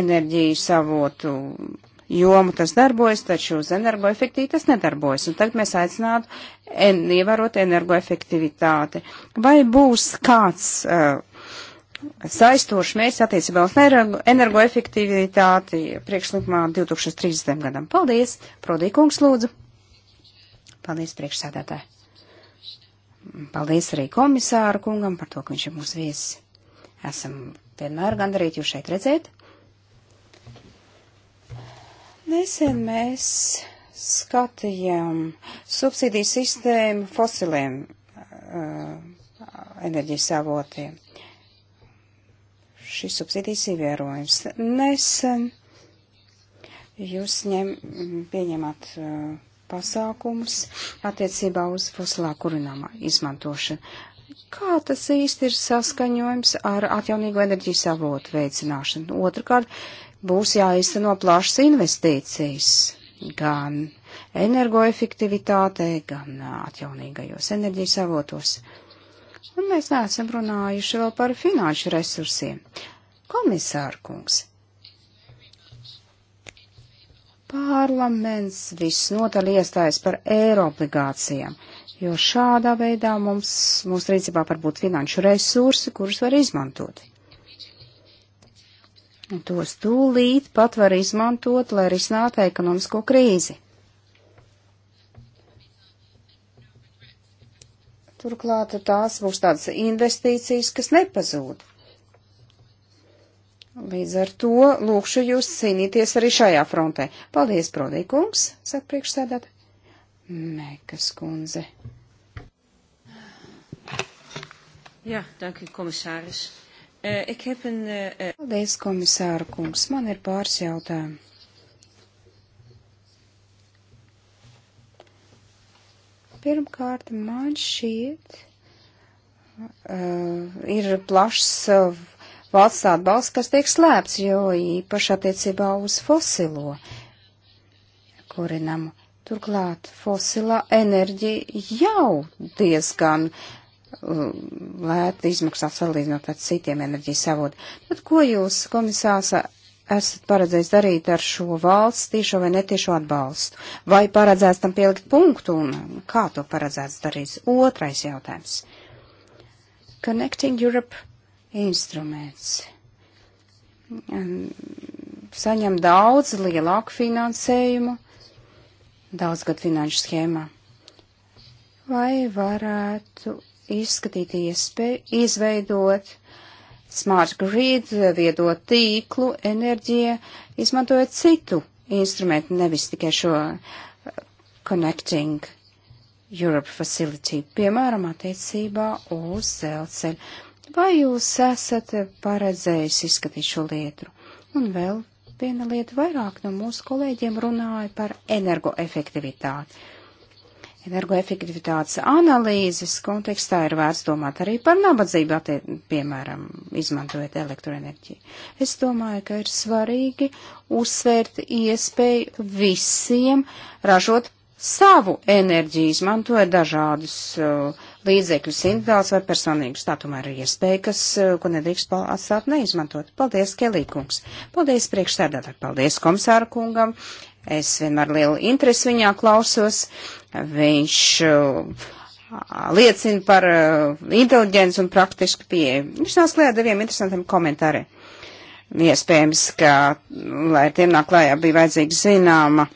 enerģiju savotu jomu tas darbojas, taču uz energoefektīvi tas nedarbojas. Un tagad mēs aicinātu en, ievērot energoefektivitāti. Vai būs kāds uh, saistošu mērķi attiecībā uz energoefektivitāti priekšlikumā 2030. gadam. Paldies! Prodīkungs lūdzu! Paldies priekšsēdētāji! Paldies arī komisāru kungam par to, ka viņš ir mūsu viesis. Esam vienmēr gandarīti jūs šeit redzēt. Nesen mēs skatījām subsīdiju sistēmu fosiliem uh, enerģijas avotiem. Uh, šīs subsidijas ievērojams. Nesen um, jūs ņem, mm, pieņemat uh, pasākumus attiecībā uz fosilā kurināmā izmantošanu. Kā tas īsti ir saskaņojums ar atjaunīgo enerģijas avotu veicināšanu? Otrakārt, būs jāizteno plašas investīcijas gan energoefektivitātei, gan uh, atjaunīgajos enerģijas avotos. Uh, Un mēs neesam runājuši vēl par finanšu resursiem. Komisārkungs. Parlaments visnotaļ iestājas par eiro obligācijām, jo šādā veidā mums, mūsu rīcībā var būt finanšu resursi, kurus var izmantot. Un tos tūlīt pat var izmantot, lai risinātu ekonomisko krīzi. Turklāt tās būs tādas investīcijas, kas nepazūd. Līdz ar to lūkšu jūs cīnīties arī šajā frontē. Paldies, Prodīkungs, saka priekšsēdāt. Mekas kundze. Jā, dank u, komisāris. Uh, ik heb een. Uh, Paldies, komisāra kungs. Man ir pāris jautājumi. Pirmkārt, man šķiet, uh, ir plašs uh, valsts atbalsts, kas tiek slēpts, jo īpaši attiecībā uz fosilo kurinamu. Turklāt fosilā enerģija jau diezgan uh, lēti izmaksā salīdzinot ar citiem enerģijas avotiem. Tad ko jūs, komisārs, esat paredzējis darīt ar šo valsts tiešo vai netiešo atbalstu? Vai paredzēts tam pielikt punktu un kā to paredzēts darīt? Otrais jautājums. Connecting Europe instruments mm, saņem daudz lielāku finansējumu daudzgad finanšu schēmā. Vai varētu izskatīt iespēju izveidot smart grid, viedot tīklu, enerģija, izmantojot citu instrumentu, nevis tikai šo uh, Connecting Europe Facility, piemēram, attiecībā uz dzelzceļu. Vai jūs esat paredzējis izskatīt šo lietu? Un vēl viena lieta vairāk no mūsu kolēģiem runāja par energoefektivitāti energoefektivitātes analīzes kontekstā ir vērts domāt arī par nabadzību, attiet, piemēram, izmantojot elektroenerģiju. Es domāju, ka ir svarīgi uzsvērt iespēju visiem ražot savu enerģiju, izmantojot dažādus uh, līdzekļus, individuāls vai personīgus. Tā tomēr ir iespēja, kas, uh, ko nedrīkst atstāt neizmantot. Paldies, Kelīkungs! Paldies, priekšsēdētāji! Paldies, komisāra kungam! Uh, Es vienmēr lielu interesi viņā klausos. Viņš uh, liecina par uh, inteliģenci un praktisku pieeju. Viņš nāks klajā diviem interesantiem komentāriem. Iespējams, ka, mm, lai tiem nāk klajā, bija vajadzīga zināma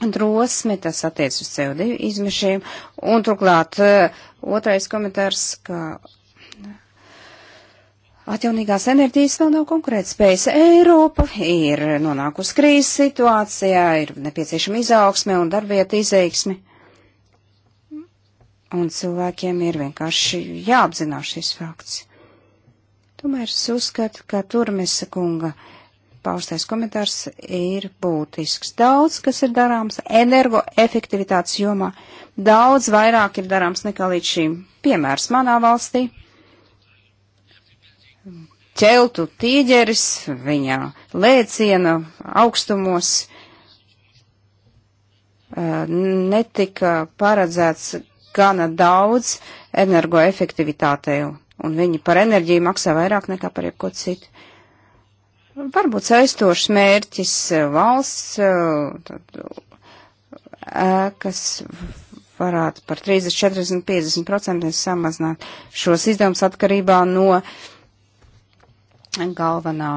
drosme, tas attiec uz CO2 izmešiem. Un turklāt uh, otrais komentārs, ka Atjaunīgās enerģijas vēl nav konkurētspējas. Eiropa ir nonākusi krīzes situācijā, ir nepieciešama izaugsme un darbieta izaugsme. Un cilvēkiem ir vienkārši jāapzinās šis fakts. Tomēr es uzskatu, ka Turmesa kunga paustais komentārs ir būtisks. Daudz, kas ir darāms energoefektivitātes jomā, daudz vairāk ir darāms nekā līdz šīm. Piemērs manā valstī ķeltu tīģeris, viņa lēciena augstumos netika paredzēts gana daudz energoefektivitātei, un viņi par enerģiju maksā vairāk nekā par jebko citu. Varbūt saistošs mērķis valsts, tad, kas varētu par 30, 40, 50% samazināt šos izdevumus atkarībā no uh, galvenā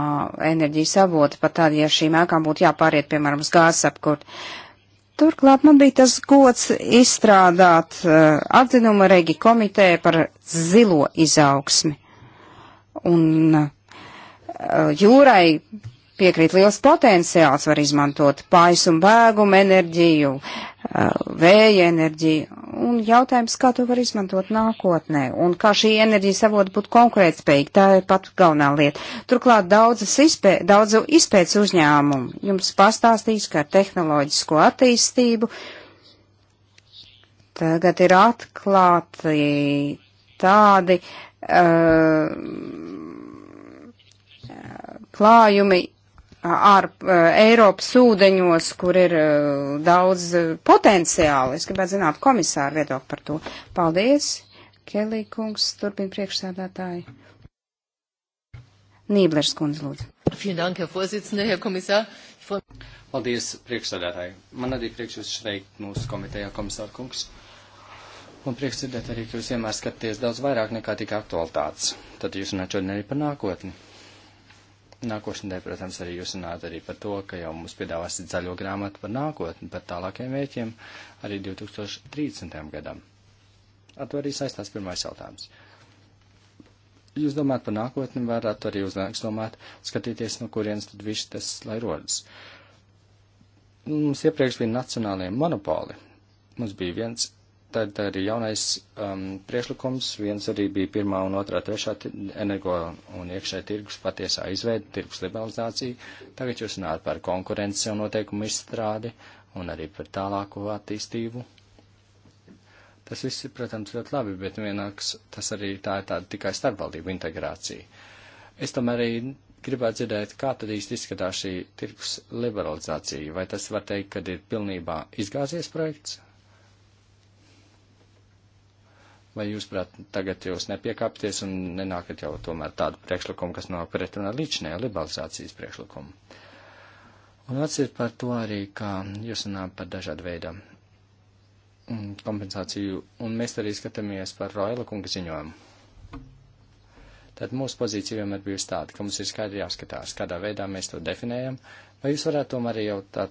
enerģijas avota, pat tad, ja šīm ēkām būtu jāpāriet, piemēram, uz gāzes apkurt. Turklāt man bija tas gods izstrādāt uh, eh, atzinumu Regi komiteja par zilo izaugsmi. Un uh, jūrai piekrīt liels potenciāls, var izmantot paisumu bēgumu enerģiju, eh, vēja enerģiju. Un jautājums, kā to var izmantot nākotnē un kā šī enerģijas avota būtu konkurētspējīga, tā ir pat galvenā lieta. Turklāt daudzas izpē, daudzu izpēc uzņēmumu jums pastāstīs, ka ar tehnoloģisko attīstību tagad ir atklāti tādi. Uh, klājumi, ar eh, Eiropas ūdeņos, kur ir eh, daudz eh, potenciāla. Es gribētu zināt komisāru viedokli par to. Paldies, Kelī kungs, turpina priekšsēdētāji. Nīblers kundze, lūdzu. Paldies, priekšsēdētāji. Man arī prieks jūs šeit mūsu komitejā, komisāra kungs. Un prieks dzirdēt arī, ka jūs vienmēr skatāties daudz vairāk nekā tik aktualitātes. Tad jūs runājat šodien arī par nākotni. Nākošanai, protams, arī jūs runājat arī par to, ka jau mums piedāvāsit zaļo grāmatu par nākotni, par tālākiem mērķiem arī 2030. gadam. Ar to arī saistās pirmais jautājums. Jūs domājat par nākotni, varat arī uzmanīgs domāt, skatīties, no kurienes tad viss tas lai rodas. Mums iepriekš bija nacionālajie monopoli. Mums bija viens Tad arī jaunais um, priešlikums, viens arī bija pirmā un otrā, trešā energo un iekšē tirgus patiesā izveida, tirgus liberalizācija. Tagad jūs runājat par konkurences un noteikumu izstrādi un arī par tālāko attīstību. Tas viss ir, protams, ļoti labi, bet vienāks tas arī tā ir tāda tikai starpvaldību integrācija. Es tomēr arī gribētu dzirdēt, kā tad īsti izskatās šī tirgus liberalizācija. Vai tas var teikt, kad ir pilnībā izgāzies projekts, Vai jūs, prāt, tagad jūs nepiekāpties un nenākat jau tomēr tādu priekšlikumu, kas nav pretrunā līdšanai liberalizācijas priekšlikumu? Un atcīt par to arī, ka jūs runājat par dažādu veidu mm, kompensāciju, un mēs arī skatāmies par Roila kunga ziņojumu. Tad mūsu pozīcija vienmēr bijusi tāda, ka mums ir skaidri jāskatās, kādā veidā mēs to definējam, vai jūs varētu tomēr jau tā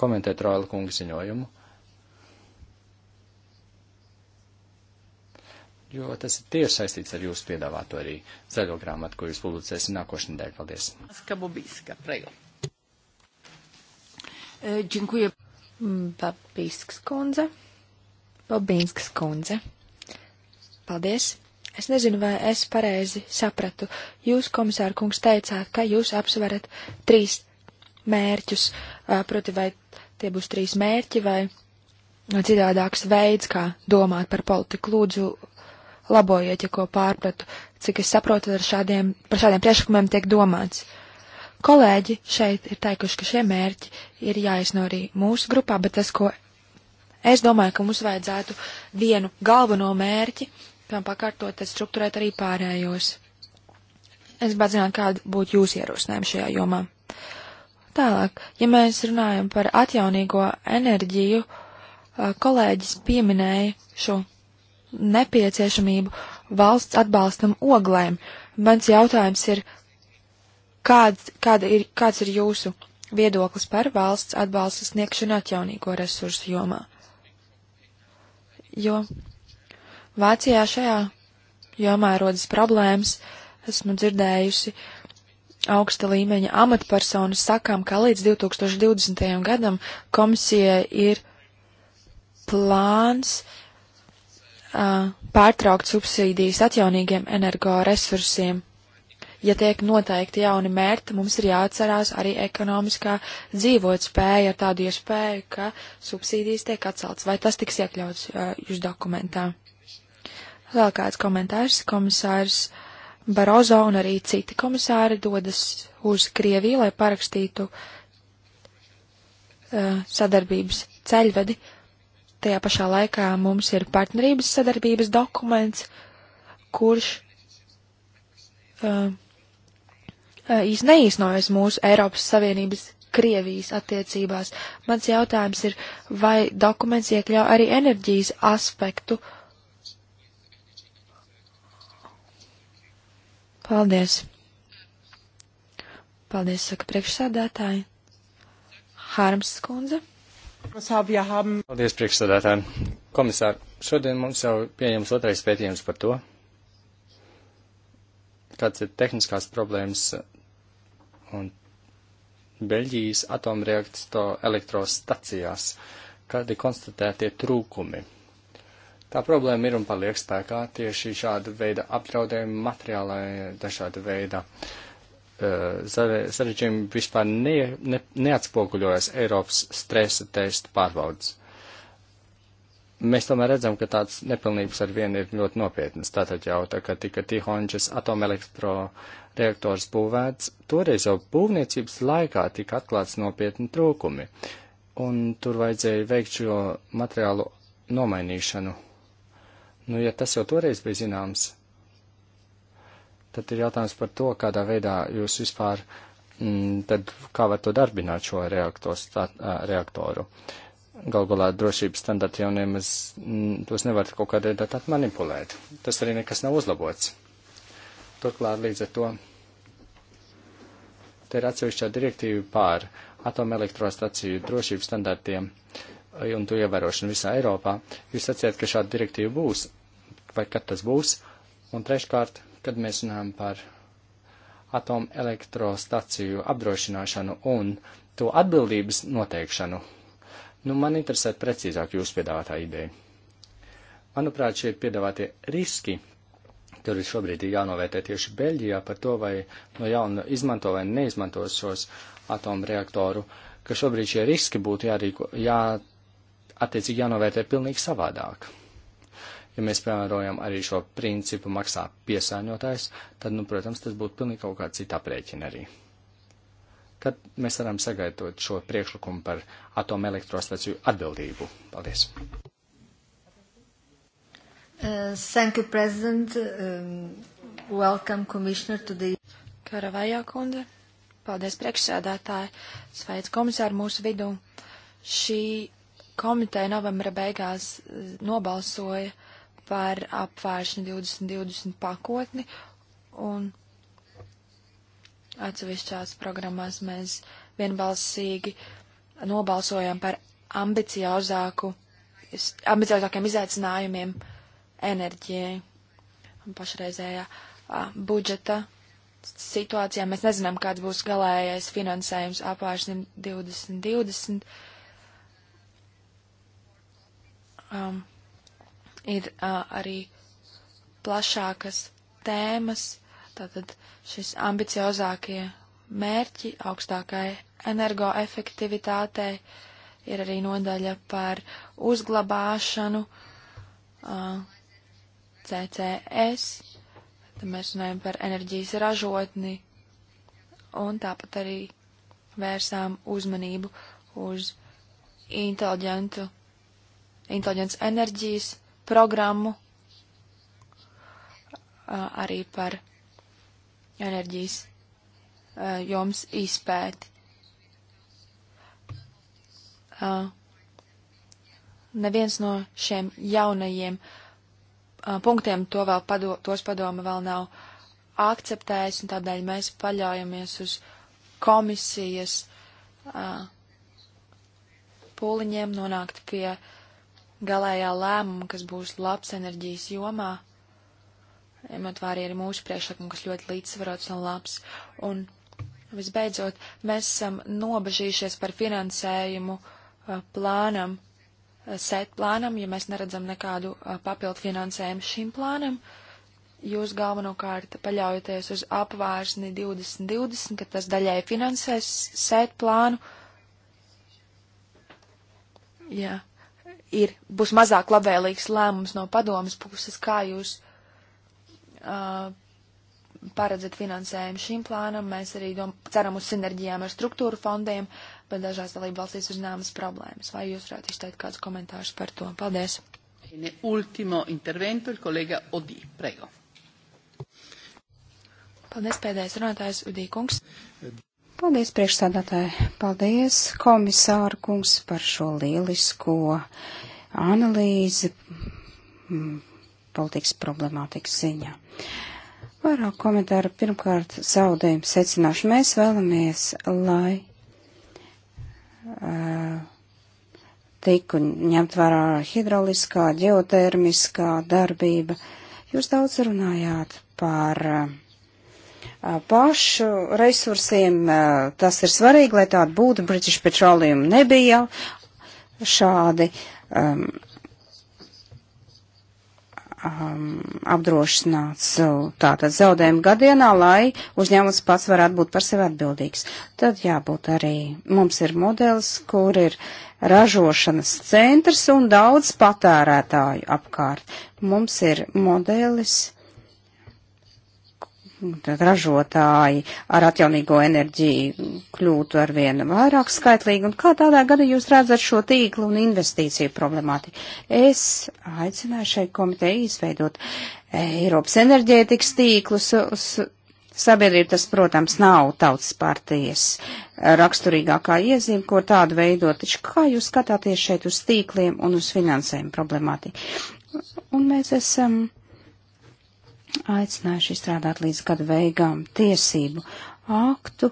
komentēt Roila kunga ziņojumu, jo tas ir tieši saistīts ar jūsu piedāvāto arī zaļo grāmatu, ko jūs publicēsiet nākošnedēļ. Paldies! Skabubiska, prego. E, Džinkuja Babīskas kundze. Babīnskas kundze. Paldies! Es nezinu, vai es pareizi sapratu. Jūs, komisāra kungs, teicāt, ka jūs apsverat trīs mērķus, e, proti vai tie būs trīs mērķi vai citādāks veids, kā domāt par politiku. Lūdzu, Labojiet, ja ko pārpratu. Cik es saprotu, ar šādiem, par šādiem priekšlikumiem tiek domāts. Kolēģi šeit ir teikuši, ka šie mērķi ir jāizno arī mūsu grupā, bet tas, ko es domāju, ka mums vajadzētu vienu galveno mērķi, piemēram, pakārtot, tad struktūrēt arī pārējos. Es gribētu zināt, kāda būtu jūsu ierosinājuma šajā jomā. Tālāk, ja mēs runājam par atjaunīgo enerģiju, kolēģis pieminēja šo nepieciešamību valsts atbalstam oglēm. Mans jautājums ir, kāds, kāda ir, kāds ir jūsu viedoklis par valsts atbalsta sniegšanu atjaunīgo resursu jomā? Jo Vācijā šajā jomā rodas problēmas, esmu dzirdējusi augsta līmeņa amatpersonas sakām, ka līdz 2020. gadam komisijai ir plāns uh, uh, pārtraukt subsīdijas atjaunīgiem energoresursiem. Ja tiek noteikti jauni mērķi, mums ir jāatcerās arī ekonomiskā dzīvotspēja ar tādu iespēju, ka subsīdijas tiek atceltas. Vai tas tiks iekļauts uh, jūsu dokumentā? Vēl kāds komentārs, komisārs Barozo un arī citi komisāri dodas uz Krieviju, lai parakstītu uh, sadarbības ceļvedi Tajā pašā laikā mums ir partnerības sadarbības dokuments, kurš uh, uh, neīsnojas mūsu Eiropas Savienības Krievijas attiecībās. Mans jautājums ir, vai dokuments iekļauj arī enerģijas aspektu? Paldies. Paldies, saka priekšsādātāji. Hārms skundze. Paldies, priekšsādātāji. Komisār, šodien mums jau pieņems otrais pētījums par to, kāds ir tehniskās problēmas un Beļģijas atomreaktor elektrostacijās, kādi konstatētie trūkumi. Tā problēma ir un paliek spēkā tieši šāda veida apdraudējuma materiālai dažāda veida. Uh, sarežģījumi vispār ne, ne, neatspoguļojas Eiropas stresa testa pārbaudas. Mēs tomēr redzam, ka tāds nepilnības ar vienu ir ļoti nopietnas. Tātad jau tā, ka tika Tihonģas atomelektroreaktors būvēts, toreiz jau būvniecības laikā tika atklāts nopietni trūkumi, un tur vajadzēja veikt šo materiālu nomainīšanu. Nu, ja tas jau toreiz bija zināms, Tad ir jautājums par to, kādā veidā jūs vispār, m, mm, tad kā var to darbināt šo tā, reaktoru. Galgulā drošības standarti jau nemaz, m, mm, tos nevar kaut kādā veidā tā manipulēt. Tas arī nekas nav uzlabots. Turklāt līdz ar to te ir atsevišķā direktīva pār atomelektrostaciju drošības standartiem un to ievērošanu visā Eiropā. Jūs sacījāt, ka šāda direktīva būs, vai kad tas būs, un treškārt, kad mēs runājam par atomelektrostaciju apdrošināšanu un to atbildības noteikšanu. Nu, man interesē precīzāk jūsu piedāvātā ideja. Manuprāt, šie piedāvātie riski, tur ir šobrīd ir jānovērtē tieši Beļģijā par to, vai no jauna izmanto vai neizmanto šos atomreaktoru, ka šobrīd šie riski būtu jārīko, jā, attiecīgi jānovērtē pilnīgi savādāk ja mēs piemērojam arī šo principu maksā piesāņotājs, tad, nu, protams, tas būtu pilnīgi kaut kā cita aprēķina arī. Kad mēs varam sagaidot šo priekšlikumu par atomelektrostaciju atbildību? Paldies! Uh, thank you, President. Um, welcome, Commissioner, to the... Karavajā kundze. Paldies, priekšsēdētāji. Sveic komisāru mūsu vidū. Šī komiteja novembra beigās uh, nobalsoja par apvēršanu 2020 pakotni un atsevišķās programmās mēs vienbalsīgi nobalsojam par ambiciozāku, ambiciozākiem izaicinājumiem enerģijai. Pašreizējā a, budžeta situācijā mēs nezinām, kāds būs galējais finansējums apvāršaniem 2020. Um, Ir uh, arī plašākas tēmas, tātad šis ambiciozākie mērķi augstākai energoefektivitātei, ir arī nodaļa par uzglabāšanu, uh, CCS, tad mēs runājam par enerģijas ražotni, un tāpat arī vērsām uzmanību uz inteliģentu, inteliģents enerģijas programmu, arī par enerģijas joms izpēti. Neviens no šiem jaunajiem punktiem to vēl pado, tos padoma vēl nav akceptējis, un tādēļ mēs paļaujamies uz komisijas pūliņiem nonākt pie uh, galējā lēmuma, kas būs labs enerģijas jomā, ņemot vērā arī mūsu priekšlikumu, kas ļoti līdzsvarots un labs. Un visbeidzot, mēs esam nobežījušies par finansējumu uh, plānam, uh, set plānam, ja mēs neredzam nekādu uh, papildu finansējumu šim plānam. Jūs galvenokārt paļaujaties uz apvārsni 2020, ka tas daļai finansēs set plānu. Jā. Yeah ir, būs mazāk labvēlīgs lēmums no padomas puses, kā jūs uh, paredzat finansējumu šim plānam. Mēs arī dom, ceram uz sinerģijām ar struktūru fondiem, bet dažās dalību valstīs ir zināmas problēmas. Vai jūs varētu izteikt kādus komentārus par to? Paldies! Ultimo intervento, il collega Odī, prego. Paldies, pēdējais runātājs Udī Kungs. Paldies, priekšsādātāji. Paldies, komisāra kungs, par šo lielisko analīzi mm, politikas problemātikas ziņā. Vairāk komentāru pirmkārt zaudējumu secināšu. Mēs vēlamies, lai uh, tiku ņemt vērā hidrauliskā, ģeotermiskā darbība. Jūs daudz runājāt par uh, pašu resursiem. Tas ir svarīgi, lai tāda būtu. British Petroleum nebija šādi um, um, apdrošināts tātad zaudējumu gadienā, lai uzņēmums pats varētu būt par sevi atbildīgs. Tad jābūt arī, mums ir modelis, kur ir ražošanas centrs un daudz patērētāju apkārt. Mums ir modelis, tad ražotāji ar atjaunīgo enerģiju kļūtu ar vien vairāk skaitlīgi, un kā tādā gada jūs redzat šo tīklu un investīciju problemāti? Es aicināju šai komitejai izveidot Eiropas enerģētikas tīklus. Uz, Sabiedrība tas, protams, nav tautas partijas raksturīgākā iezīme, ko tādu veidot, taču kā jūs skatāties šeit uz tīkliem un uz finansējumu problemātiku? Un mēs esam aicinājuši izstrādāt līdz gadu beigām tiesību aktu,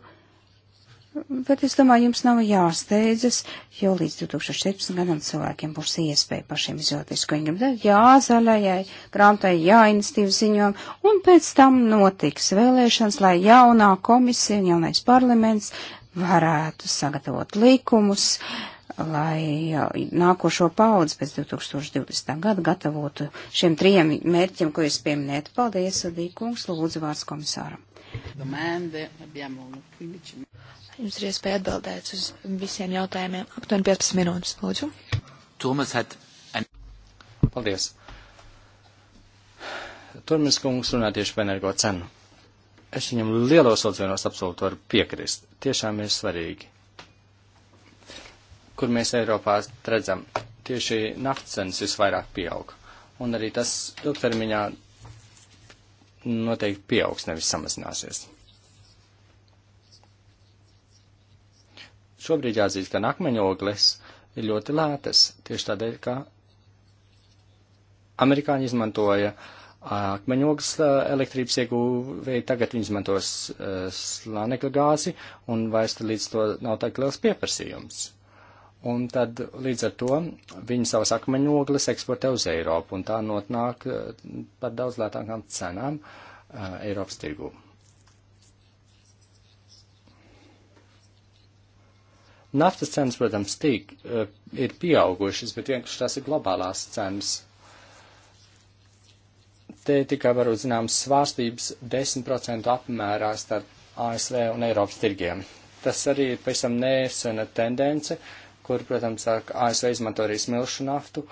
bet es domāju, jums nav jāsteidzas, jo līdz 2017 gadam cilvēkiem būs iespēja pašiem izvēlēties, ko viņi grib. Jā, zaļajai grāmatai, jā, inicitīvu ziņojam, un pēc tam notiks vēlēšanas, lai jaunā komisija un jaunais parlaments varētu sagatavot likumus, uh, lai nākošo paudzi pēc 2020. gada gatavotu šiem trijiem mērķiem, ko jūs pieminējat. Paldies, Dīkungs, lūdzu vārds komisāram. Jums ir iespēja atbildēt uz visiem jautājumiem. Aptuveni 15 minūtes, lūdzu. Tomas hat. Paldies. Turmis kungs runā tieši par energo cenu. Es viņam lielos vilcienos absolūti varu piekrist. Tiešām ir svarīgi kur mēs Eiropā redzam, tieši naftas cenas visvairāk pieaug. Un arī tas ilgtermiņā noteikti pieaugs, nevis samazināsies. Šobrīd jāzīst, ka akmeņogles ir ļoti lētas, tieši tādēļ, ka amerikāņi izmantoja akmeņogles elektrības ieguvēju, tagad viņi izmantos slānekļa gāzi un vairs līdz to nav tā liels pieprasījums. Un tad līdz ar to viņi savas akmeņogles eksportē uz Eiropu, un tā notnāk eh, par daudz lētākām cenām uh, Eiropas tirgū. Naftas cenas, protams, tīk, uh, ir pieaugušas, bet vienkārši tās ir globālās cenas. Te tikai var uzzinām svārstības 10% apmērā starp ASV un Eiropas tirgiem. Tas arī ir pavisam nesena tendence. Uh, kur, protams, ASV izmanto arī smilšu naftu,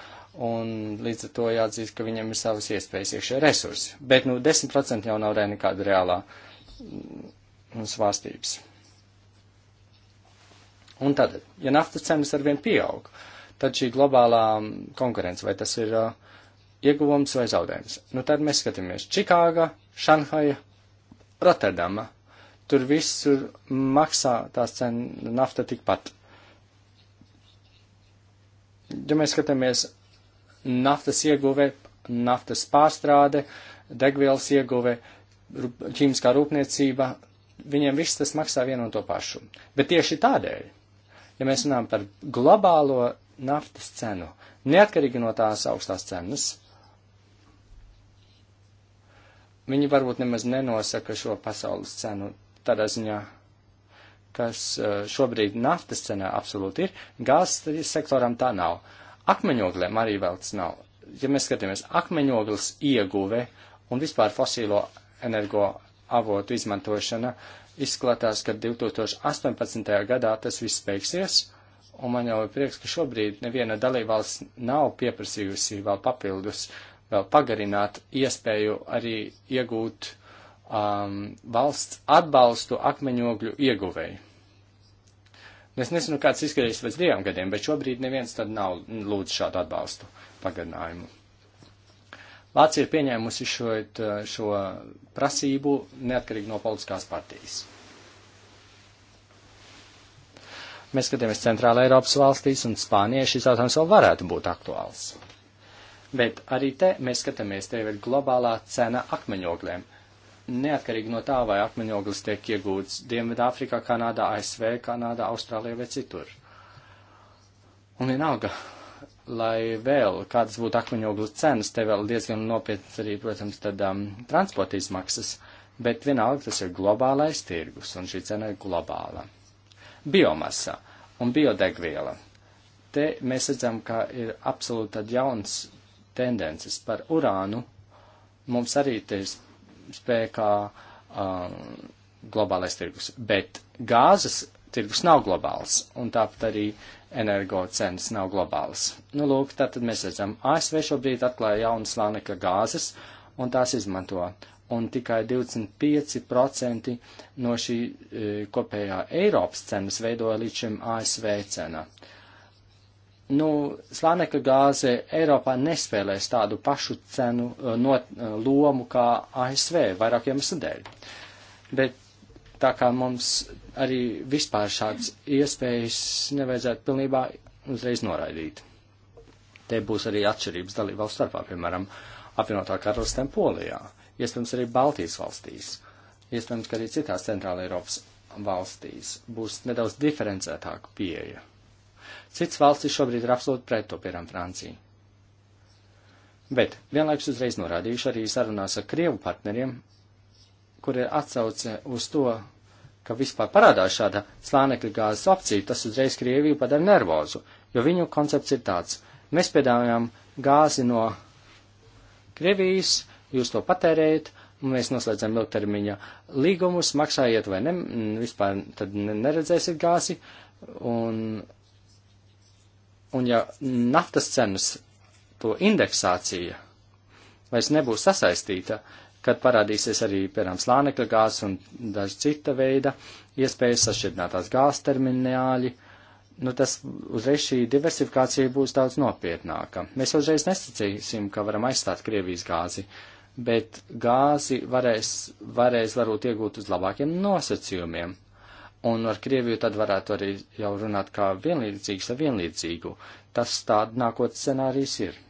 un līdz ar to jāatzīst, ka viņiem ir savas iespējas iekšē resursi. Bet, nu, 10% jau nav re nekāda reālā mm, nu, svārstības. Un tad, ja naftas cenas arvien pieaug, tad šī globālā mm, konkurence, vai tas ir uh, ieguvums vai zaudējums? Nu, tad mēs skatāmies Čikāga, Šanhaja, Rotterdama. Tur visur maksā tās cenas nafta tikpat. Ja mēs skatāmies naftas ieguve, naftas pārstrāde, degvielas ieguve, ķīmiskā rūpniecība, viņiem viss tas maksā vienu un to pašu. Bet tieši tādēļ, ja mēs runājam par globālo naftas cenu, neatkarīgi no tās augstās cenas, viņi varbūt nemaz nenosaka šo pasaules cenu tādā ziņā, kas eh, šobrīd naftas cenā absolūti ir, gāzes sektoram tā nav. Akmeņogliem arī vēl tas nav. Ja mēs skatāmies akmeņogles ieguve un vispār fosīlo energo avotu izmantošana, izskatās, ka 2018. gadā tas viss beigsies, un man jau ir prieks, ka šobrīd neviena dalībvalsts nav pieprasījusi vēl papildus, vēl pagarināt iespēju arī iegūt um, valsts atbalstu akmeņogļu ieguvēju. Es nezinu, kāds izskatīsies pēc diviem gadiem, bet šobrīd neviens tad nav lūdz šādu atbalstu pagarinājumu. Vācija ir pieņēmusi šo, uh, šo prasību neatkarīgi no politiskās partijas. Mēs skatāmies centrāla Eiropas valstīs un Spānijai šis jautājums vēl varētu būt aktuāls. Bet arī te mēs skatāmies, te ir globālā cena akmeņogliem. Uh, neatkarīgi no tā, vai akmeņoglis tiek iegūts Dienvidāfrikā, Kanādā, ASV, Kanādā, Austrālijā vai citur. Un vienalga, lai vēl kādas būtu akmeņogļu cenas, te vēl diezgan nopietnas arī, protams, tad um, transporta izmaksas, bet vienalga tas ir globālais tirgus, un šī cena ir globāla. Biomasa un biodegviela. Te mēs redzam, ka ir absolūti tad jauns tendences par urānu. Mums arī te ir spēkā um, globālais tirgus. Bet gāzes tirgus nav globāls, un tāpat arī energo cenas nav globālas. Nu, lūk, tātad mēs redzam, ASV šobrīd atklāja jaunas slānekļa gāzes, un tās izmanto. Un tikai 25% no šī e, kopējā Eiropas cenas veidoja līdz šim ASV cena. Uh, nu, slānekļa gāze Eiropā nespēlēs tādu pašu cenu uh, not, uh, lomu kā ASV vairākiem sadēļ. Bet tā kā mums arī vispār šāds iespējas nevajadzētu pilnībā uzreiz noraidīt. Te būs arī atšķirības dalībvalstu starpā, piemēram, apvienotā karalistēm Polijā, iespējams arī Baltijas valstīs, iespējams, ka arī citās Centrāla Eiropas valstīs būs nedaudz diferencētāka pieeja Cits valstis šobrīd ir absolūti pret to, piemēram, Francija. Bet vienlaikus uzreiz norādījuši arī sarunās ar Krievu partneriem, kur ir atsauce uz to, ka vispār parādās šāda slānekļa gāzes opcija, tas uzreiz Krieviju padara nervozu, jo viņu koncepts ir tāds. Mēs piedāvājam gāzi no Krievijas, jūs to patērējat, mēs noslēdzam ilgtermiņa līgumus, maksājiet vai ne, vispār tad neredzēsiet gāzi, un Un ja naftas cenas to indeksācija vairs nebūs sasaistīta, kad parādīsies arī, piemēram, slānekļa gāzes un daži cita veida iespējas sašķidrinātās gāzes termināļi, nu tas uzreiz šī diversifikācija būs daudz nopietnāka. Mēs uzreiz nesacīsim, ka varam aizstāt Krievijas gāzi, bet gāzi varēs, varēs varbūt iegūt uz labākiem nosacījumiem, un ar Krieviju tad varētu arī jau runāt kā vienlīdzīgs ar vienlīdzīgu. Tas tāda nākotnes scenārijs ir.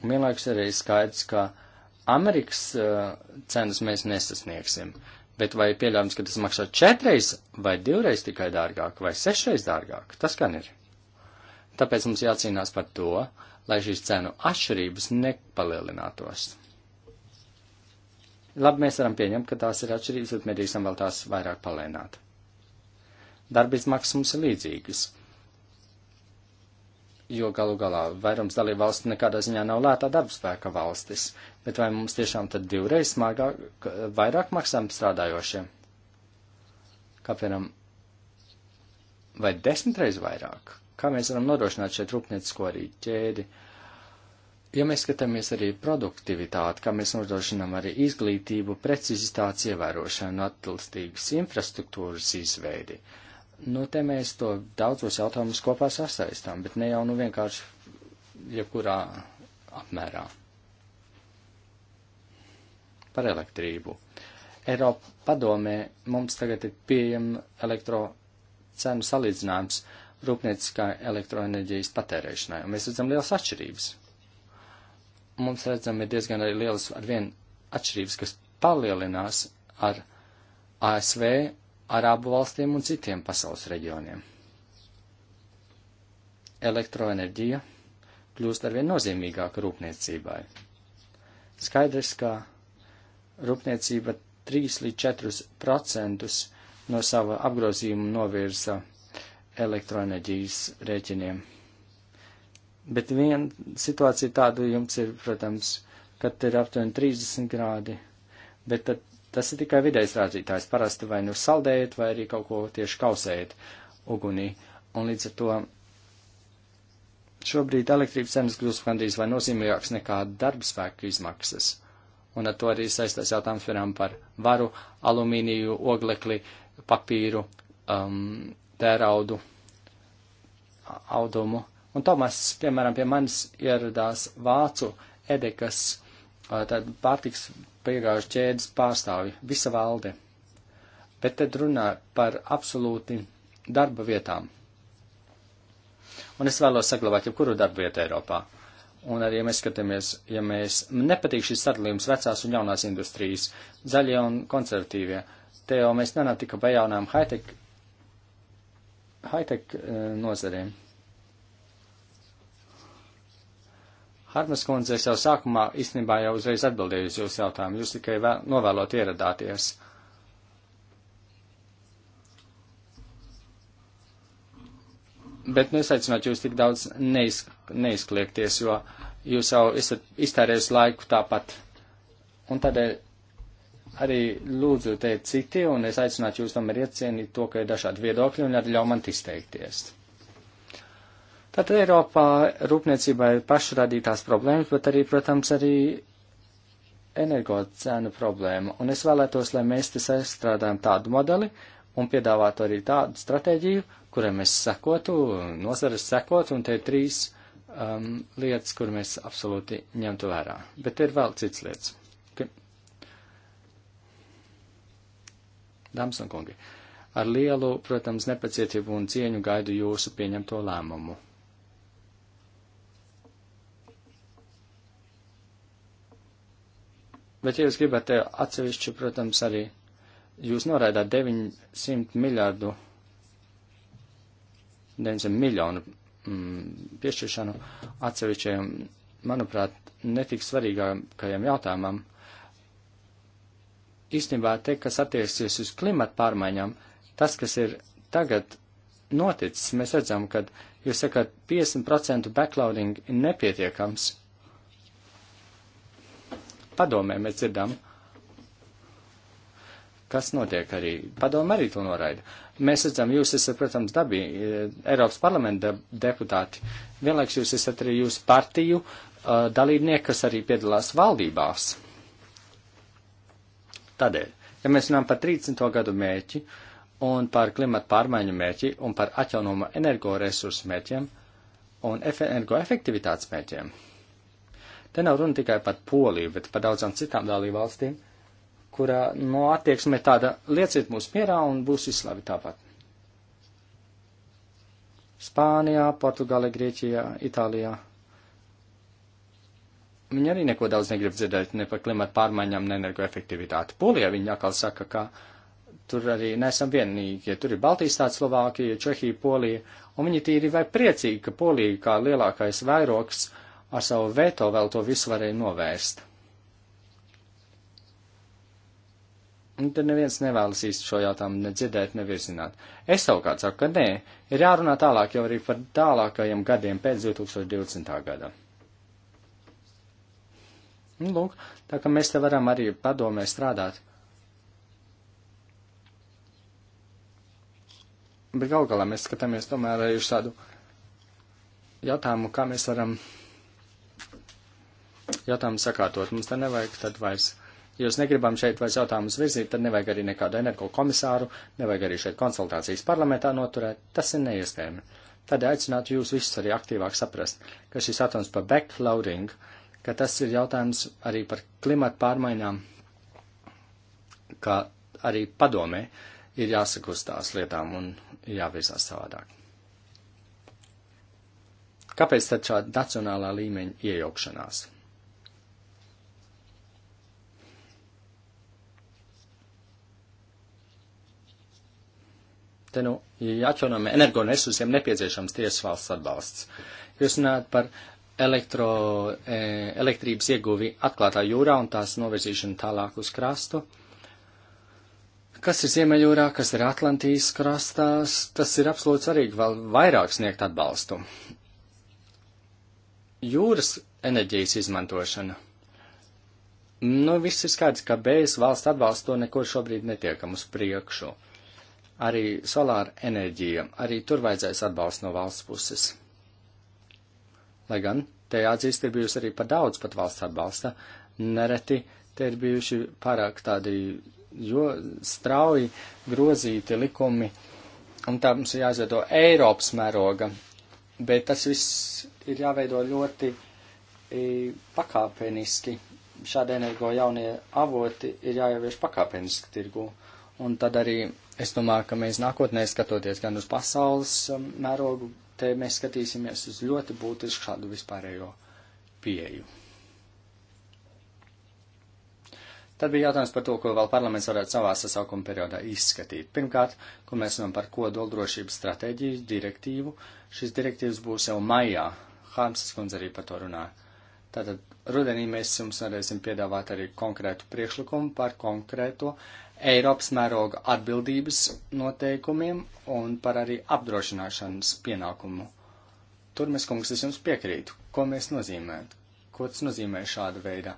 Un vienlaikus arī skaidrs, ka Amerikas uh, cenas mēs nesasniegsim, bet vai pieļāvums, ka tas maksā četreiz vai divreiz tikai dārgāk vai sešreiz dārgāk, tas gan ir. Tāpēc mums jācīnās par to, uh, lai šīs cenu atšķirības nepalielinātos. Labi, mēs varam pieņemt, ka tās ir atšķirības, bet nedrīkstam vēl tās vairāk palēnāt. Darba izmaksas mums ir līdzīgas, jo galu galā vairums dalību valstu nekādā ziņā nav lētā darba spēka valstis, bet vai mums tiešām tad divreiz smagāk, vairāk maksām strādājošiem? Kā piemēram, vai desmitreiz vairāk? Kā mēs varam nodrošināt šeit rūpniecisko arī ķēdi? Ja mēs skatāmies arī produktivitāti, kā mēs nodrošinām arī izglītību, precizitātes ievērošanu, atbilstīgas infrastruktūras izveidi, nu te mēs to daudzos jautājumus kopā sasaistām, bet ne jau nu vienkārši jebkurā apmērā. Par elektrību. Eiropa padomē mums tagad ir pieejama elektro cenu salīdzinājums rūpnieciskā elektroenerģijas patērēšanai, un mēs redzam lielas atšķirības. Mums redzam ir diezgan arī lielas arvien atšķirības, kas palielinās ar ASV, Arābu valstīm un citiem pasaules reģioniem. Elektroenerģija kļūst arvien nozīmīgāka rūpniecībai. Skaidrs, ka rūpniecība 3 līdz 4 procentus no sava apgrozījuma novirza elektroenerģijas rēķiniem. Bet viena situācija tāda jums ir, protams, kad ir aptuveni 30 grādi, bet tad tas ir tikai vidējs rādītājs. Parasti vai nu saldējat, vai arī kaut ko tieši kausējat ugunī. Un līdz ar to šobrīd elektrības cenas kļūst gandrīz vai nozīmīgāks nekā darba spēku izmaksas. Un ar to arī saistās jautājums vienam par varu, alumīniju, oglekli, papīru, um, tēraudu audumu. Un Tomas, piemēram, pie manis ieradās vācu edekas tad pārtiks piegāžu ķēdes pārstāvi, visa valde. Bet tad runā par absolūti darba vietām. Un es vēlos saglabāt jebkuru darbu vietu Eiropā. Un arī, ja mēs skatāmies, ja mēs nepatīk šis sadalījums vecās un jaunās industrijas, zaļie un konservatīvie, te jau mēs nenāk tikai par jaunām high-tech high-tech eh, nozarēm. Harmas kundze, es jau sākumā īstenībā jau uzreiz atbildēju uz jūsu jautājumu, jūs tikai vēl, novēlot ieradāties. Bet nu, es aicinātu jūs tik daudz neiz, neizkliekties, jo jūs jau esat iztērējis laiku tāpat. Un tādēļ arī lūdzu te citi, un es aicinātu jūs tomēr iecienīt to, ka ir dažādi viedokļi un arī ļauj man izteikties. Tātad Eiropā rūpniecībā ir pašradītās problēmas, bet arī, protams, arī energocēnu problēma, un es vēlētos, lai mēs te sastrādājam tādu modeli un piedāvātu arī tādu stratēģiju, kurai mēs sekotu, nozares sekotu, un te ir trīs um, lietas, kur mēs absolūti ņemtu vērā. Bet ir vēl cits lietas. Dāmas un kungi, ar lielu, protams, nepacietību un cieņu gaidu jūsu pieņemto lēmumu. Bet, ja jūs gribat atsevišķi, protams, arī jūs noraidāt 900 miljardu, 900 miljonu mm, piešķiršanu atsevišķiem, manuprāt, netik svarīgākajam jautājumam. Uh, īstenībā te, kas attieksies uz klimatu pārmaiņām, tas, kas ir tagad noticis, mēs redzam, ka jūs sakat, 50% backloading ir nepietiekams. Padomē mēs dzirdam, kas notiek arī. Padomē arī to noraida. Mēs redzam, jūs esat, protams, dabī, e, Eiropas parlamenta deputāti. Vienlaiks jūs esat arī jūsu partiju uh, dalībnieki, kas arī piedalās valdībās. Tādēļ, ja mēs runājam par 30. gadu mērķi un par klimatu pārmaiņu mērķi un par atjaunumu energoresursu mērķiem un energoefektivitātes mērķiem, te nav runa tikai par Poliju, bet par daudzām citām dalībvalstīm, kurā no nu, attieksme tāda lieciet mūs mierā un būs izslavi tāpat. Spānijā, Portugālē, Grieķijā, Itālijā Viņi arī neko daudz negrib dzirdēt ne par klimatu pārmaiņām, ne energoefektivitāti. Polijā viņi atkal saka, ka tur arī nesam vienīgi, ja tur ir Baltijas tāds Slovākija, Čehija, Polija, un viņi tīri vai priecīgi, ka Polija kā lielākais vairoks ar savu veto vēl to visu varēja novērst. Un tad neviens nevēlas īsti šo jautājumu nedzirdēt, nevirzināt. Es savukārt saku, ka nē, ir jārunā tālāk jau arī par tālākajiem gadiem pēc 2020. gada. Un, nu, lūk, tā ka mēs te varam arī padomē strādāt. Bet gal galā mēs skatāmies tomēr arī uz tādu jautājumu, kā mēs varam jautājumu sakārtot. Mums te nevajag tad vairs. Ja jūs negribam šeit vairs jautājumus virzīt, tad nevajag arī nekādu energo komisāru, nevajag arī šeit konsultācijas parlamentā noturēt. Tas ir neiespējami. Tad aicinātu jūs visus arī aktīvāk saprast, ka šis atoms par backloading uh, ka tas ir jautājums arī par klimatu pārmaiņām, ka arī padomē ir jāsakustās lietām un jāvirzās savādāk. Kāpēc tad šāda nacionālā līmeņa iejaukšanās? Te nu, ja atjaunojumiem energoresursiem nepieciešams tiesas valsts atbalsts. Jūs runājat par elektro, e, elektrības ieguvi atklātā jūrā un tās novirzīšanu tālāk uz krastu. Kas ir Ziemeļjūrā, kas ir Atlantijas krastās, tas ir absolūti svarīgi vēl vairāk sniegt atbalstu. Jūras enerģijas izmantošana. Nu, viss ir skaidrs, ka bez valsts atbalsta to neko šobrīd netiekam uz priekšu. Arī solāra enerģija, arī tur vajadzēs atbalstu no valsts puses. Lai gan te jāatzīst, ir bijusi arī par daudz pat valsts atbalsta. Nereti te ir bijuši pārāk tādi jo strauji grozīti likumi, un tā mums ir jāizveido Eiropas mēroga. Bet tas viss ir jāveido ļoti pakāpeniski. Šāda energo jaunie avoti ir jāievieš pakāpeniski tirgu. Un tad arī es domāju, ka mēs nākotnē skatoties gan uz pasaules um, mērogu, te mēs skatīsimies uz ļoti būtisku šādu vispārējo pieeju. Tad bija jautājums par to, ko vēl parlaments varētu savā sasaukuma periodā izskatīt. Pirmkārt, ko mēs runājam par kodoldrošības stratēģiju, direktīvu. Šis direktīvas būs jau maijā. Hārmsas kundze arī par to runāja. Tātad rudenī mēs jums varēsim piedāvāt arī konkrētu priekšlikumu par konkrēto Eiropas mēroga atbildības noteikumiem un par arī apdrošināšanas pienākumu. Tur mēs, kungs, es jums piekrītu. Ko mēs nozīmētu? Ko tas nozīmē šāda veida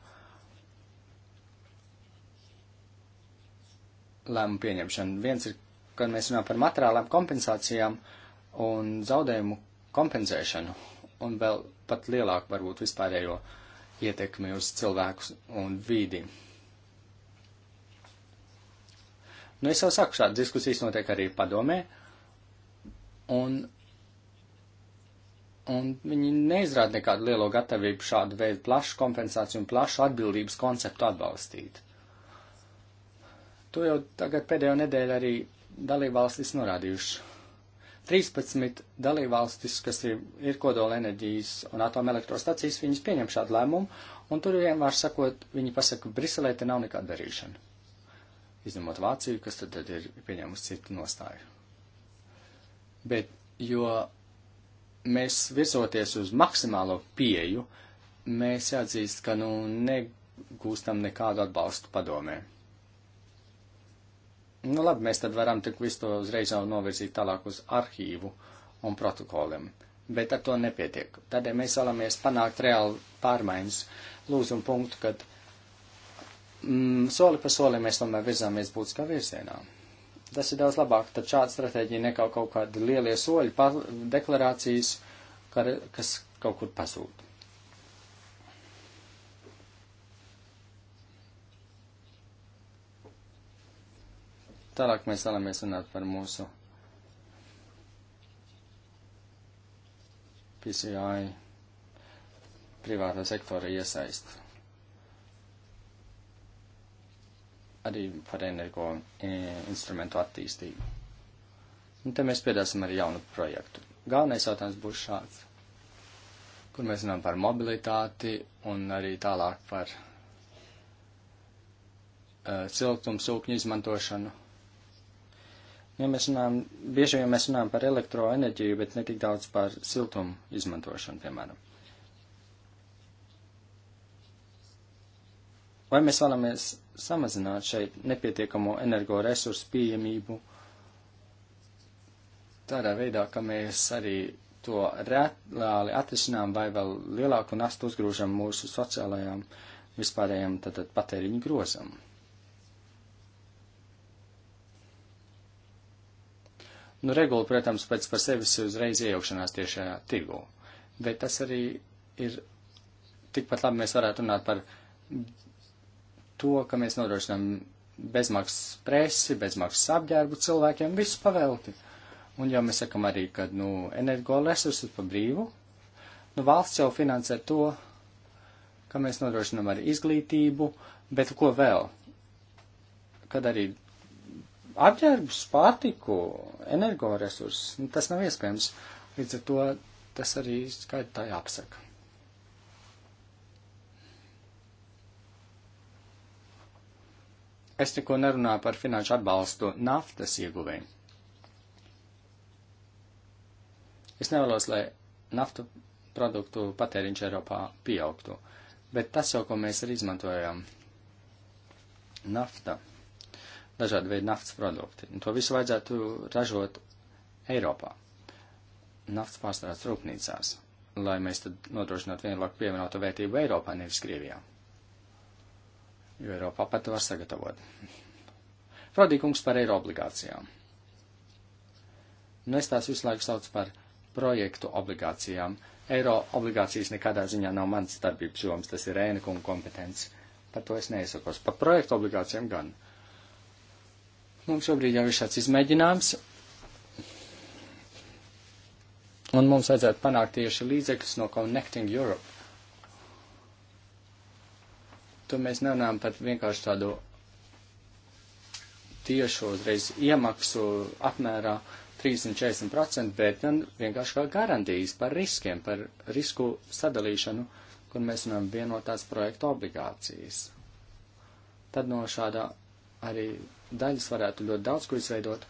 lēmumu pieņemšana? Viens ir, kad mēs runājam par materiālām kompensācijām un zaudējumu kompensēšanu, un vēl pat lielāku varbūt vispārējo ietekmi uz cilvēkus un vīdi. Nu, es jau saku, šādas diskusijas notiek arī padomē, un, un viņi neizrāda nekādu lielo gatavību šādu veidu plašu kompensāciju un plašu atbildības konceptu atbalstīt. To jau tagad pēdējo nedēļu arī dalībvalstis norādījuši. 13 dalībvalstis, kas ir, ir kodola enerģijas un atomelektrostacijas, viņas pieņem šādu lēmumu, un tur vienkārši sakot, viņi pasaka, Briselē te nav nekāda darīšana izņemot Vāciju, kas tad, tad ir pieņēmusi citu nostāju. Bet, jo mēs virzoties uz maksimālo pieju, mēs jāatzīst, ka nu negūstam nekādu atbalstu padomē. Nu labi, mēs tad varam tik visu to uzreiz jau novirzīt tālāk uz arhīvu un protokoliem, bet ar to nepietiek. Tādēļ mēs vēlamies panākt reāli pārmaiņas lūzumu punktu, kad mm, soli pa solim mēs tomēr virzāmies būtiskā virzienā. Tas ir daudz labāk, tad šāda stratēģija nekā kaut kādi lielie soļi, pa, deklarācijas, kar, kas kaut kur pazūd. Tālāk mēs vēlamies runāt par mūsu PCI privātā sektora iesaistu. arī par energo e, instrumentu attīstību. Un te mēs piedāsim arī jaunu projektu. Galvenais jautājums būs šāds, kur mēs runājam par mobilitāti un arī tālāk par uh, siltums sūkņu izmantošanu. Ja mēs runājam, bieži vien mēs runājam par elektroenerģiju, bet ne tik daudz par siltumu izmantošanu, piemēram. Vai mēs vēlamies samazināt šeit nepietiekamo energoresursu pieejamību tādā veidā, ka mēs arī to reāli atrisinām vai vēl lielāku nastu uzgrūžam mūsu sociālajām vispārējām tātad patēriņu grozam. Nu, regula, protams, pēc par sevis uzreiz iejaukšanās tiešajā tirgū, bet tas arī ir tikpat labi mēs varētu runāt par to, ka mēs nodrošinām bezmaksas presi, bezmaksas apģērbu cilvēkiem, visu pavelti. Un jau mēs sakam arī, ka, nu, energo resursus pa brīvu, nu, valsts jau finansē to, ka mēs nodrošinām arī izglītību, bet ko vēl? Kad arī apģērbus, pārtiku, energo resursus, nu, tas nav iespējams. Līdz ar to tas arī skaidri tā jāpasaka. Es tikko nerunāju par finanšu atbalstu naftas ieguvēm. Es nevēlos, lai naftu produktu patēriņš Eiropā pieaugtu, bet tas jau, ko mēs arī izmantojam, nafta, dažādi veidi naftas produkti, un to visu vajadzētu ražot Eiropā, naftas pārstrādes rūpnīcās, lai mēs tad nodrošinātu vienlāk pievienotu vērtību Eiropā, nevis Krievijā jo Eiropā pat var sagatavot. Frodīkungs par eiro obligācijām. Nu, es tās visu laiku saucu par projektu obligācijām. Eiro obligācijas nekādā ziņā nav mans darbības joms, tas ir Rēna kunga kompetence. Par to es neiesakos. Par projektu obligācijām gan. Mums šobrīd jau ir šāds izmēģinājums, un mums vajadzētu panākt tieši līdzekļus no Connecting Europe tur mēs nerunājam par vienkārši tādu tiešu uzreiz iemaksu apmērā 30-40%, bet gan vienkārši kā garantijas par riskiem, par risku sadalīšanu, kur mēs runājam vienotās projektu obligācijas. Tad no šāda arī daļas varētu ļoti daudz ko izveidot,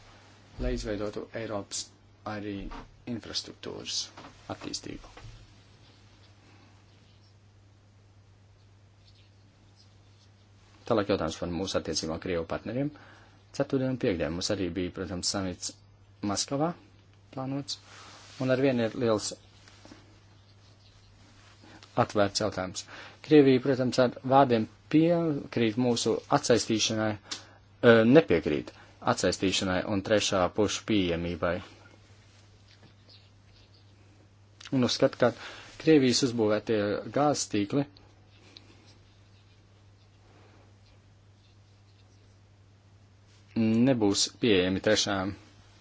lai izveidotu Eiropas arī infrastruktūras attīstību. Tālāk jautājums par mūsu attiecībām Krievu partneriem. Ceturtdien un piekdien mums arī bija, protams, samits Maskavā plānots. Un ar vienu ir liels atvērts jautājums. Krievija, protams, ar vārdiem piekrīt mūsu atsaistīšanai, e, nepiekrīt atsaistīšanai un trešā pušu pieejamībai. Un uzskat, ka Krievijas uzbūvētie gāzes tīkli nebūs pieejami trešām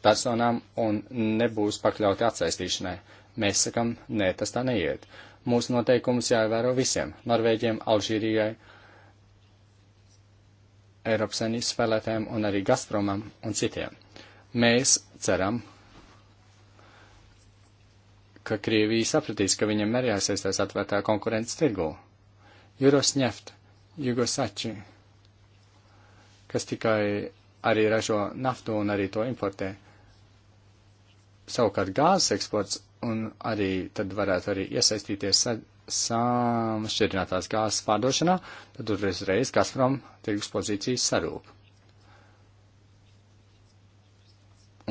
personām un nebūs pakļauti atsaistīšanai. Mēs sakam, nē, tas tā neiet. Mūsu noteikumus jāievēro visiem - Norvēģiem, Alžīrijai, Eiropas Savienības spēlētājiem un arī Gazpromam un citiem. Mēs ceram, ka Krievija sapratīs, ka viņam ir jāsaistās atvērtā konkurences tirgū. Jurosņeft, Jugosači, kas tikai arī ražo naftu un arī to importē. Savukārt gāzes eksports un arī tad varētu arī iesaistīties samšķirinātās gāzes pārdošanā, tad tur uzreiz Gazprom tirgus pozīcijas sarūp.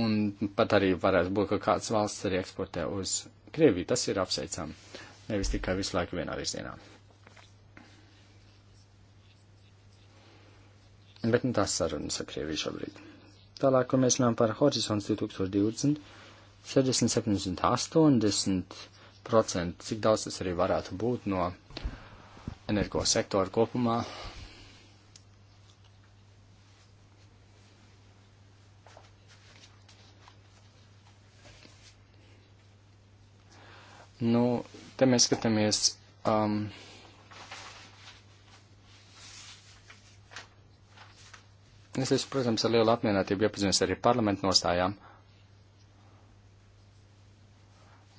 Un pat arī varētu būt, ka kāds valsts arī eksportē uz Krieviju. Tas ir apsveicami. Nevis tikai visu laiku vienā virzienā. Bet nu, tās sarunas ar Krieviju šobrīd. Tālāk, kur mēs runājam par Horizons 2020, 60, 70, 80%, cik daudz tas arī varētu būt no energo sektora kopumā. Nu, te mēs skatāmies. Um, Es esmu, protams, ar lielu apmierinātību iepazinies arī parlamentu nostājām.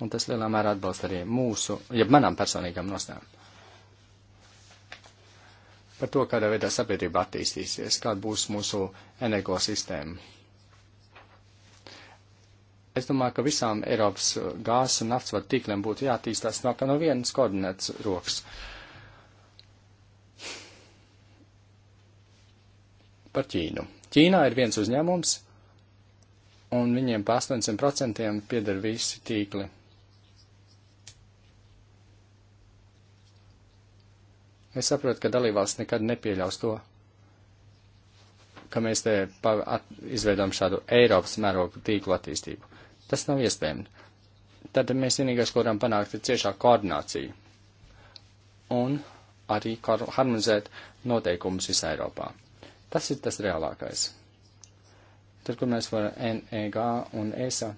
Un tas lielā mērā atbalsta arī mūsu, jeb manām personīgām nostājām. Par to, kādā veidā sabiedrība attīstīsies, kāda būs mūsu energosistēma. Es domāju, ka visām Eiropas gāzes un naftsvadu tīkliem būtu jātīstās no, no vienas koordinētas rokas. Uh, par Ķīnu. Ķīnā ir viens uzņēmums, un viņiem pa 80% pieder visi tīkli. Es saprotu, ka dalībvalsts nekad nepieļaus to, ka mēs te izveidojam šādu Eiropas mērogu tīklu attīstību. Tas nav iespējams. Tad mēs vienīgais, ko varam panākt, ir ciešā koordinācija un arī harmonizēt noteikumus visā Eiropā. Tas ir tas reālākais. Tur, kur mēs varam NEG un ESA,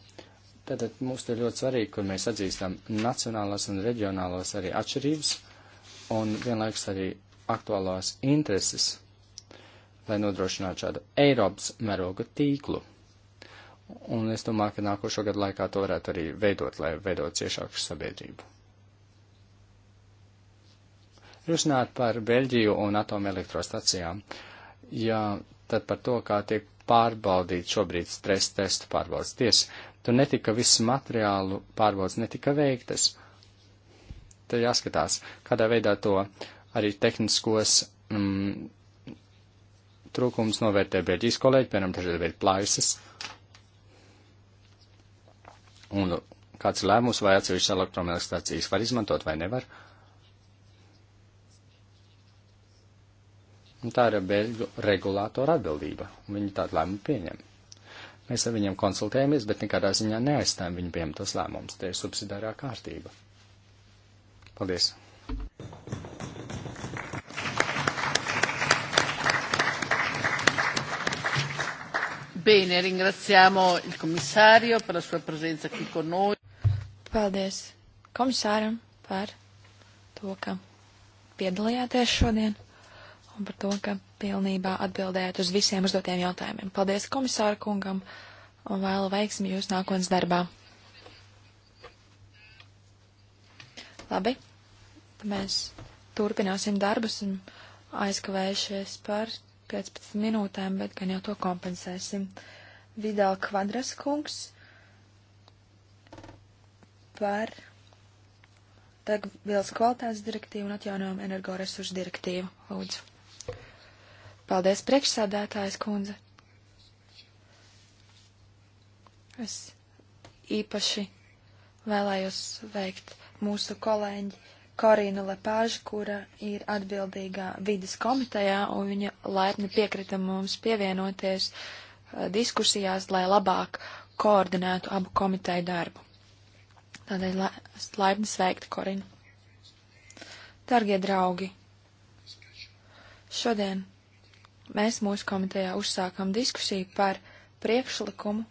tad mums ir ļoti svarīgi, kur mēs atzīstam nacionālās un reģionālās arī atšķirības un vienlaikus arī aktuālās intereses, lai nodrošinātu šādu Eiropas mēroga tīklu. Un es domāju, ka nākošo gadu laikā to varētu arī veidot, lai veidot ciešāku sabiedrību. Runāt par Beļģiju un atomelektrostacijām. elektrostacijām Jā, tad par to, kā tiek pārbaudīt šobrīd stresa testu pārbaudas tiesa. Tur netika viss materiālu pārbaudas netika veiktas. Tad jāskatās, kādā veidā to arī tehniskos mm, trūkums novērtē Bieļģijas kolēģi, piemēram, dažādi veidi plaisas. Un kāds lēmums vai atsevišķas elektromelektrācijas var izmantot vai nevar. Uh, Un nu, tā ir bēgļu regulātora atbildība. Viņi tādu lēmumu pieņem. Mēs ar viņiem konsultējamies, bet nekādā ziņā neaizstājam viņu pieņemtos lēmumus. Te ir subsidārā kārtība. Paldies! Bene, ringraziamo il commissario per la sua presenza qui con noi. Paldies komisāram par to, ka piedalījāties šodien un par to, ka pilnībā atbildējāt uz visiem uzdotiem jautājumiem. Paldies komisāra kungam un vēlu veiksmi jūs nākotnes darbā. Labi, mēs turpināsim darbus un aizkavējušies par 15 minūtēm, bet gan jau to kompensēsim. Vidāla kvadras kungs par degvielas kvalitātes direktīvu un atjaunojumu energoresursu direktīvu. Lūdzu. Paldies, priekšsādātājs kundze. Es īpaši vēlējos veikt mūsu kolēģi Korīnu Lepāžu, kura ir atbildīgā vidas komitejā, un viņa laipni piekrita mums pievienoties uh, diskusijās, lai labāk koordinētu abu komiteju darbu. Tādēļ la laipni sveikti, Korina. Dargie draugi, šodien Mēs mūsu komitejā uzsākam diskusiju par priekšlikumu,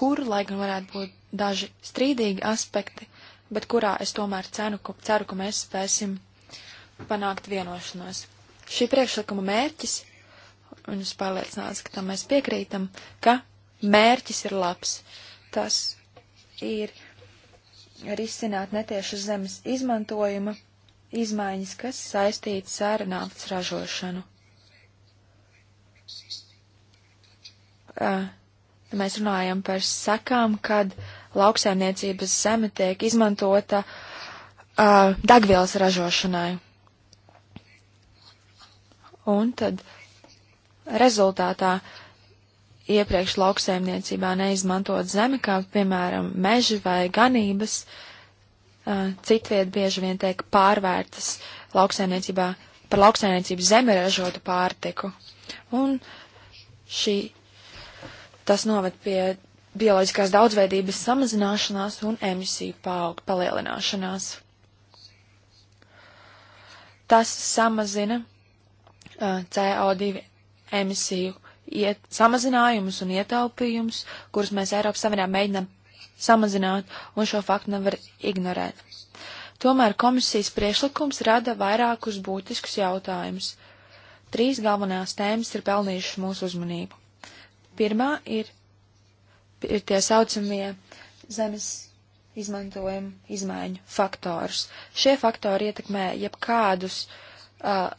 kur, lai gan varētu būt daži strīdīgi aspekti, bet kurā es tomēr cenu, ka, ceru, ka mēs spēsim panākt vienošanos. Šī priekšlikuma mērķis, un es pārliecināts, ka tam mēs piekrītam, ka mērķis ir labs. Tas ir risināt netiešas zemes izmantojuma izmaiņas, kas saistītas ar naftas ražošanu. Uh, mēs runājam par sekām, kad lauksaimniecības zeme tiek izmantota uh, degvielas ražošanai. Un tad rezultātā iepriekš lauksaimniecībā neizmantot zemi, kā piemēram meži vai ganības, uh, Eh, citviet bieži vien tiek pārvērtas lauksainiecībā par lauksainiecību zemi ražotu pārtiku. Un šī, tas noved pie bioloģiskās daudzveidības samazināšanās un emisiju paaug, palielināšanās. Tas samazina uh, eh, CO2 emisiju iet, samazinājumus un ietaupījumus, kurus mēs Eiropas Savienībā mēģinām samazināt, un šo faktu nevar ignorēt. Tomēr komisijas priešlikums rada vairākus būtiskus jautājumus. Trīs galvenās tēmas ir pelnījušas mūsu uzmanību. Pirmā ir, ir tie saucamie zemes izmantojuma izmaiņu faktors. Šie faktori ietekmē jebkādus uh,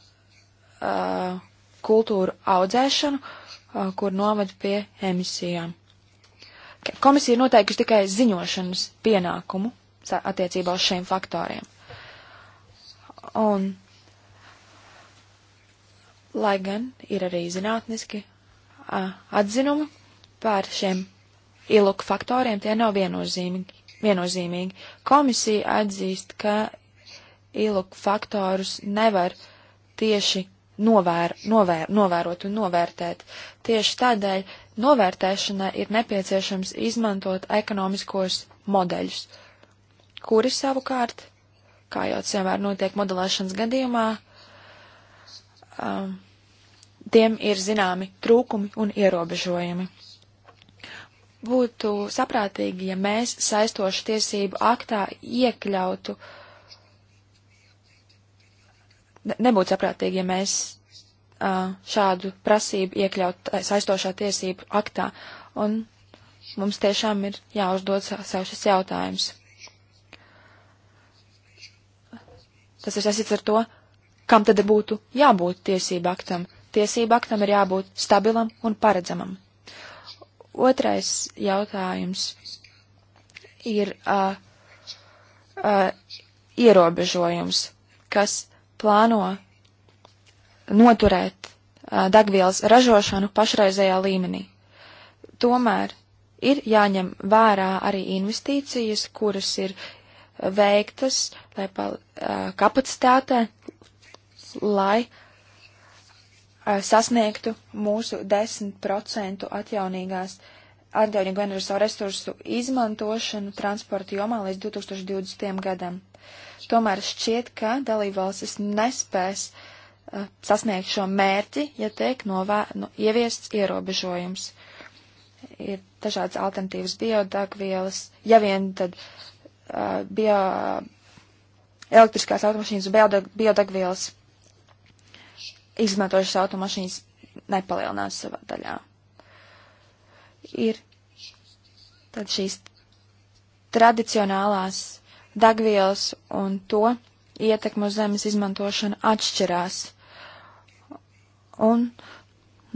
uh, kultūru audzēšanu, uh, kur noved pie emisijām. Komisija ir noteikusi tikai ziņošanas pienākumu attiecībā uz šiem faktoriem. Un, lai gan ir arī zinātniski atzinumi par šiem iluku faktoriem, tie nav viennozīmīgi. viennozīmīgi. Komisija atzīst, ka iluku faktorus nevar tieši novēr, novēr, novērot un novērtēt. Tieši tādēļ novērtēšanai ir nepieciešams izmantot ekonomiskos modeļus, kuri savukārt, kā jau vienmēr notiek modelēšanas gadījumā, um, tiem ir zināmi trūkumi un ierobežojumi. Būtu saprātīgi, ja mēs saistošu tiesību aktā iekļautu uh, nebūtu saprātīgi, ja mēs uh, šādu prasību iekļaut saistošā tiesību aktā, un mums tiešām ir jāuzdod sev šis jautājums. Tas ir saistīts ar to, kam tad būtu jābūt tiesību aktam. Tiesību aktam ir jābūt stabilam un paredzamam. Otrais jautājums ir uh, uh, ierobežojums, kas plāno noturēt degvielas ražošanu pašreizējā līmenī. Tomēr ir jāņem vērā arī investīcijas, kuras ir veiktas lai pal, kapacitātē, lai sasniegtu mūsu 10% atjaunīgās atjaunīgo enerģijas resursu izmantošanu transporta jomā līdz 2020. gadam. Tomēr šķiet, ka dalībvalstis nespēs uh, sasniegt šo mērķi, ja tiek novē, no, nu, ieviests ierobežojums. Ir dažādas alternatīvas biodagvielas, ja vien tad uh, bio, elektriskās automašīnas un biodagvielas izmantojušas automašīnas nepalielinās savā daļā. Ir tad šīs tradicionālās degvielas un to ietekmu uz zemes izmantošanu atšķirās. Un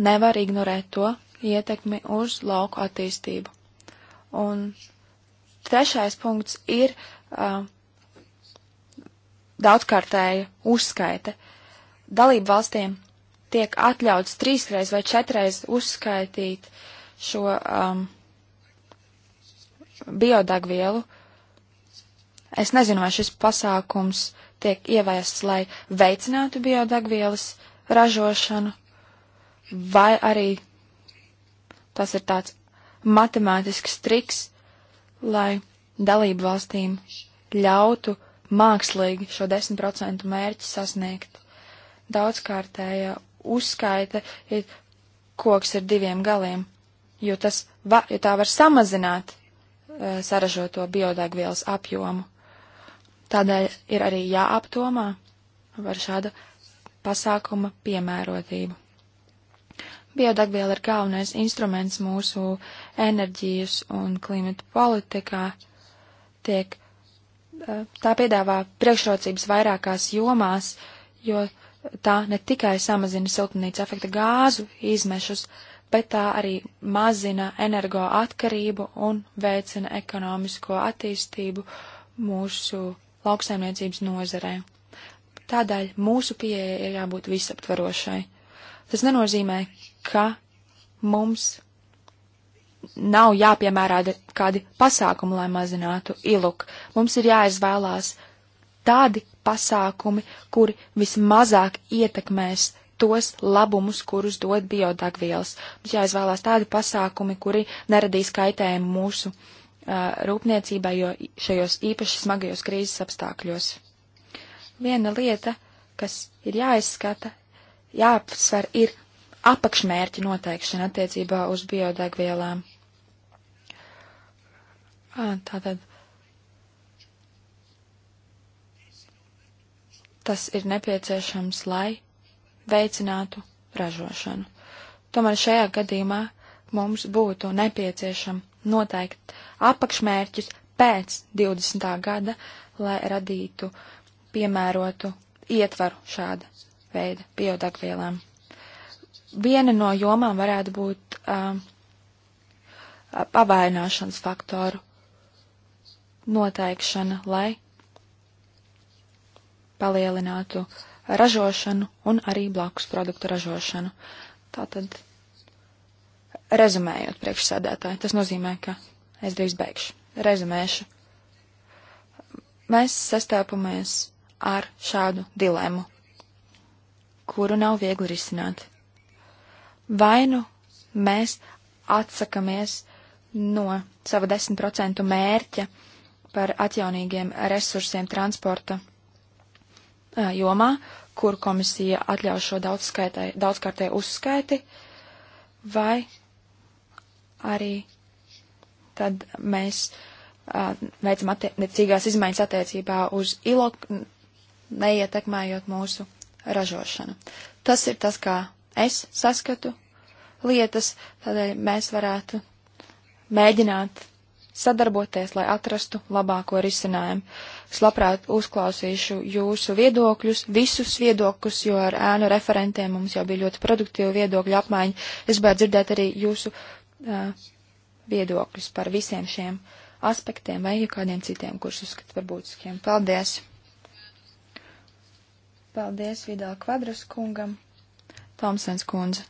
nevar ignorēt to ietekmi uz lauku attīstību. Un trešais punkts ir uh, daudzkārtēja uzskaite. Dalību valstīm tiek atļauts trīsreiz vai četreiz uzskaitīt šo um, biodegvielu uh, Es nezinu, vai šis pasākums tiek ieviests, lai veicinātu biodegvielas ražošanu, vai arī tas ir tāds matemātisks triks, lai dalību valstīm ļautu mākslīgi šo 10% mērķi sasniegt. Daudzkārtējā uzskaita ir koks ar diviem galiem, jo, tas va, jo tā var samazināt e, saražoto biodegvielas apjomu. Tādēļ ir arī jāapdomā par šādu pasākuma piemērotību. Biodegviela ir galvenais instruments mūsu enerģijas un klimata politikā. Tiek, eh, tā piedāvā priekšrocības vairākās jomās, jo tā ne tikai samazina siltumnīca efekta gāzu izmešus, bet tā arī mazina energo atkarību un veicina ekonomisko attīstību mūsu lauksaimniecības nozarē. Tādēļ mūsu pieeja ir jābūt visaptvarošai. Tas nenozīmē, ka mums nav jāpiemērā kādi pasākumi, lai mazinātu iluk. Mums ir jāizvēlās tādi pasākumi, kuri vismazāk ietekmēs tos labumus, kurus dod biodagvielas. Mums jāizvēlās tādi pasākumi, kuri neradīs kaitējumu mūsu uh, rūpniecībai, jo šajos īpaši smagajos krīzes apstākļos. Viena lieta, kas ir jāizskata, jāapsver, ir apakšmērķi noteikšana attiecībā uz biodegvielām. Tātad tas ir nepieciešams, lai veicinātu ražošanu. Tomēr šajā gadījumā mums būtu nepieciešama noteikt apakšmērķus pēc 20. gada, lai radītu piemērotu ietvaru šāda veida biodegvielām. Viena no jomām varētu būt um, pavaināšanas faktoru noteikšana, lai palielinātu ražošanu un arī blakus produktu ražošanu. Tātad Rezumējot priekšsēdētāji, tas nozīmē, ka es drīz beigšu. Rezumēšu. Mēs sastāpamies ar šādu dilemu, kuru nav viegli risināt. Vai nu mēs atsakamies no sava 10% mērķa par atjaunīgiem resursiem transporta jomā, kur komisija atļauj šo daudzkārtēju uzskaiti, vai arī tad mēs uh, veicam attiecīgās izmaiņas attiecībā uz ILO, neietekmējot mūsu ražošanu. Tas ir tas, kā es saskatu lietas, tādēļ mēs varētu mēģināt sadarboties, lai atrastu labāko risinājumu. Es labprāt uzklausīšu jūsu viedokļus, visus viedokļus, jo ar ēnu referentiem mums jau bija ļoti produktīva viedokļa apmaiņa. Es gribētu dzirdēt arī jūsu viedokļus par visiem šiem aspektiem vai jau kādiem citiem, kurus uzskat par būtiskiem. Paldies! Paldies Vidāla Kvadras kungam, Tomsens kundze.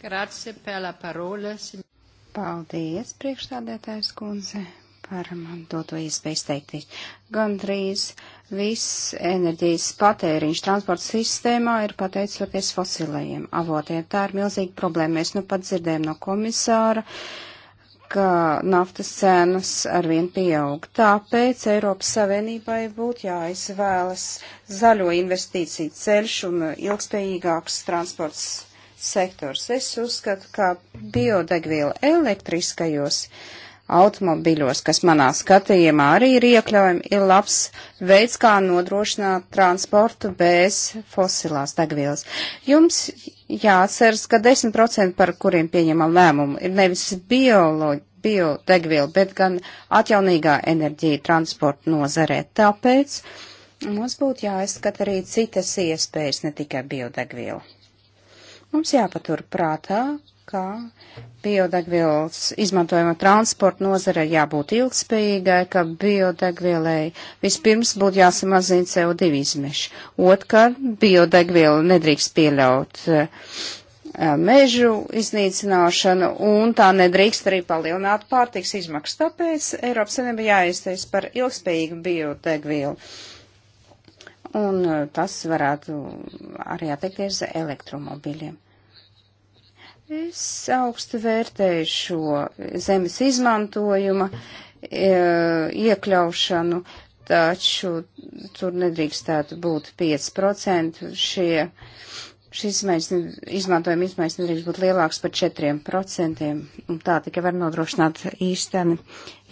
Grazie per la parola. Paldies, priekšstādētājs kundze, par man doto iespēju izteikties. Gandrīz. Uh, Viss enerģijas patēriņš transporta sistēmā ir pateicoties fosilējiem avotiem. Tā ir milzīga problēma. Mēs nu pat dzirdējam no komisāra, ka naftas cenas arvien pieaug. Tāpēc Eiropas Savienībai būtu jāizvēlas zaļo investīciju ceļš un ilgspējīgāks transports sektors. Es uzskatu, ka biodegviela elektriskajos uh, automobiļos, kas manā skatījumā arī ir iekļaujami, ir labs veids, kā nodrošināt transportu bez fosilās degvielas. Jums jāatceras, ka 10% par kuriem pieņemam lēmumu ir nevis bioloģi, biodegviela, bet gan atjaunīgā enerģija transporta nozarē. Tāpēc mums būtu jāizskat arī citas iespējas, ne tikai biodegviela. Mums jāpatur prātā, ka biodegvielas izmantojuma transporta nozare jābūt ilgspējīgai, ka biodegvielai vispirms būtu jāsamazina CO2 izmeši. Otkārt, biodegvielu nedrīkst pieļaut eh, mežu iznīcināšanu un tā nedrīkst arī palielināt pārtiks izmaksas. Tāpēc Eiropas Savienība jāiztais par ilgspējīgu biodegvielu. Un eh, tas varētu arī attiekties elektromobiļiem. Es augstu vērtēju šo zemes izmantojuma e, iekļaušanu, taču tur nedrīkstētu būt 5%. Šie, šis izmaiņas, izmantojuma izmaiņas nedrīkst būt lielāks par 4%, un tā tikai var nodrošināt īsteni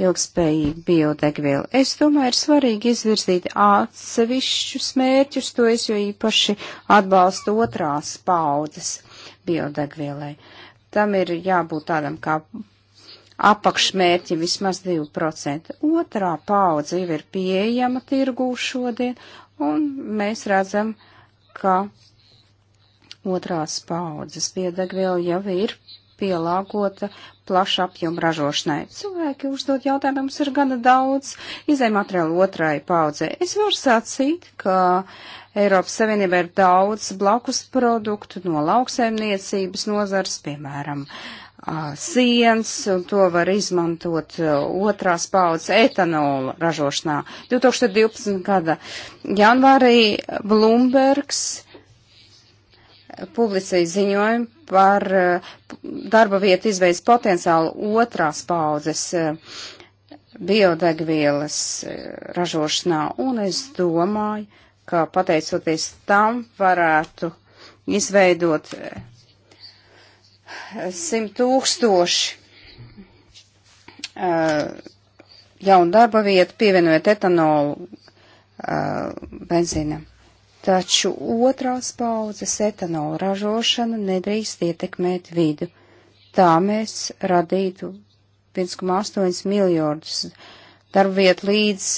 ilgspējīgu biodegvielu. Es domāju, ir svarīgi izvirzīt atsevišķus mērķus, to es jo īpaši atbalstu otrās paudzes biodegvielai. Tam ir jābūt tādam kā apakšmērķi vismaz 2%. Otrā paudze jau ir pieejama tirgū šodien, un mēs redzam, ka otrās paudzes biodegviela jau ir pielāgota plaša apjoma ražošanai. Cilvēki uzdod jautājumu, mums ir gana daudz izējumateriālu otrai paudzē. Es varu sacīt, ka Eiropas Savienībā ir daudz blakus produktu no lauksaimniecības nozars, piemēram, siens, un to var izmantot otrās paudzes etanola ražošanā. 2012. gada janvārī Bloombergs publicēja ziņojumu par eh, darba vietu izveidas potenciālu otrās paudzes eh, biodegvielas eh, ražošanā, un es domāju, ka pateicoties tam varētu izveidot simt tūkstoši jaunu darba vietu, pievienojot etanolu benzīnam taču otrās paudzes etanola ražošana nedrīkst ietekmēt vidu. Tā mēs radītu 1,8 miljardus darba vietu līdz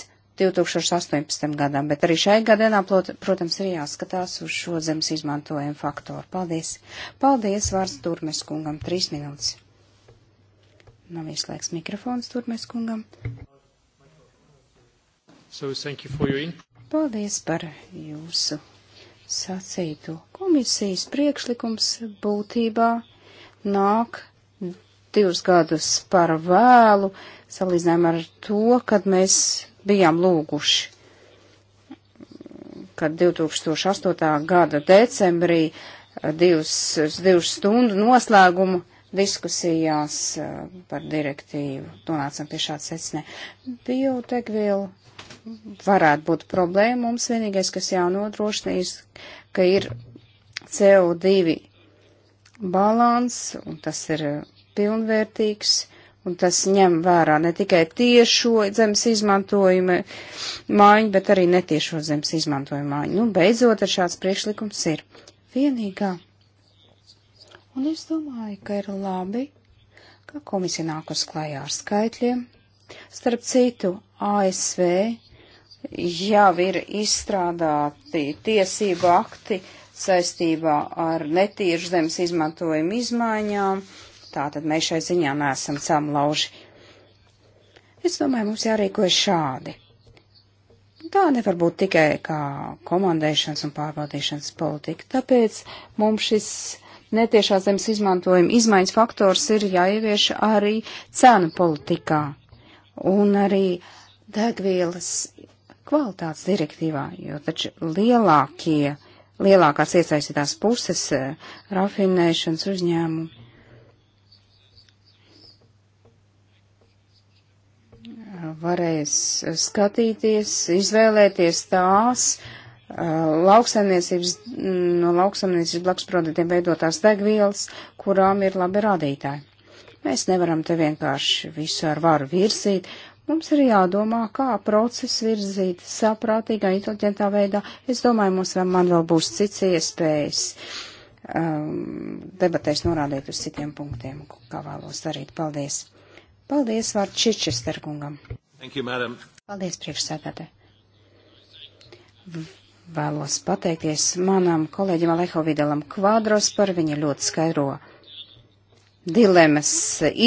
2018. gadam, bet arī šai gadienā, protams, ir jāskatās uz šo zemes izmantojumu faktoru. Paldies! Paldies vārds Turmes kungam, trīs minūtes. Nav ieslēgts mikrofons Turmes kungam. So, thank you for your input. Paldies par jūsu sacīto. Komisijas priekšlikums būtībā nāk divus gadus par vēlu, salīdzinājumā ar to, kad mēs bijām lūguši, kad 2008. gada decembrī divas, divas stundu noslēgumu diskusijās eh, par direktīvu nonācam pie šāda secinē. Biotekvielu varētu būt problēma. Mums vienīgais, kas jānodrošinīs, ka ir CO2 balans, un tas ir pilnvērtīgs, un tas ņem vērā ne tikai tiešo zemes izmantojumu mājiņu, bet arī netiešo zemes izmantojumu mājiņu. Nu, beidzot, ar šāds priekšlikums ir vienīgā. Un es domāju, ka ir labi, ka komisija nāk uz klājā ar skaitļiem. Starp citu, ASV jau ir izstrādāti tiesību akti saistībā ar netīru zemes izmantojumu izmaiņām, tātad mēs šai ziņā neesam samlauži. Es domāju, mums jārīkojas šādi. Tā nevar būt tikai kā komandēšanas un pārvaldīšanas politika, tāpēc mums šis netiešā zemes izmantojuma izmaiņas faktors ir jāievieš arī cenu politikā un arī degvielas kvalitātes direktīvā, jo taču lielākie, lielākās iesaistītās puses eh, rafinēšanas uzņēmumi. varēs skatīties, izvēlēties tās uh, lauksaimniecības, mm, no lauksaimniecības blakus produktiem veidotās degvielas, kurām ir labi rādītāji. Mēs nevaram te vienkārši visu ar varu virsīt, Mums ir jādomā, kā procesu virzīt saprātīgā, inteliģentā veidā. Es domāju, mums vēl, man vēl būs cits iespējas um, debatēs norādīt uz citiem punktiem, kā vēlos darīt. Paldies! Paldies vārdu Čičester kungam! Thank you, madam. Paldies, priekšsēdētāji! Vēlos pateikties manam kolēģim Alejo Videlam Kvadros par viņa ļoti skaidro dilemmas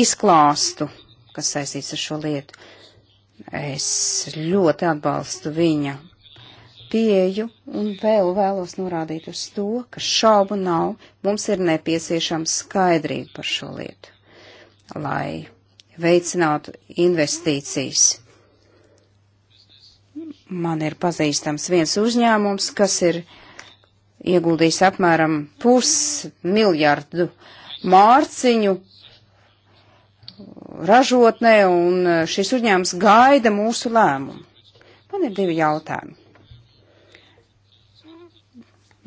izklāstu, kas saistīts ar šo lietu. Es ļoti atbalstu viņa pieju un vēl vēlos norādīt uz to, ka šaubu nav, mums ir nepieciešama skaidrība par šo lietu, lai veicinātu investīcijas. Man ir pazīstams viens uzņēmums, kas ir ieguldījis apmēram pusmiljardu mārciņu ražotnē, un eh, šis uzņēmums gaida mūsu lēmumu. Man ir divi jautājumi.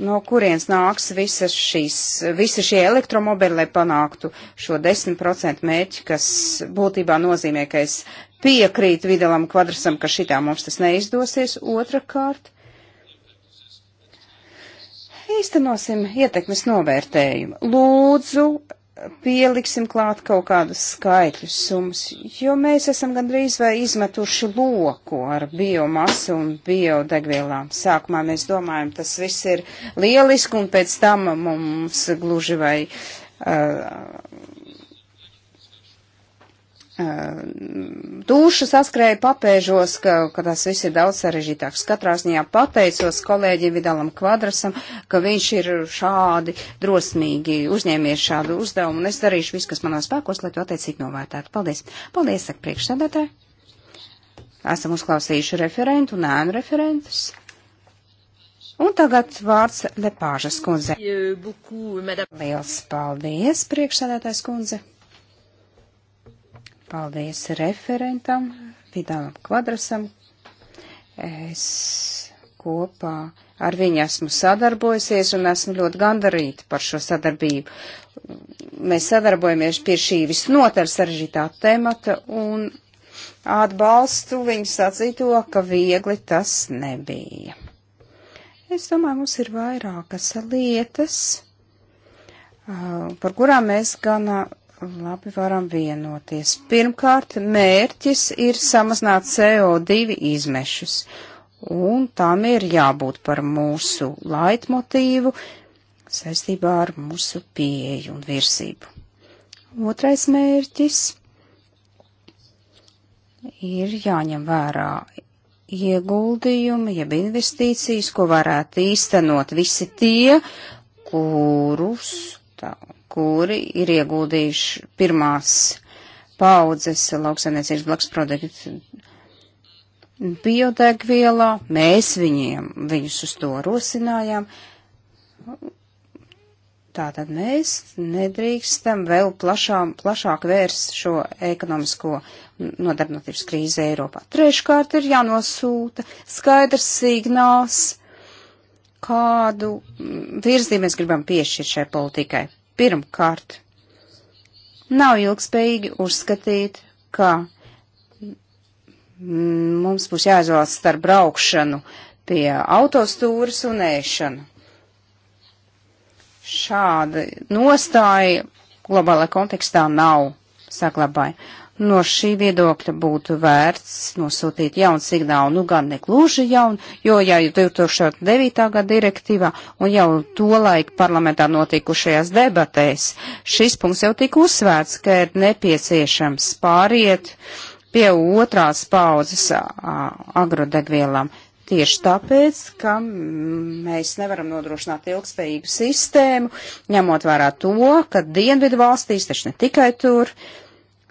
No kurienes nāks visas šīs, visi šie elektromobili, lai panāktu šo 10% mērķi, kas būtībā nozīmē, ka es piekrītu Videlam Kvadrasam, ka šitā mums tas neizdosies. Otrakārt, īstenosim ietekmes novērtējumu. Lūdzu, pieliksim klāt kaut kādus skaitļus summas, jo mēs esam gandrīz vai izmetuši loku ar biomasu un biodegvielām. Sākumā mēs domājam, tas viss ir lieliski, un pēc tam mums gluži vai uh, Tūša saskrēja papēžos, ka, ka tas viss ir daudz sarežģītāks. Katrā ziņā pateicos kolēģim Vidalam Kvadrasam, ka viņš ir šādi drosmīgi uzņēmies šādu uzdevumu, un es darīšu visu, kas manā spēkos, lai to attiecīgi novērtētu. Paldies! Paldies, saka priekšsēdētāji! Esam uzklausījuši referentu un ēnu referentus. Un tagad vārds Lepāžas kundze. Liels paldies, priekšsēdētājs kundze! Paldies referentam Vidalam Kvadrasam. Es kopā ar viņu esmu sadarbojusies un esmu ļoti gandarīta par šo sadarbību. Mēs sadarbojamies pie šī visnotaļ sarežģītā temata un atbalstu viņu sacīto, ka viegli tas nebija. Es domāju, mums ir vairākas lietas, par kurām mēs gana Labi, varam vienoties. Pirmkārt, mērķis ir samazināt CO2 izmešus, un tam ir jābūt par mūsu laitmotīvu saistībā ar mūsu pieeju un virsību. Otrais mērķis ir jāņem vērā ieguldījumi, jeb investīcijas, ko varētu īstenot visi tie, kurus tā, kuri ir ieguldījuši pirmās paudzes lauksainiecības blakus produktu biodegvielā. Mēs viņiem, viņus uz to rosinājām. Tātad mēs nedrīkstam vēl plašām, plašāk vērst šo ekonomisko nodarbinātības krīzi Eiropā. Treškārt ir jānosūta skaidrs signāls, kādu virzību mēs gribam piešķirt šai politikai. Pirmkārt, nav ilgspējīgi uzskatīt, ka mums būs jāizvēlas starp braukšanu pie autostūras un ēšanu. Šāda nostāja globālā kontekstā nav saglabāja no šī viedokļa būtu vērts nosūtīt jaunu signālu, nu gan negluži jaunu, jo jau 2009. gada direktīvā un jau tolaik parlamentā notikušajās debatēs šis punkts jau tika uzsvērts, ka ir nepieciešams pāriet pie otrās paudzes agrodegvielām. Tieši tāpēc, ka mēs nevaram nodrošināt ilgspējīgu sistēmu, ņemot vērā to, ka dienvidu valstīs, taču ne tikai tur, uh,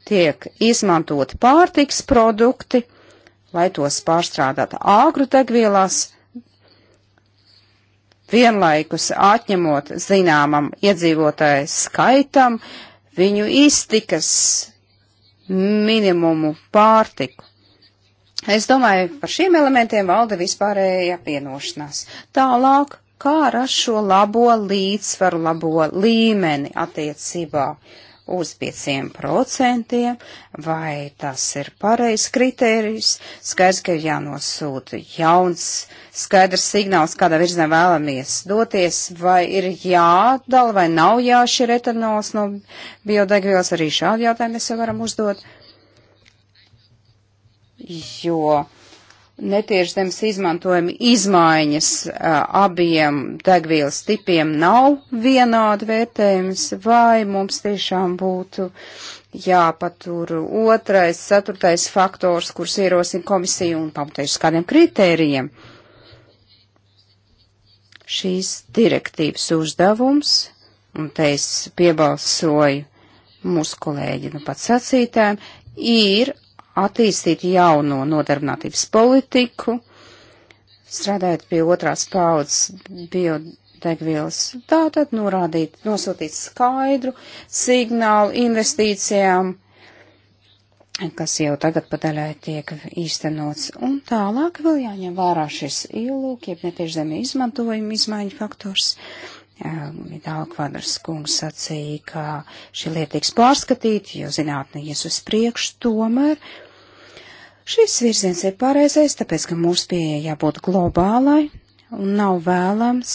tiek izmantoti pārtiks produkti, lai tos pārstrādātu āgru degvielās, vienlaikus atņemot zināmam iedzīvotāju skaitam viņu iztikas minimumu pārtiku. Es domāju, par šiem elementiem valda vispārēja apvienošanās. Tālāk, kā ar šo labo līdzsvaru, labo līmeni attiecībā uz 5%, vai tas ir pareizs kritērijs. Skaidrs, ka ir jānosūta jauns, skaidrs signāls, kādā virzienā vēlamies doties, vai ir jādala vai nav jāšķir etanols no biodegvielas, arī šādi jautājumi mēs jau varam uzdot. Jo netieši zemes izmantojuma izmaiņas abiem degvielas tipiem nav vienādi vērtējums, vai mums tiešām būtu jāpatur otrais, ceturtais faktors, kurus ierosina komisija un pamatojuši kādiem kritērijiem. Šīs direktīvas uzdevums, un te es piebalsoju mūsu kolēģi nu pats sacītājiem, ir attīstīt jauno nodarbinātības politiku, strādājot pie otrās paudzes biodegvielas. Tātad norādīt, nosūtīt skaidru signālu investīcijām, kas jau tagad padaļai tiek īstenots. Un tālāk vēl jāņem vērā šis ielūk, jeb netiešzemē izmantojuma izmaiņu faktors. Dalkvadrs kungs sacīja, ka šī lieta tiks pārskatīta, jo zinātne ies uz priekšu tomēr. Uh, Šis virziens ir pareizais, tāpēc, ka mūsu pieeja jābūt globālai un nav vēlams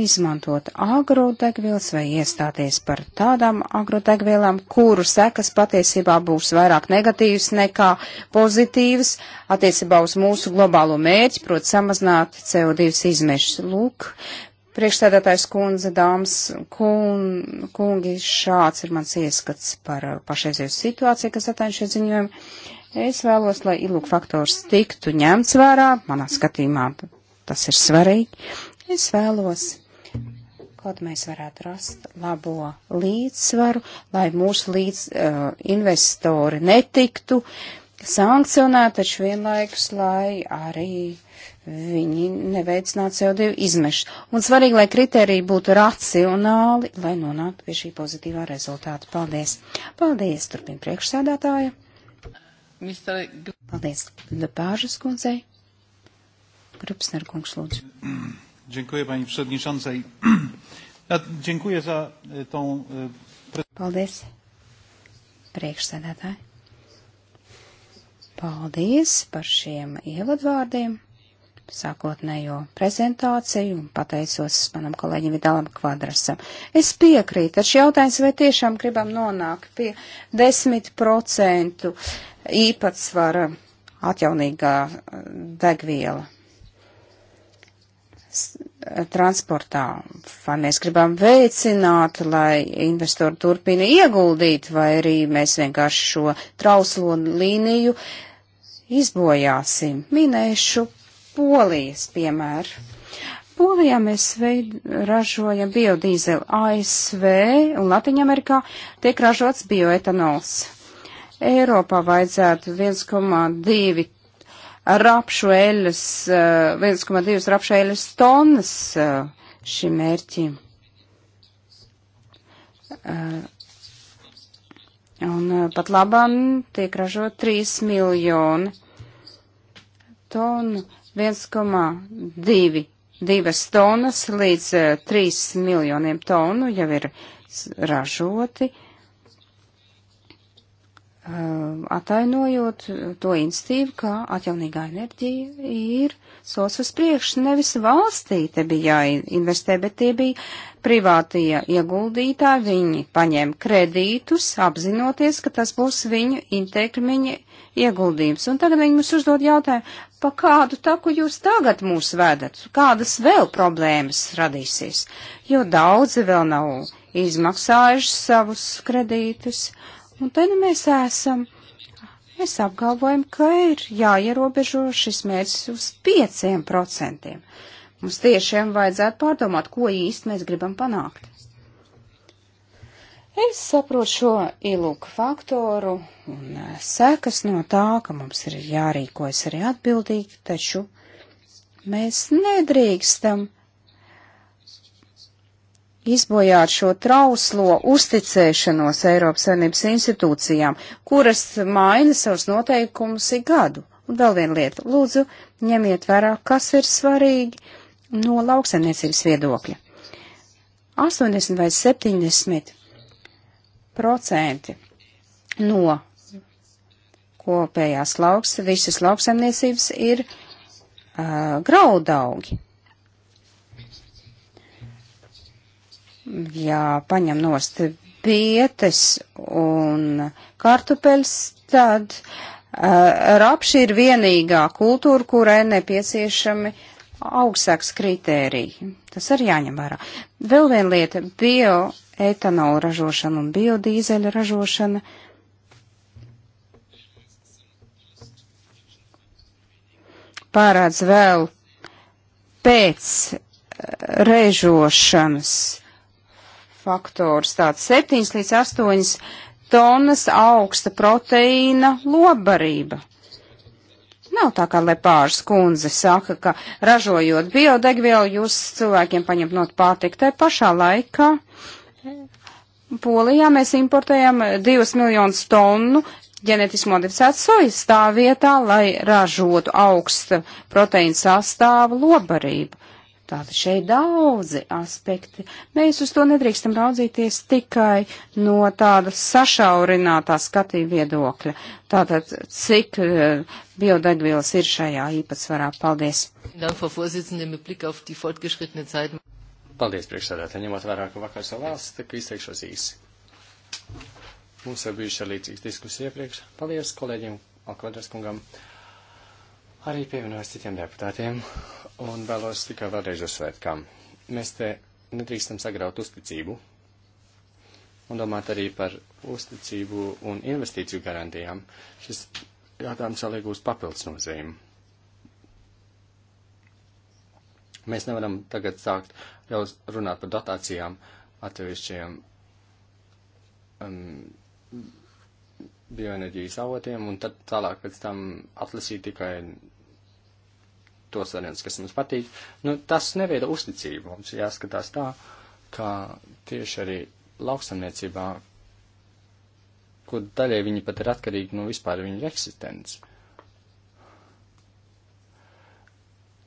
izmantot agrodegvielas vai iestāties par tādām agrodegvielām, kuru sekas patiesībā būs vairāk negatīvas nekā pozitīvas attiecībā uz mūsu globālo mērķi, proti samazināt CO2 izmešus. Lūk, Priekšsēdētājs kundze, dāmas, kun, kungi, šāds ir mans ieskats par uh, pašreizēju situāciju, kas atēna šie ziņojumi. Es vēlos, lai ilūk faktors tiktu ņemts vērā, manā skatījumā tas ir svarīgi. Es vēlos, kaut mēs varētu rast labo līdzsvaru, lai mūsu līdz, uh, investori netiktu sankcionēti, taču vienlaikus, lai arī viņi neveicinātu CO2 izmešu. Un svarīgi, lai kriteriji būtu racionāli, lai nonāktu pie šī pozitīvā rezultāta. Paldies! Paldies! Turpin priekšsēdētāja! Mister... Paldies! Lepāžas kundzei! Grupsner kungs lūdzu. Dziękuję pani przewodniczącej. Ja dziękuję za e, tą... E, Paldies! Priekšsēdētāji! Paldies par šiem ievadvārdiem! sākotnējo prezentāciju un pateicos manam kolēģim Vidalam Kvadrasam. Es piekrītu, taču jautājums, vai tiešām gribam nonākt pie 10% īpatsvara atjaunīgā eh, degviela eh, transportā, vai mēs gribam veicināt, lai investori turpina ieguldīt, vai arī mēs vienkārši šo trauslo līniju izbojāsim. Minēšu Polijas piemēru. Polijā mēs veid, ražojam biodīzeli ASV un Latviņamerikā tiek ražots bioetanols. Eiropā vajadzētu 1,2 rapšu eļas, 1,2 eh, rapšu eļas tonnas eh, šim mērķim. Eh, un pat labam tiek ražot 3 miljoni tonu 1,2 divas tonas līdz 3 eh, miljoniem tonu jau ir ražoti, eh, atainojot to instīvu, ka atjaunīgā enerģija ir solis uz priekšu nevis valstī te bija jāinvestē, bet tie bija privātie ieguldītāji, viņi paņēma kredītus, apzinoties, ka tas būs viņu intekmiņa ieguldījums. Un tagad viņi mums uzdod jautājumu, pa kādu taku jūs tagad mūs vedat, kādas vēl problēmas radīsies, jo daudzi vēl nav izmaksājuši savus kredītus. Un te nu mēs esam Mēs apgalvojam, ka ir jāierobežo šis mērķis uz 5%. Mums tiešiem vajadzētu pārdomāt, ko īsti mēs gribam panākt. Es saprotu šo ilūku faktoru un e, sekas no tā, ka mums ir jārīkojas arī atbildīgi, taču mēs nedrīkstam izbojāt šo trauslo uzticēšanos Eiropas Savienības institūcijām, kuras maina savus noteikumus ik gadu. Un vēl viena lieta, lūdzu, ņemiet vērā, kas ir svarīgi no lauksaimniecības viedokļa. 80 vai 70 procenti no kopējās lauks, visas lauksaimniecības ir uh, graudaugi. jāpaņem nost pietes un kartupeļs, tad uh, rapši ir vienīgā kultūra, kurai nepieciešami augstāks kritērija. Tas arī jāņem vērā. Vēl viena lieta - bioetanola ražošana un biodīzeļa ražošana. Pārādz vēl pēc eh, režošanas faktors tāds 7 līdz 8 tonnas augsta proteīna lobarība. Nav tā kā Lepāžas kundze saka, ka ražojot biodegvielu, jūs cilvēkiem paņemt not pārtiku. Tā pašā laikā Polijā mēs importējam 2 miljonus tonnu ģenetiski modificētas sojas tā vietā, lai ražotu augsta proteīna sastāvu lobarību. Tātad šeit daudzi aspekti. Mēs uz to nedrīkstam raudzīties tikai no tāda sašaurinātā skatījuma viedokļa. Tātad, cik eh, biodegvielas ir šajā īpatsvarā? Paldies! Paldies, priekšsēdētāji, ņemot vērā, ka vakars vēl vēlas, tā kā izteikšos īsi. Mums jau bijuši līdzīgas diskusijas iepriekš. Paldies kolēģiem Alkvadras kungam arī pievienojas citiem deputātiem un vēlos tikai vēlreiz uzsvērt, ka mēs te nedrīkstam sagraut uzticību un domāt arī par uzticību un investīciju garantijām. Šis jautājums vēl iegūst papildus nozīmi. Mēs nevaram tagad sākt jau runāt par dotācijām atsevišķiem um, bioenerģijas avotiem un tad tālāk pēc tam atlasīt tikai tos variants, kas mums patīk, nu, tas neveido uzticību. Mums jāskatās tā, ka tieši arī lauksamniecībā, kur daļai viņi pat ir atkarīgi no vispār viņu eksistences,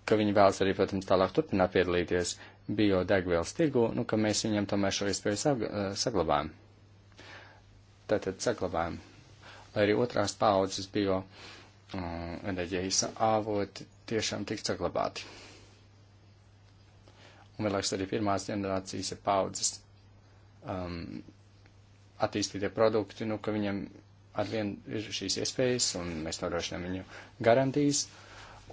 ka viņi vēlas arī, protams, tālāk turpināt piedalīties biodegvielas tirgu, nu, ka mēs viņiem tomēr šo iespēju eh, saglabājam. Tātad saglabājam. Lai arī otrās paudzes bio eh, enerģijas avoti tiešām tiks saglabāti. Un vienlaiks arī pirmās ģenerācijas ir paudzes um, attīstītie produkti, nu, ka viņam arvien ir šīs iespējas, un mēs nodrošinām viņu garantijas.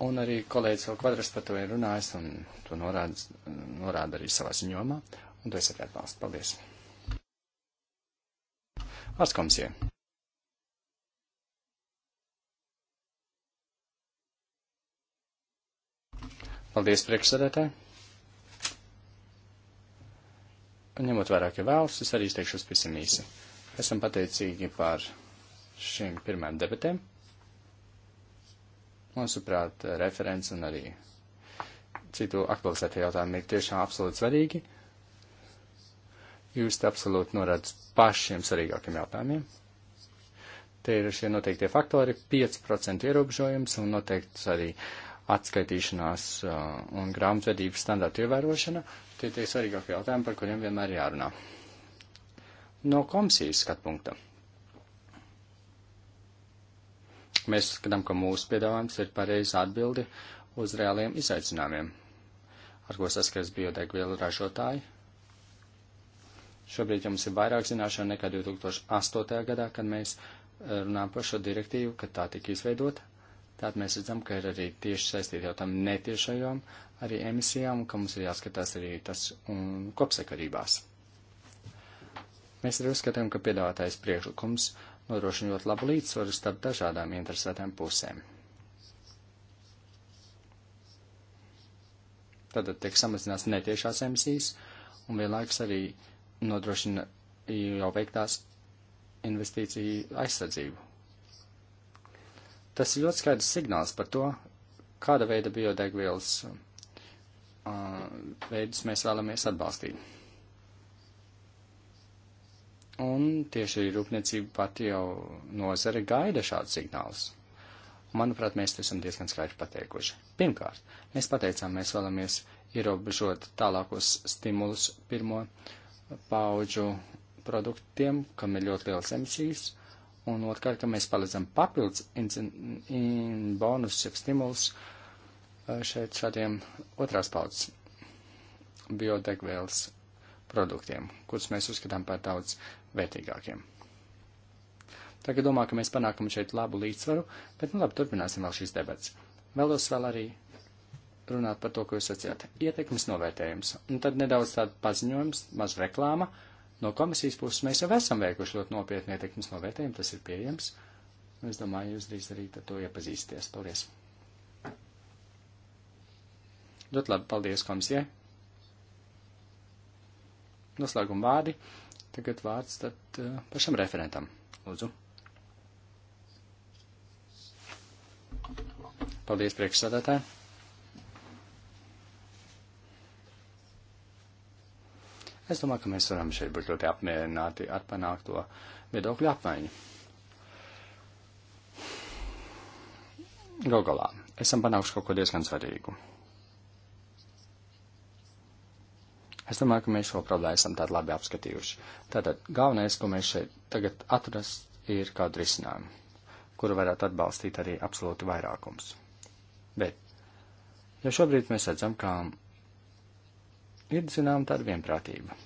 Un arī kolēģis vēl kvadrants par to ir runājis, un to norāda, norāda arī savā ziņomā, un to es arī atbalstu. Paldies! Vārds komisijai! Paldies, priekšsēdētāji! Ņemot vairāk, ja vēlas, es arī izteikšos pavisam īsi. Esam pateicīgi par šīm pirmajām debatēm. Mūsuprāt, referents un arī citu aktualizētie jautājumi ir tiešām absolūti svarīgi. Jūs te absolūti norādat pašiem svarīgākiem jautājumiem. Te ir šie noteiktie faktori - 5% ierobežojums un noteikts arī uh, atskaitīšanās uh, un grāmatvedības standartu ievērošana, tie tie svarīgākie jautājumi, par kuriem vienmēr jārunā. No komisijas skatpunkta. Mēs skatām, ka mūsu piedāvājums ir pareiza atbildi uz reāliem izaicinājumiem, ar ko saskars biodegvielu ražotāji. Šobrīd jums ir vairāk zināšana nekā 2008. gadā, kad mēs eh, runājam par šo direktīvu, kad tā tika izveidota. Tātad mēs redzam, ka ir arī tieši saistīti jau tam netiešajām arī emisijām, ka mums ir jāskatās arī tas un kopsakarībās. Mēs arī uzskatām, ka piedāvātais priekšlikums nodrošinot labu līdzsvaru starp dažādām interesētām pusēm. Tātad tiek samazināts netiešās emisijas un vienlaikus arī nodrošina jau veiktās investīciju aizsardzību. Tas ir ļoti skaidrs signāls par to, kāda veida biodegvielas uh, veidus mēs vēlamies atbalstīt. Un tieši rūpniecība pati jau nozare gaida šādus signālus. Manuprāt, mēs esam diezgan skaidri pateikuši. Pirmkārt, mēs pateicām, mēs vēlamies ierobežot tālākos stimulus pirmo pauģu produktiem, kam ir ļoti liels emisijas, un otrkārt, ka mēs palīdzam papildus in, in bonus, jeb stimulus šeit šādiem otrās paudzes biodegvielas produktiem, kurus mēs uzskatām par daudz vērtīgākiem. Tagad domāju, ka mēs panākam šeit labu līdzsvaru, bet nu labi, turpināsim vēl šīs debats. Vēlos vēl arī runāt par to, ko jūs sacījāt. Ietekmes novērtējums. Un tad nedaudz tāds paziņojums, maz reklāma. Uh, No komisijas puses mēs jau esam veikuši ļoti nopietni ietekmes novērtējumu, tas ir pieejams. Es domāju, jūs drīz arī ar to iepazīsties. Paldies! Ļoti labi, paldies komisijai! Noslēguma vārdi. Tagad vārds tad uh, pašam referentam. Lūdzu. Paldies priekšsādātāji! Es domāju, ka mēs varam šeit būt ļoti apmierināti ar panākto viedokļu apmaiņu. Gogolā esam panākuši kaut ko diezgan svarīgu. Es domāju, ka mēs šo problēmu esam tādu labi apskatījuši. Tātad galvenais, ko mēs šeit tagad atrast, ir kādu risinājumu, kuru varētu atbalstīt arī absolūti vairākums. Bet, ja šobrīd mēs redzam, ka ir, zinām, tāda vienprātība.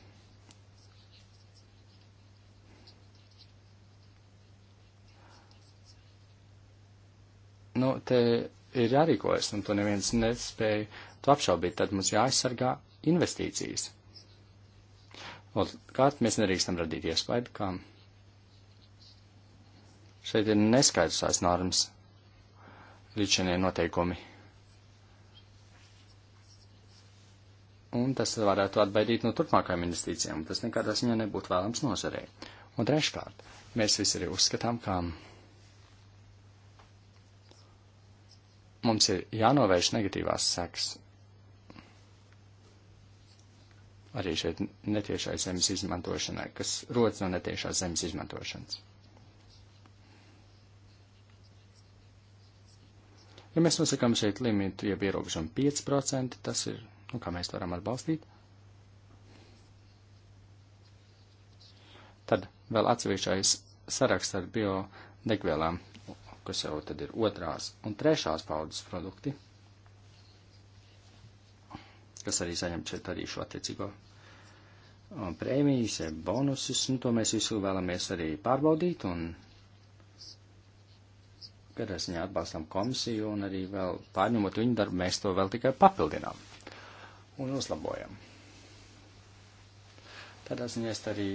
Nu, te ir jārīkojas, un to neviens nespēja to apšaubīt, tad mums jāaizsargā investīcijas. Otrkārt, mēs nedrīkstam radīt iespēju, ka šeit ir neskaidrs tās normas, līdzšanie noteikumi. un tas varētu atbaidīt no turpmākajām investīcijām. Tas nekādā ziņā nebūtu vēlams nozarē. Un treškārt, mēs visi arī uzskatām, ka mums ir jānovērš negatīvās sekas. Arī šeit netiešai zemes izmantošanai, kas rodas no netiešās zemes izmantošanas. Ja mēs nosakām šeit limitu, ja ierobežam 5%, tas ir un kā mēs to varam atbalstīt. Tad vēl atsevišķais saraksts ar biodegvielām, kas jau tad ir otrās un trešās paudzes produkti, kas arī saņem šeit arī šo attiecīgo um, prēmijas, bonusus, nu to mēs visu vēlamies arī pārbaudīt un garā ziņā atbalstam komisiju un arī vēl pārņemot viņu darbu, mēs to vēl tikai papildinām un uzlabojam. Tādā ziņā es arī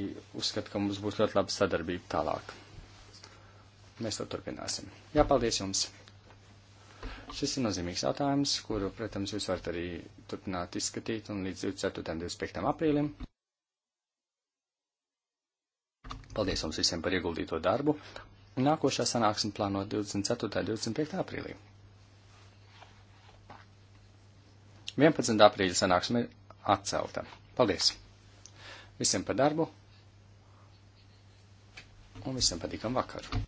uzskatu, ka mums būs ļoti laba sadarbība tālāk. Mēs to turpināsim. Jā, paldies jums! Šis ir nozīmīgs jautājums, kuru, protams, jūs varat arī turpināt izskatīt un līdz 24. un 25. aprīlim. Paldies jums visiem par ieguldīto darbu. Nākošā sanāksme plāno 24. un 25. aprīlī. 11. aprīļa sanāksme ir atcelta. Paldies! Visiem par darbu un visiem patīkam vakaru!